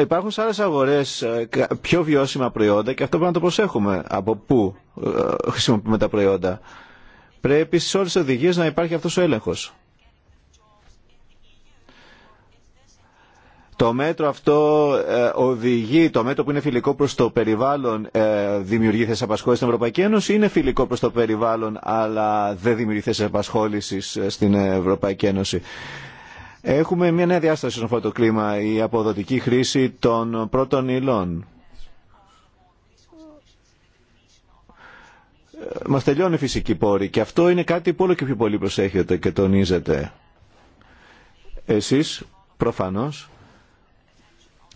Υπάρχουν σε άλλες αγορές ε, πιο βιώσιμα προϊόντα και αυτό πρέπει να το προσέχουμε από πού ε, χρησιμοποιούμε τα προϊόντα. Πρέπει σε όλες τις οδηγίες να υπάρχει αυτός ο έλεγχος. Το μέτρο αυτό ε, οδηγεί, το μέτρο που είναι φιλικό προς το περιβάλλον ε, δημιουργεί θέσεις απασχόλησης στην Ευρωπαϊκή Ένωση είναι φιλικό προς το περιβάλλον αλλά δεν δημιουργεί θέσεις απασχόλησης ε, στην Ευρωπαϊκή Ένωση. Έχουμε μια νέα διάσταση στον αυτό το κλίμα, η αποδοτική χρήση των πρώτων υλών. Μας τελειώνει η φυσική πόρη και αυτό είναι κάτι που όλο και πιο πολύ προσέχετε και τονίζετε. Εσείς προφανώς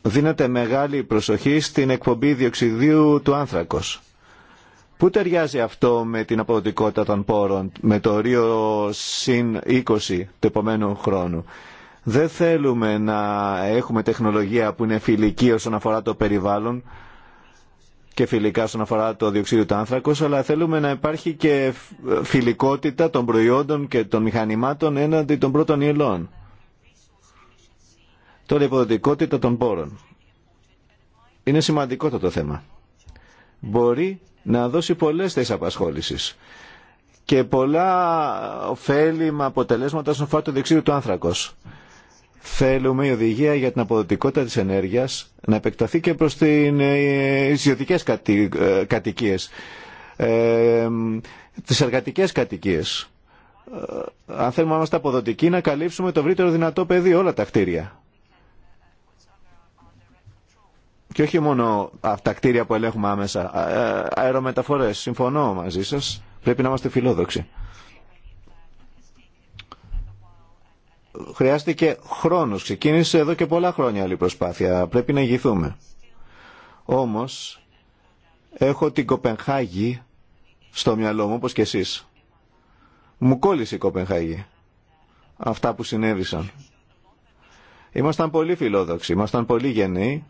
δίνεται μεγάλη προσοχή στην εκπομπή διοξιδίου του άνθρακος. Πού ταιριάζει αυτό με την αποδοτικότητα των πόρων, με το ρίο συν 20 του επόμενου χρόνου. Δεν θέλουμε να έχουμε τεχνολογία που είναι φιλική όσον αφορά το περιβάλλον και φιλικά όσον αφορά το διοξίδιο του άνθρακος, αλλά θέλουμε να υπάρχει και φιλικότητα των προϊόντων και των μηχανημάτων έναντι των πρώτων υλών. Τώρα η των πόρων. Είναι σημαντικό το, θέμα. Μπορεί να δώσει πολλές θέσεις απασχόλησης και πολλά ωφέλιμα αποτελέσματα στον φάτο το του άνθρακος. Θέλουμε η οδηγία για την αποδοτικότητα της ενέργειας να επεκταθεί και προς τις ε, ιδιωτικές ε, κατοικίες, ε, τις εργατικές κατοικίες. Ε, αν θέλουμε να είμαστε αποδοτικοί, να καλύψουμε το βρύτερο δυνατό πεδίο όλα τα κτίρια. Και όχι μόνο αυτά τα κτίρια που ελέγχουμε άμεσα. Ε, αερομεταφορές. Συμφωνώ μαζί σας. Πρέπει να είμαστε φιλόδοξοι. Χρειάστηκε χρόνος. Ξεκίνησε εδώ και πολλά χρόνια άλλη προσπάθεια. Πρέπει να ηγηθούμε. Όμως, έχω την Κοπενχάγη στο μυαλό μου, όπως και εσείς. Μου κόλλησε η Κοπενχάγη. Αυτά που συνέβησαν. Ήμασταν πολύ φιλόδοξοι, ήμασταν πολύ γενναίοι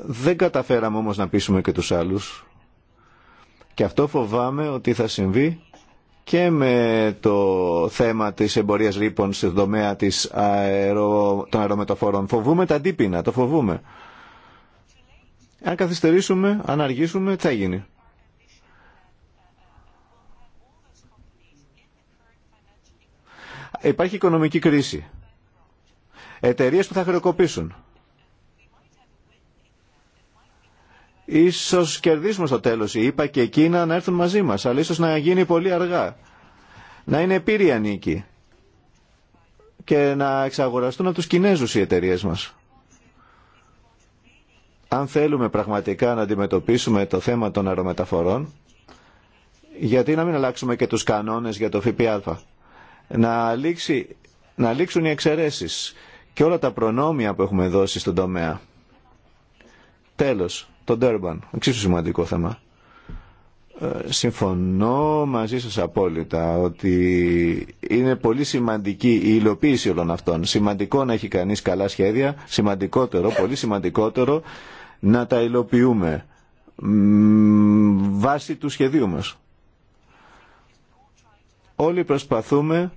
δεν καταφέραμε όμως να πείσουμε και τους άλλους. Και αυτό φοβάμαι ότι θα συμβεί και με το θέμα της εμπορίας ρήπων στη δομέα της αερο... των αερομεταφορών. Φοβούμε τα αντίπεινα, το φοβούμε. Αν καθυστερήσουμε, αν αργήσουμε, τι θα γίνει. Υπάρχει οικονομική κρίση. Εταιρείες που θα χρεοκοπήσουν. Ίσως κερδίσουμε στο τέλος είπα και εκείνα, να έρθουν μαζί μας, αλλά ίσως να γίνει πολύ αργά. Να είναι επίρρεια νίκη και να εξαγοραστούν από τους Κινέζους οι εταιρείε μας. Αν θέλουμε πραγματικά να αντιμετωπίσουμε το θέμα των αερομεταφορών, γιατί να μην αλλάξουμε και τους κανόνες για το ΦΠΑ. Να, λήξει, να λήξουν οι εξαιρέσει και όλα τα προνόμια που έχουμε δώσει στον τομέα. Τέλος, το Ντέρμπαν, Εξίσου σημαντικό θέμα. Ε, συμφωνώ μαζί σας απόλυτα ότι είναι πολύ σημαντική η υλοποίηση όλων αυτών. Σημαντικό να έχει κανείς καλά σχέδια, σημαντικότερο, πολύ σημαντικότερο να τα υλοποιούμε βάσει του σχεδίου μας. Όλοι προσπαθούμε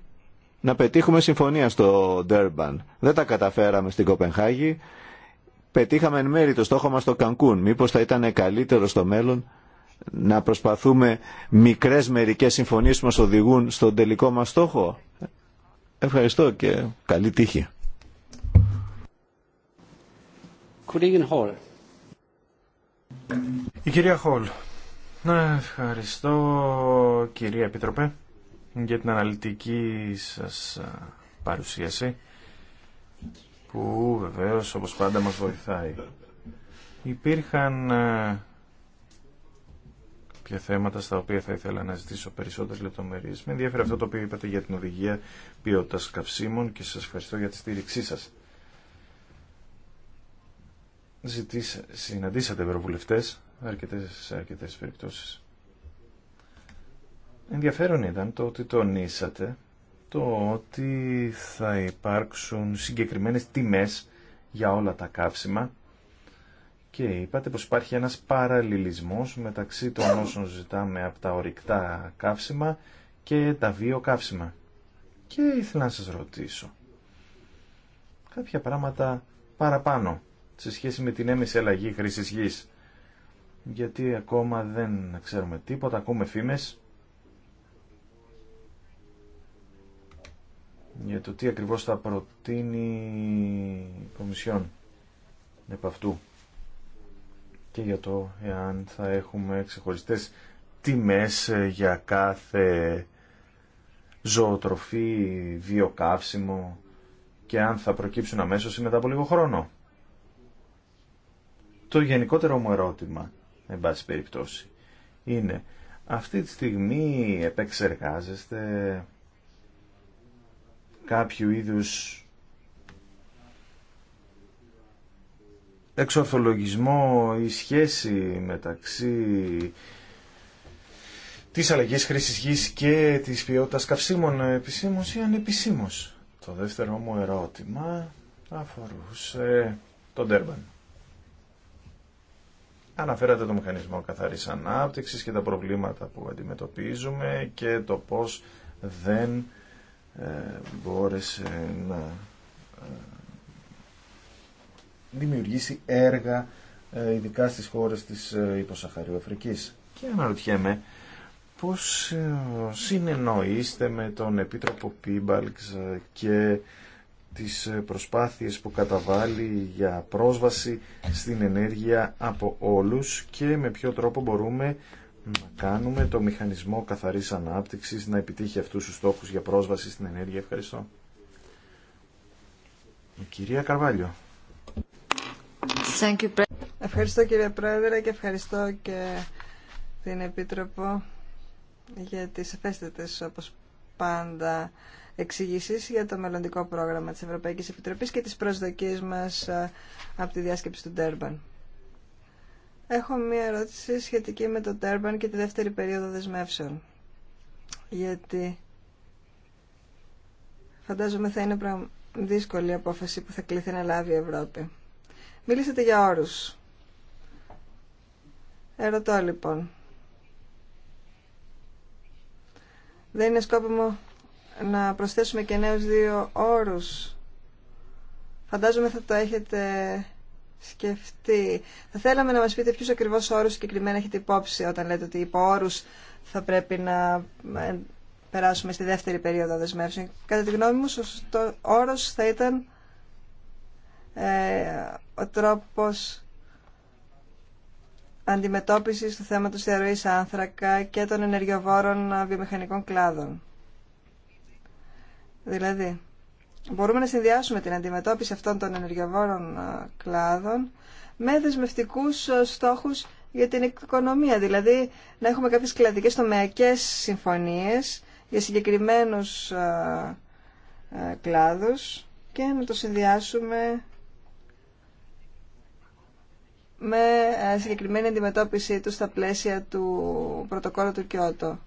να πετύχουμε συμφωνία στο Ντέρμπαν. Δεν τα καταφέραμε στην Κοπενχάγη, πετύχαμε εν μέρη το στόχο μας στο Κανκούν. Μήπως θα ήταν καλύτερο στο μέλλον να προσπαθούμε μικρές μερικές συμφωνίες που μας οδηγούν στον τελικό μας στόχο. Ευχαριστώ και καλή τύχη. Η κυρία Χολ. Ναι, ευχαριστώ κυρία Επιτροπέ για την αναλυτική σας παρουσίαση που βεβαίως όπως πάντα μας βοηθάει. Υπήρχαν ε, κάποια θέματα στα οποία θα ήθελα να ζητήσω περισσότερες λεπτομέρειες. Με ενδιαφέρει αυτό το οποίο είπατε για την οδηγία ποιότητας καυσίμων και σας ευχαριστώ για τη στήριξή σας. Ζητήσα, συναντήσατε ευρωβουλευτές αρκετές, σε αρκετές περιπτώσεις. Ενδιαφέρον ήταν το ότι τονίσατε το ότι θα υπάρξουν συγκεκριμένες τιμές για όλα τα καύσιμα και είπατε πως υπάρχει ένας παραλληλισμός μεταξύ των όσων ζητάμε από τα ορυκτά καύσιμα και τα βιοκαύσιμα. Και ήθελα να σας ρωτήσω κάποια πράγματα παραπάνω σε σχέση με την έμεση αλλαγή χρήσης γης. Γιατί ακόμα δεν ξέρουμε τίποτα, ακούμε φήμες για το τι ακριβώς θα προτείνει η Κομισιόν επ' αυτού και για το εάν θα έχουμε ξεχωριστές τιμές για κάθε ζωοτροφή, βιοκαύσιμο και αν θα προκύψουν αμέσως ή μετά από λίγο χρόνο. Το γενικότερο μου ερώτημα, εν πάση περιπτώσει, είναι αυτή τη στιγμή επεξεργάζεστε κάποιου είδους εξορθολογισμό η σχέση μεταξύ της αλλαγής χρήσης γης και της ποιότητας καυσίμων επισήμως ή ανεπισήμως. Το δεύτερο μου ερώτημα αφορούσε τον Τέρμπαν. Αναφέρατε το μηχανισμό καθαρής ανάπτυξης και τα προβλήματα που αντιμετωπίζουμε και το πώς δεν ε, μπόρεσε να ε, δημιουργήσει έργα ε, ειδικά στις χώρες της υποσαχαρίου Αφρικής. Και αναρωτιέμαι πώς συνεννοείστε με τον Επίτροπο Πίμπαλξ και τις προσπάθειες που καταβάλει για πρόσβαση στην ενέργεια από όλους και με ποιο τρόπο μπορούμε να κάνουμε το μηχανισμό καθαρής ανάπτυξης να επιτύχει αυτούς τους στόχους για πρόσβαση στην ενέργεια. Ευχαριστώ. Η κυρία Καρβάλιο. Ευχαριστώ κύριε Πρόεδρε και ευχαριστώ και την Επίτροπο για τις ευαίσθητες όπως πάντα εξήγησει για το μελλοντικό πρόγραμμα της Ευρωπαϊκής Επιτροπής και τις προσδοκίες μας ε, από τη διάσκεψη του Ντέρμπαν. Έχω μία ερώτηση σχετική με το Τέρμπαν και τη δεύτερη περίοδο δεσμεύσεων. Γιατί φαντάζομαι θα είναι δύσκολη η απόφαση που θα κλείθει να λάβει η Ευρώπη. Μίλησατε για όρους. Ερωτώ λοιπόν. Δεν είναι σκόπιμο να προσθέσουμε και νέους δύο όρους. Φαντάζομαι θα το έχετε σκεφτεί. Θα θέλαμε να μας πείτε ποιους ακριβώς όρους συγκεκριμένα έχετε υπόψη όταν λέτε ότι υπό όρους θα πρέπει να ε, περάσουμε στη δεύτερη περίοδο δεσμεύσεων. Κατά τη γνώμη μου, ο όρος θα ήταν ε, ο τρόπος αντιμετώπισης του θέματος διαρροής άνθρακα και των ενεργειοβόρων ε, βιομηχανικών κλάδων. Δηλαδή, μπορούμε να συνδυάσουμε την αντιμετώπιση αυτών των ενεργειοβόρων ε, κλάδων με δεσμευτικούς ε, στόχους για την οικονομία. Δηλαδή να έχουμε κάποιες κλαδικές τομεακές συμφωνίες για συγκεκριμένους ε, κλάδους και να το συνδυάσουμε με συγκεκριμένη αντιμετώπιση του στα πλαίσια του πρωτοκόλλου του Κιώτο.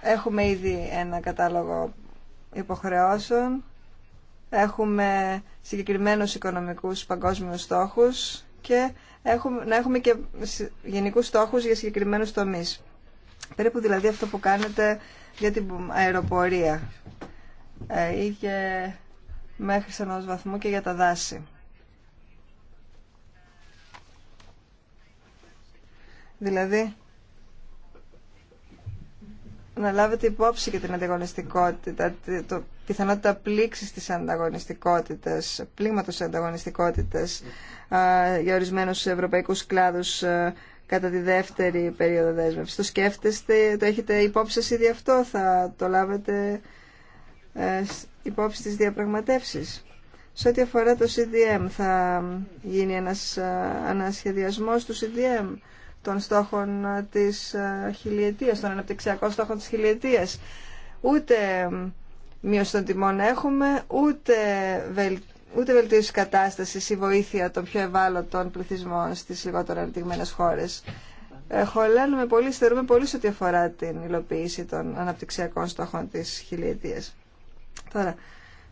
Έχουμε ήδη ένα κατάλογο υποχρεώσεων έχουμε συγκεκριμένους οικονομικούς παγκόσμιους στόχους και έχουμε, να έχουμε και γενικούς στόχους για συγκεκριμένους τομείς. Περίπου δηλαδή αυτό που κάνετε για την αεροπορία ή ε, και μέχρι σε ενός βαθμού και για τα δάση. Δηλαδή, να λάβετε υπόψη και την ανταγωνιστικότητα, το πιθανότητα πλήξης της ανταγωνιστικότητας, πλήγματος της ανταγωνιστικότητας για ορισμένους ευρωπαϊκούς κλάδους κατά τη δεύτερη περίοδο δέσμευση. Το σκέφτεστε, το έχετε υπόψη ήδη αυτό, θα το λάβετε ε, υπόψη της διαπραγματεύσεις. Σε ό,τι αφορά το CDM, θα γίνει ένας ανασχεδιασμός του CDM των στόχων της χιλιετίας, των αναπτυξιακών στόχων της χιλιετίας. Ούτε μείωση των τιμών έχουμε, ούτε, βελ, ούτε βελτίωση κατάστασης ή βοήθεια των πιο ευάλωτων πληθυσμών στις λιγότερο ανεπτυγμένες χώρες. Ε, χωλένουμε πολύ, στερούμε πολύ σε ό,τι αφορά την υλοποίηση των αναπτυξιακών στόχων της χιλιετία. Τώρα,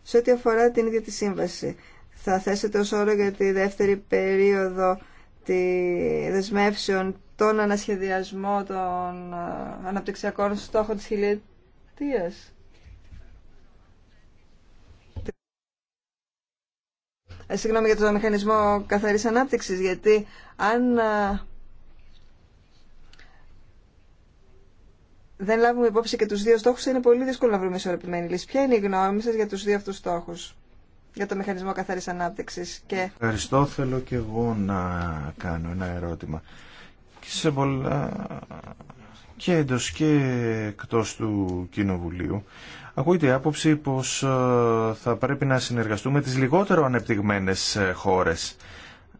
σε ό,τι αφορά την ίδια τη σύμβαση, θα θέσετε ως όρο για τη δεύτερη περίοδο τη δεσμεύσεων τον ανασχεδιασμό των ε, αναπτυξιακών στόχων της χιλιετίας. Ε, συγγνώμη για το μηχανισμό καθαρής ανάπτυξης, γιατί αν ε, δεν λάβουμε υπόψη και τους δύο στόχους, είναι πολύ δύσκολο να βρούμε ισορροπημένη λύση. Ποια είναι η γνώμη σας για τους δύο αυτούς στόχους, για το μηχανισμό καθαρής ανάπτυξης. Και... Ευχαριστώ, θέλω και εγώ να κάνω ένα ερώτημα. Και σε πολλά και εντός και εκτός του Κοινοβουλίου Ακούγεται η άποψη πως ε, θα πρέπει να συνεργαστούμε τις λιγότερο ανεπτυγμένες ε, χώρες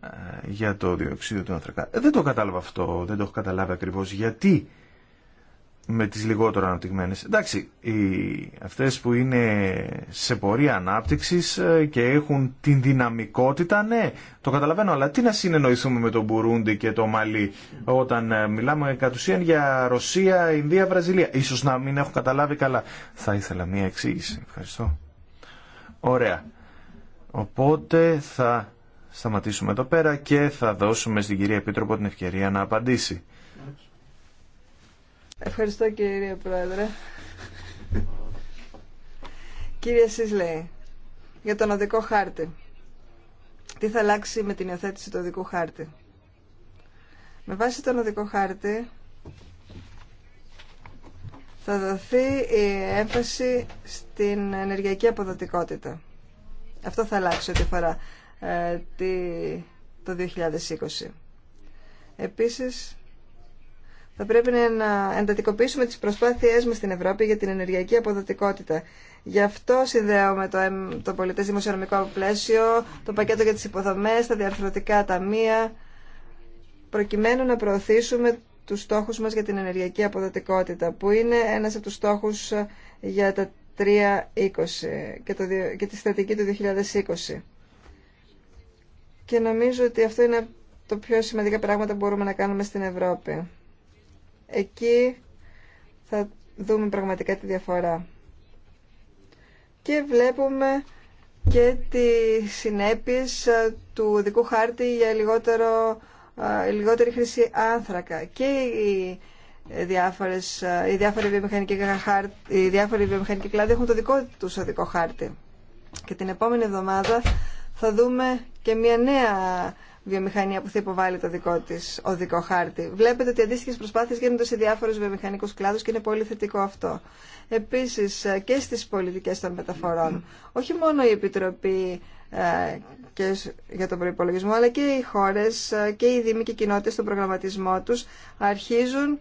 ε, για το διοξείδιο του άνθρακα. Δεν το κατάλαβα αυτό, δεν το έχω καταλάβει ακριβώς γιατί με τις λιγότερο αναπτυγμένες. Εντάξει, οι, αυτές που είναι σε πορεία ανάπτυξης ε, και έχουν την δυναμικότητα, ναι, το καταλαβαίνω, αλλά τι να συνεννοηθούμε με τον Μπουρούντι και το Μαλί όταν ε, μιλάμε κατ' ουσίαν για Ρωσία, Ινδία, Βραζιλία. Ίσως να μην έχω καταλάβει καλά. Θα ήθελα μία εξήγηση. Ευχαριστώ. Ωραία. Οπότε θα σταματήσουμε εδώ πέρα και θα δώσουμε στην κυρία Επίτροπο την ευκαιρία να απαντήσει. Ευχαριστώ κύριε Πρόεδρε. Κύριε Σίσλεη, για τον οδικό χάρτη. Τι θα αλλάξει με την υιοθέτηση του οδικού χάρτη. Με βάση τον οδικό χάρτη θα δοθεί η έμφαση στην ενεργειακή αποδοτικότητα. Αυτό θα αλλάξει ό,τι φορά ε, το 2020. Επίσης, θα πρέπει να εντατικοποιήσουμε τις προσπάθειές μας στην Ευρώπη για την ενεργειακή αποδοτικότητα. Γι' αυτό συνδέω με το, το πολιτές δημοσιονομικό πλαίσιο, το πακέτο για τις υποδομές, τα διαρθρωτικά ταμεία, προκειμένου να προωθήσουμε τους στόχους μας για την ενεργειακή αποδοτικότητα, που είναι ένας από τους στόχους ε, για τα 3.20 και, το, και τη στρατηγική του 2020. Και νομίζω ότι αυτό είναι το πιο σημαντικά πράγματα που μπορούμε να κάνουμε στην Ευρώπη. Εκεί θα δούμε πραγματικά τη διαφορά. Και βλέπουμε και τη συνέπειες ε, του δικού χάρτη για λιγότερο, ε, λιγότερη χρήση άνθρακα. Και οι, ε, διάφορες, οι διάφοροι, βιομηχανικοί, οι διάφοροι βιομηχανικοί κλάδοι έχουν το δικό τους οδικό χάρτη. Και την επόμενη εβδομάδα θα δούμε και μια νέα βιομηχανία που θα υποβάλει το δικό τη οδικό χάρτη. Βλέπετε ότι αντίστοιχε προσπάθειε γίνονται σε διάφορου βιομηχανικού κλάδου και είναι πολύ θετικό αυτό. Επίση ε, και στι πολιτικέ των μεταφορών. Όχι μόνο η Επιτροπή ε, και για τον προπολογισμό, αλλά και οι χώρε ε, και οι δήμοι και οι κοινότητε στον προγραμματισμό του αρχίζουν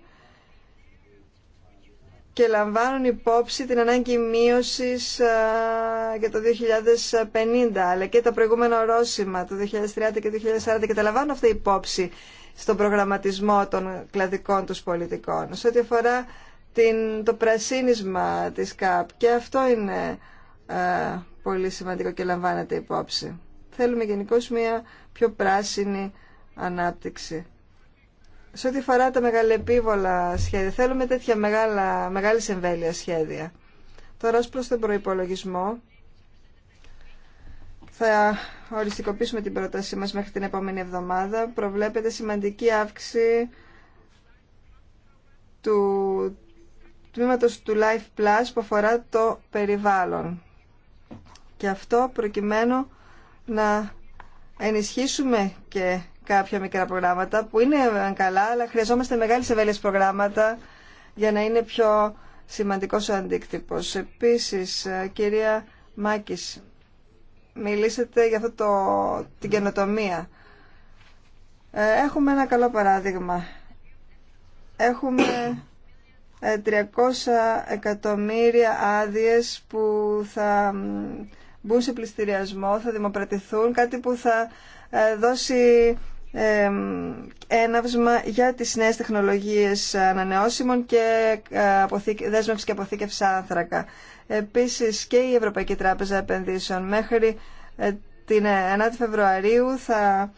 και λαμβάνουν υπόψη την ανάγκη μείωσης για το 2050 αλλά και τα προηγούμενα ορόσημα το 2030 και το 2040 και τα λαμβάνουν αυτά υπόψη στον προγραμματισμό των κλαδικών τους πολιτικών. Σε ό,τι αφορά την, το πρασίνισμα της ΚΑΠ και αυτό είναι πολύ σημαντικό και λαμβάνεται υπόψη. Θέλουμε γενικώ μια πιο πράσινη ανάπτυξη σε ό,τι αφορά τα μεγαλεπίβολα σχέδια, θέλουμε τέτοια μεγάλα, μεγάλης εμβέλεια σχέδια. Τώρα, ως προς τον προϋπολογισμό, θα οριστικοποιήσουμε την πρότασή μας μέχρι την επόμενη εβδομάδα. Προβλέπεται σημαντική αύξηση του τμήματος του Life Plus που αφορά το περιβάλλον. Και αυτό προκειμένου να ενισχύσουμε και κάποια μικρά προγράμματα που είναι ε, καλά, αλλά χρειαζόμαστε μεγάλες ευέλειες προγράμματα για να είναι πιο σημαντικός ο αντίκτυπος. Επίσης, ε, κυρία Μάκης, μιλήσατε για αυτό το, την καινοτομία. Ε, έχουμε ένα καλό παράδειγμα. Έχουμε 300 εκατομμύρια άδειες που θα μπουν σε πληστηριασμό, θα δημοπρατηθούν, κάτι που θα δώσει έναυσμα για τις νέες τεχνολογίες ανανεώσιμων και ε, δέσμευση και αποθήκευση άνθρακα. Επίσης και η Ευρωπαϊκή Τράπεζα Επενδύσεων μέχρι ε, την 9η ε, Φεβρουαρίου θα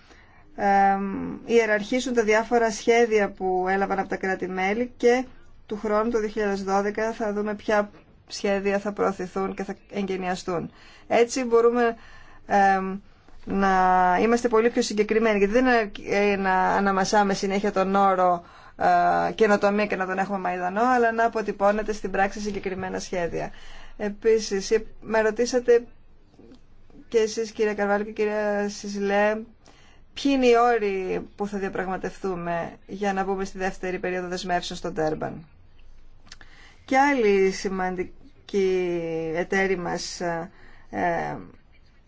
ιεραρχήσουν τα διάφορα σχέδια που έλαβαν από τα κράτη-μέλη και του χρόνου του 2012 θα δούμε ποια σχέδια θα προωθηθούν και θα εγκαινιαστούν. Έτσι μπορούμε να είμαστε πολύ πιο συγκεκριμένοι, γιατί δεν είναι να αναμασάμε συνέχεια τον όρο ε, καινοτομία και να τον έχουμε μαϊδανό, αλλά να αποτυπώνεται στην πράξη συγκεκριμένα σχέδια. Επίσης, ε, με ρωτήσατε και εσείς κύριε Καρβάλη και κύριε Σιζηλέ ποιοι είναι οι όροι που θα διαπραγματευτούμε για να μπούμε στη δεύτερη περίοδο δεσμεύσεων στον Τέρμπαν. Και άλλοι σημαντική εταίροι μας ε,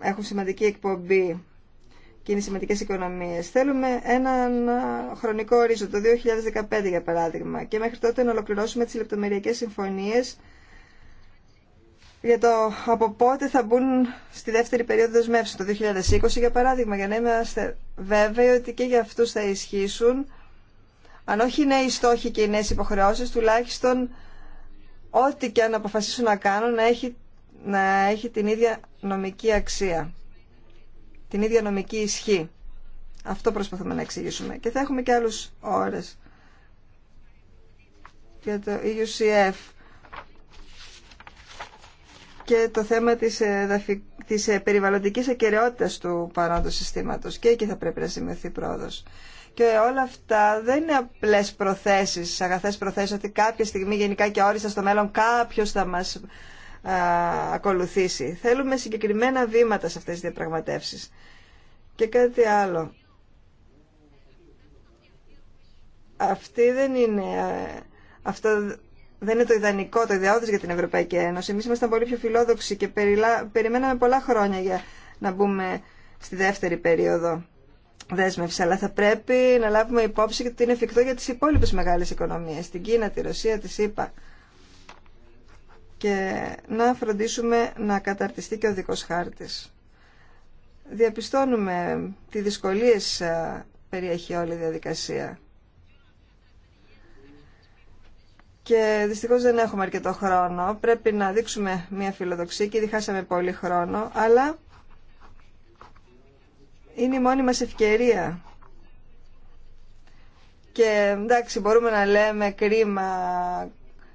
έχουν σημαντική εκπομπή και είναι σημαντικέ οικονομίε. Θέλουμε έναν χρονικό ορίζοντα, το 2015 για παράδειγμα, και μέχρι τότε να ολοκληρώσουμε τι λεπτομεριακέ συμφωνίε για το από πότε θα μπουν στη δεύτερη περίοδο δεσμεύσεων, το 2020 για παράδειγμα, για να είμαστε βέβαιοι ότι και για αυτού θα ισχύσουν, αν όχι οι νέοι στόχοι και οι νέε υποχρεώσει, τουλάχιστον ό,τι και αν αποφασίσουν να κάνουν να έχει να έχει την ίδια νομική αξία, την ίδια νομική ισχύ. Αυτό προσπαθούμε να εξηγήσουμε. Και θα έχουμε και άλλους ώρες για το EUCF και το θέμα της, ε, της ε, περιβαλλοντικής ακαιρεότητας του παρόντος συστήματος. Και εκεί θα πρέπει να σημειωθεί πρόοδος. Και όλα αυτά δεν είναι απλές προθέσεις, αγαθές προθέσεις, ότι κάποια στιγμή γενικά και όριστα στο μέλλον κάποιο θα μας ακολουθήσει. Θέλουμε συγκεκριμένα βήματα σε αυτές τις διαπραγματεύσεις. Και κάτι άλλο. Αυτή δεν είναι, αυτό δεν είναι το ιδανικό, το ιδεώδης για την Ευρωπαϊκή Ένωση. Εμείς ήμασταν πολύ πιο φιλόδοξοι και περιλα, περιμέναμε πολλά χρόνια για να μπούμε στη δεύτερη περίοδο δέσμευση. Αλλά θα πρέπει να λάβουμε υπόψη ότι είναι εφικτό για τις υπόλοιπες μεγάλες οικονομίες. Την Κίνα, τη Ρωσία, τη ΣΥΠΑ και να φροντίσουμε να καταρτιστεί και ο δικός χάρτης. Διαπιστώνουμε τι δυσκολίες ε, περιέχει όλη η διαδικασία. Και δυστυχώς δεν έχουμε αρκετό χρόνο. Πρέπει να δείξουμε μια φιλοδοξία και ήδη πολύ χρόνο, αλλά είναι η μόνη μας ευκαιρία. Και εντάξει, μπορούμε να λέμε κρίμα,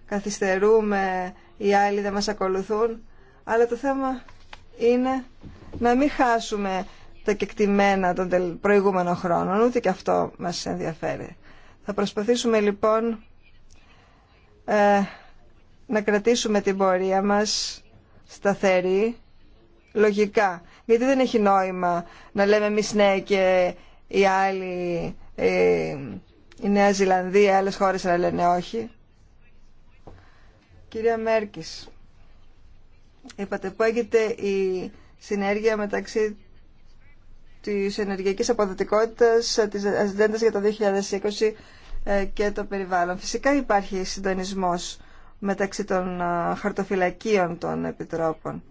καθυστερούμε, οι άλλοι δεν μας ακολουθούν, αλλά το θέμα είναι να μην χάσουμε τα κεκτημένα των προηγούμενων χρόνων, ούτε και αυτό μας ενδιαφέρει. Θα προσπαθήσουμε λοιπόν ε, να κρατήσουμε την πορεία μας σταθερή, λογικά. Γιατί δεν έχει νόημα να λέμε εμείς ναι και οι άλλοι, ε, η Νέα Ζηλανδία, άλλες χώρες να λένε όχι. Κυρία Μέρκης, είπατε που έγινε η συνέργεια μεταξύ της ενεργειακής αποδοτικότητας, της αζεντέντας για το 2020 ε, και το περιβάλλον. Φυσικά υπάρχει συντονισμός μεταξύ των ε, χαρτοφυλακίων των επιτρόπων.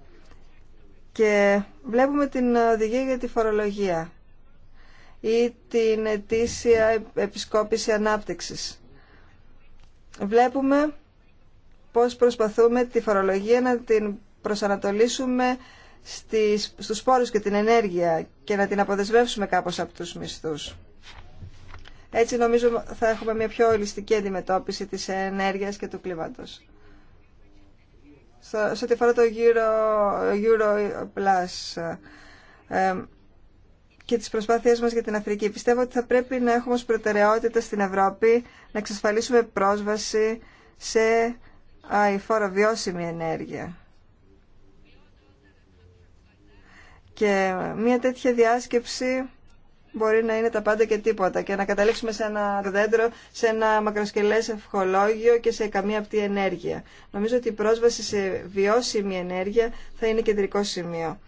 Και βλέπουμε την οδηγία για τη φορολογία ή την ετήσια επισκόπηση ανάπτυξης. Βλέπουμε πώς προσπαθούμε τη φορολογία να την προσανατολίσουμε στις, στους πόρους και την ενέργεια και να την αποδεσμεύσουμε κάπως από τους μισθούς. Έτσι νομίζω θα έχουμε μια πιο ολιστική αντιμετώπιση της ενέργειας και του κλίματος. Σε ό,τι αφορά το γύρο Euro Plus ε, και τις προσπάθειές μας για την Αφρική, πιστεύω ότι θα πρέπει να έχουμε ως προτεραιότητα στην Ευρώπη να εξασφαλίσουμε πρόσβαση σε Φόρο βιώσιμη ενέργεια. Και μια τέτοια διάσκεψη μπορεί να είναι τα πάντα και τίποτα και να καταλήξουμε σε ένα δέντρο, σε ένα μακροσκελές ευχολόγιο και σε καμία αυτή ενέργεια. Νομίζω ότι η πρόσβαση σε βιώσιμη ενέργεια θα είναι κεντρικό σημείο.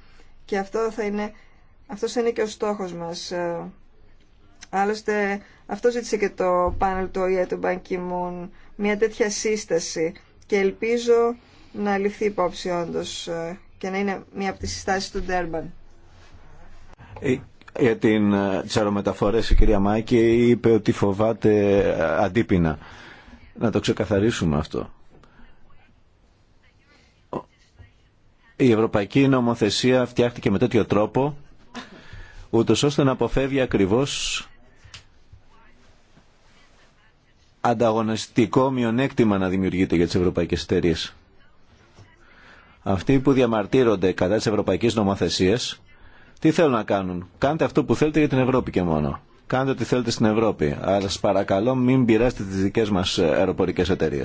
Και αυτό θα είναι, αυτός είναι και ο στόχος μας. Ε, άλλωστε αυτό ζήτησε και το πάνελ του ΟΗΕ του Μπανκιμούν, μια τέτοια σύσταση και ελπίζω να ληφθεί υπόψη όντω ε, και να είναι μία από τις συστάσεις του Ντέρμπαν. Ε, για την, ε, τσαρομεταφορέ, η κυρία Μάκη είπε ότι φοβάται αντίπεινα. Να το ξεκαθαρίσουμε αυτό. Η ευρωπαϊκή νομοθεσία φτιάχτηκε με τέτοιο τρόπο ούτως ώστε να αποφεύγει ακριβώς ανταγωνιστικό μειονέκτημα να δημιουργείται για τις ευρωπαϊκές εταιρείε. Αυτοί που διαμαρτύρονται κατά της ευρωπαϊκής νομοθεσίας, τι θέλουν να κάνουν. Κάντε αυτό που θέλετε για την Ευρώπη και μόνο. Κάντε ό,τι θέλετε στην Ευρώπη. Αλλά σας παρακαλώ μην πειράσετε τις δικές μας αεροπορικές εταιρείε.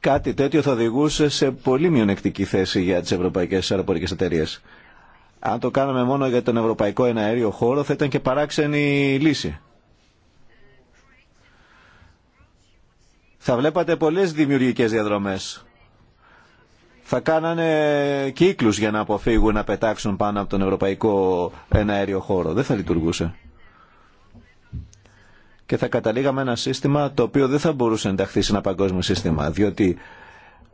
Κάτι τέτοιο θα οδηγούσε σε πολύ μειονεκτική θέση για τις ευρωπαϊκές αεροπορικές εταιρείε. Αν το κάναμε μόνο για τον ευρωπαϊκό εναέριο χώρο θα ήταν και παράξενη λύση. θα βλέπατε πολλές δημιουργικές διαδρομές. Θα κάνανε κύκλους για να αποφύγουν να πετάξουν πάνω από τον ευρωπαϊκό ένα αέριο χώρο. Δεν θα λειτουργούσε. Και θα καταλήγαμε ένα σύστημα το οποίο δεν θα μπορούσε να ενταχθεί σε ένα παγκόσμιο σύστημα, διότι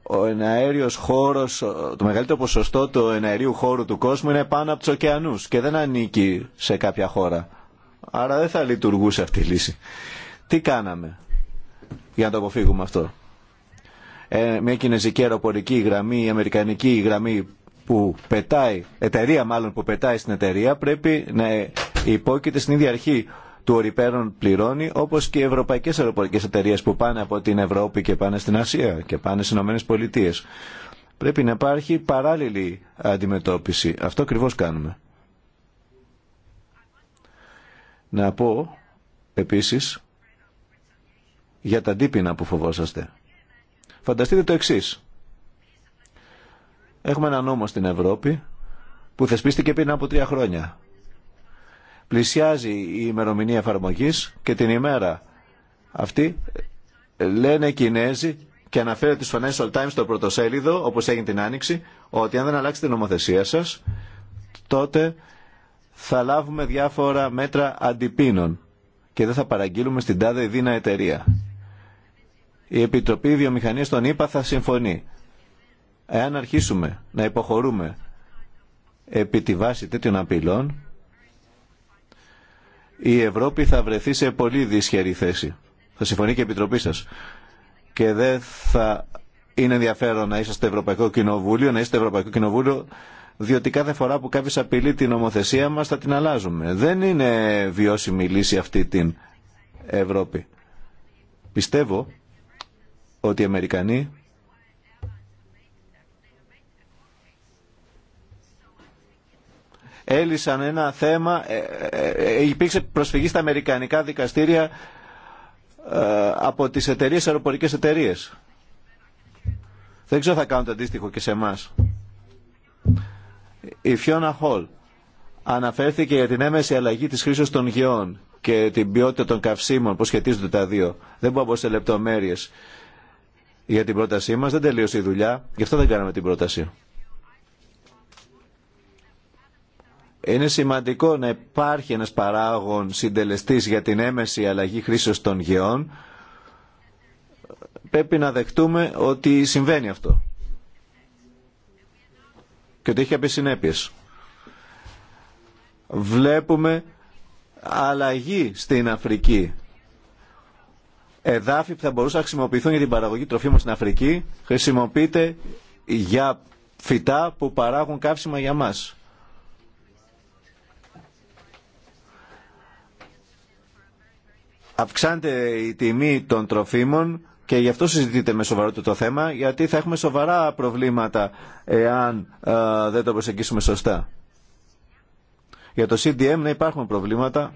ο εναέριος χώρος, το μεγαλύτερο ποσοστό του εναερίου χώρου του κόσμου είναι πάνω από τους ωκεανούς και δεν ανήκει σε κάποια χώρα. Άρα δεν θα λειτουργούσε αυτή η λύση. Τι κάναμε για να το αποφύγουμε αυτό. Ε, μια κινέζικη αεροπορική γραμμή, η αμερικανική γραμμή που πετάει, εταιρεία μάλλον που πετάει στην εταιρεία, πρέπει να υπόκειται στην ίδια αρχή του ορυπέρων πληρώνει, όπω και οι ευρωπαϊκέ αεροπορικέ εταιρείε που πάνε από την Ευρώπη και πάνε στην Ασία και πάνε στι Πολιτείε. Πρέπει να υπάρχει παράλληλη αντιμετώπιση. Αυτό ακριβώ κάνουμε. Να πω επίσης για τα αντίπεινα που φοβόσαστε. Φανταστείτε το εξή. Έχουμε ένα νόμο στην Ευρώπη που θεσπίστηκε πριν από τρία χρόνια. Πλησιάζει η ημερομηνία εφαρμογή και την ημέρα αυτή λένε οι Κινέζοι και αναφέρεται στους Financial Times στο πρωτοσέλιδο, όπως έγινε την Άνοιξη, ότι αν δεν αλλάξετε την νομοθεσία σας, τότε θα λάβουμε διάφορα μέτρα αντιπίνων και δεν θα παραγγείλουμε στην τάδε δίνα εταιρεία η Επιτροπή Βιομηχανίας των ΗΠΑ θα συμφωνεί. Εάν αρχίσουμε να υποχωρούμε επί τη βάση τέτοιων απειλών, η Ευρώπη θα βρεθεί σε πολύ δυσχερή θέση. Θα συμφωνεί και η Επιτροπή σας. Και δεν θα είναι ενδιαφέρον να είσαστε Ευρωπαϊκό Κοινοβούλιο, να είστε Ευρωπαϊκό Κοινοβούλιο, διότι κάθε φορά που κάποιο απειλεί την νομοθεσία μας θα την αλλάζουμε. Δεν είναι βιώσιμη λύση αυτή την Ευρώπη. Πιστεύω ότι οι Αμερικανοί έλυσαν ένα θέμα, ε, ε, ε, υπήρξε προσφυγή στα αμερικανικά δικαστήρια από τις εταιρείες, αεροπορικές εταιρείες. Δεν ξέρω θα κάνουν το αντίστοιχο και σε εμά. Η Φιώνα Χολ αναφέρθηκε για την έμεση αλλαγή της χρήσης των γεών και την ποιότητα των καυσίμων που σχετίζονται τα δύο. Δεν μπορώ να πω σε λεπτομέρειες για την πρότασή μας. Δεν τελείωσε η δουλειά, γι' αυτό δεν κάναμε την πρόταση. Είναι σημαντικό να υπάρχει ένας παράγων συντελεστής για την έμεση αλλαγή χρήσεως των γεών. Πρέπει να δεχτούμε ότι συμβαίνει αυτό. Και ότι έχει απεσυνέπειες. Βλέπουμε αλλαγή στην Αφρική εδάφη που θα μπορούσαν να χρησιμοποιηθούν για την παραγωγή τροφίμων στην Αφρική χρησιμοποιείται για φυτά που παράγουν καύσιμα για μας. Αυξάνεται η τιμή των τροφίμων και γι' αυτό συζητείται με σοβαρό το θέμα, γιατί θα έχουμε σοβαρά προβλήματα εάν ε, δεν το προσεγγίσουμε σωστά. Για το CDM να υπάρχουν προβλήματα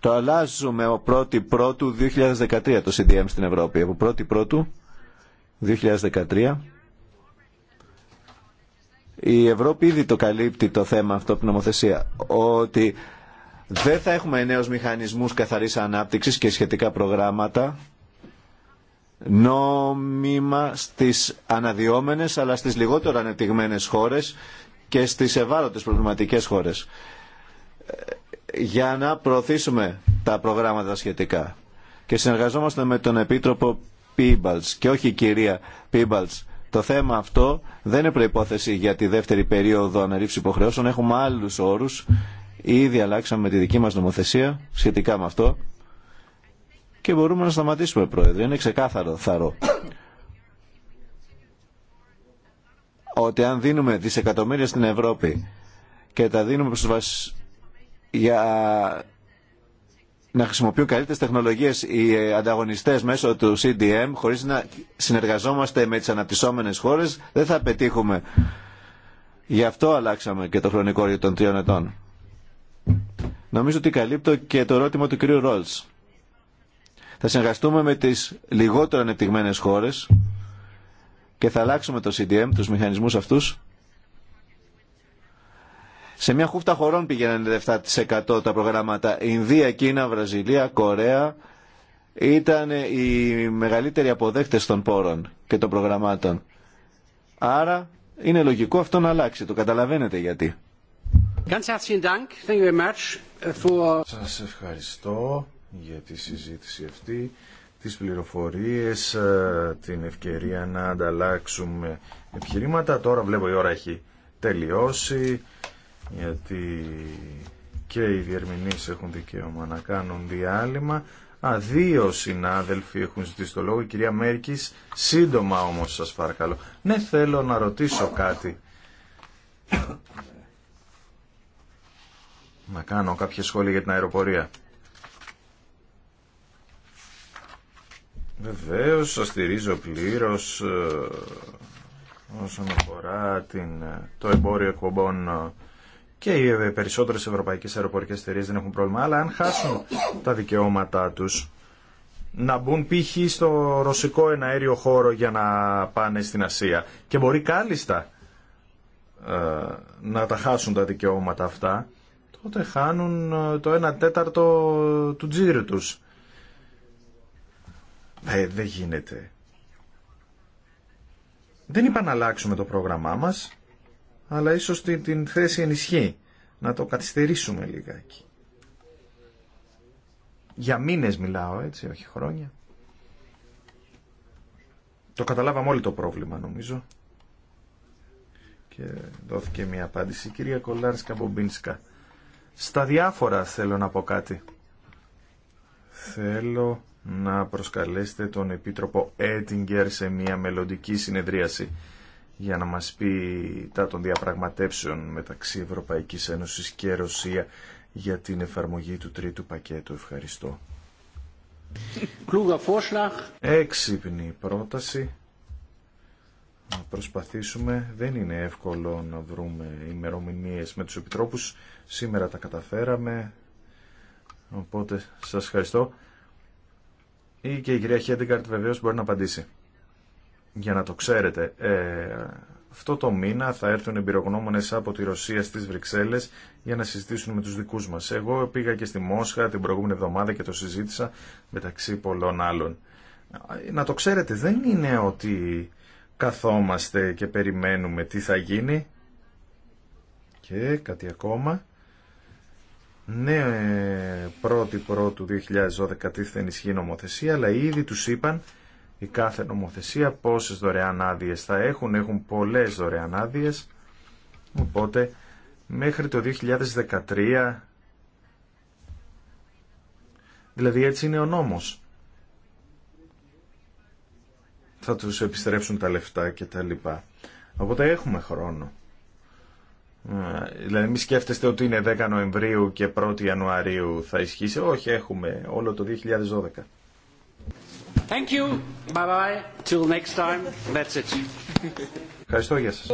Το αλλάζουμε ο 1η πρώτου 2013 το CDM στην Ευρώπη. Από πρώτου 2013 η Ευρώπη ήδη το καλύπτει το θέμα αυτό από την νομοθεσία. Ότι δεν θα έχουμε νέους μηχανισμούς καθαρής ανάπτυξης και σχετικά προγράμματα νόμιμα στις αναδυόμενες αλλά στις λιγότερο ανεπτυγμένες χώρες και στις ευάλωτες προβληματικές χώρες για να προωθήσουμε τα προγράμματα σχετικά. Και συνεργαζόμαστε με τον Επίτροπο Πίμπαλτς και όχι η κυρία Πίμπαλτς. Το θέμα αυτό δεν είναι προϋπόθεση για τη δεύτερη περίοδο αναρρίψης υποχρεώσεων. Έχουμε άλλους όρους. Ήδη αλλάξαμε τη δική μας νομοθεσία σχετικά με αυτό. Και μπορούμε να σταματήσουμε, Πρόεδρε. Είναι ξεκάθαρο, θαρό Ότι αν δίνουμε δισεκατομμύρια στην Ευρώπη και τα δίνουμε προς για να χρησιμοποιούν καλύτερες τεχνολογίες οι ανταγωνιστές μέσω του CDM χωρίς να συνεργαζόμαστε με τις αναπτυσσόμενες χώρες δεν θα πετύχουμε. Γι' αυτό αλλάξαμε και το χρονικό όριο των τριών ετών. Νομίζω ότι καλύπτω και το ερώτημα του κυρίου Ρόλτς. Θα συνεργαστούμε με τις λιγότερο ανεπτυγμένες χώρες και θα αλλάξουμε το CDM, τους μηχανισμούς αυτούς, σε μια χούφτα χωρών πήγαιναν 7% τα προγράμματα. Ινδία, Κίνα, Βραζιλία, Κορέα ήταν οι μεγαλύτεροι αποδέκτες των πόρων και των προγραμμάτων. Άρα είναι λογικό αυτό να αλλάξει. Το καταλαβαίνετε γιατί. Σας ευχαριστώ για τη συζήτηση αυτή, τις πληροφορίες, ε, την ευκαιρία να ανταλλάξουμε επιχειρήματα. Τώρα βλέπω η ώρα έχει τελειώσει γιατί και οι διερμηνείς έχουν δικαίωμα να κάνουν διάλειμμα. Α, δύο συνάδελφοι έχουν ζητήσει το λόγο. Η κυρία Μέρκης, σύντομα όμως σας παρακαλώ. Ναι, θέλω να ρωτήσω κάτι. Να κάνω κάποια σχόλια για την αεροπορία. Βεβαίω, σας στηρίζω πλήρως ε, όσον αφορά την, ε, το εμπόριο εκπομπών ε, και οι περισσότερες ευρωπαϊκές αεροπορικές εταιρείε δεν έχουν πρόβλημα, αλλά αν χάσουν τα δικαιώματά τους, να μπουν π.χ. στο ρωσικό εναέριο χώρο για να πάνε στην Ασία και μπορεί κάλλιστα ε, να τα χάσουν τα δικαιώματα αυτά, τότε χάνουν ε, το 1 τέταρτο του τζίρου τους. Ε, δεν γίνεται. Δεν είπα να αλλάξουμε το πρόγραμμά μας αλλά ίσως την, θέση ενισχύει. Να το καθυστερήσουμε λιγάκι. Για μήνες μιλάω έτσι, όχι χρόνια. Το καταλάβαμε όλοι το πρόβλημα νομίζω. Και δόθηκε μια απάντηση. Κυρία Κολάρσκα Μπομπίνσκα, στα διάφορα θέλω να πω κάτι. Θέλω να προσκαλέσετε τον Επίτροπο Έτιγκερ σε μια μελλοντική συνεδρίαση για να μας πει τα των διαπραγματεύσεων μεταξύ Ευρωπαϊκής Ένωσης και Ρωσία για την εφαρμογή του τρίτου πακέτου. Ευχαριστώ. Έξυπνη πρόταση. Να προσπαθήσουμε. Δεν είναι εύκολο να βρούμε ημερομηνίες με τους επιτρόπους. Σήμερα τα καταφέραμε. Οπότε σας ευχαριστώ. Ή και η κυρία Χέντεγκαρτ βεβαίως μπορεί να απαντήσει για να το ξέρετε, ε, αυτό το μήνα θα έρθουν εμπειρογνώμονε από τη Ρωσία στι Βρυξέλλες για να συζητήσουν με του δικού μα. Εγώ πήγα και στη Μόσχα την προηγούμενη εβδομάδα και το συζήτησα μεταξύ πολλών άλλων. Να το ξέρετε, δεν είναι ότι καθόμαστε και περιμένουμε τι θα γίνει. Και κάτι ακόμα. Ναι, πρώτη πρώτου 2012 τίθεται νομοθεσία, αλλά ήδη τους είπαν η κάθε νομοθεσία, πόσες δωρεάν άδειε θα έχουν, έχουν πολλές δωρεάν άδειε. οπότε μέχρι το 2013, δηλαδή έτσι είναι ο νόμος, θα τους επιστρέψουν τα λεφτά και τα λοιπά. Οπότε έχουμε χρόνο. Ε, δηλαδή μην σκέφτεστε ότι είναι 10 Νοεμβρίου και 1 Ιανουαρίου θα ισχύσει. Όχι, έχουμε όλο το 2012. Thank you. Bye bye. Till next time. That's it. Ευχαριστώ. Γεια σας.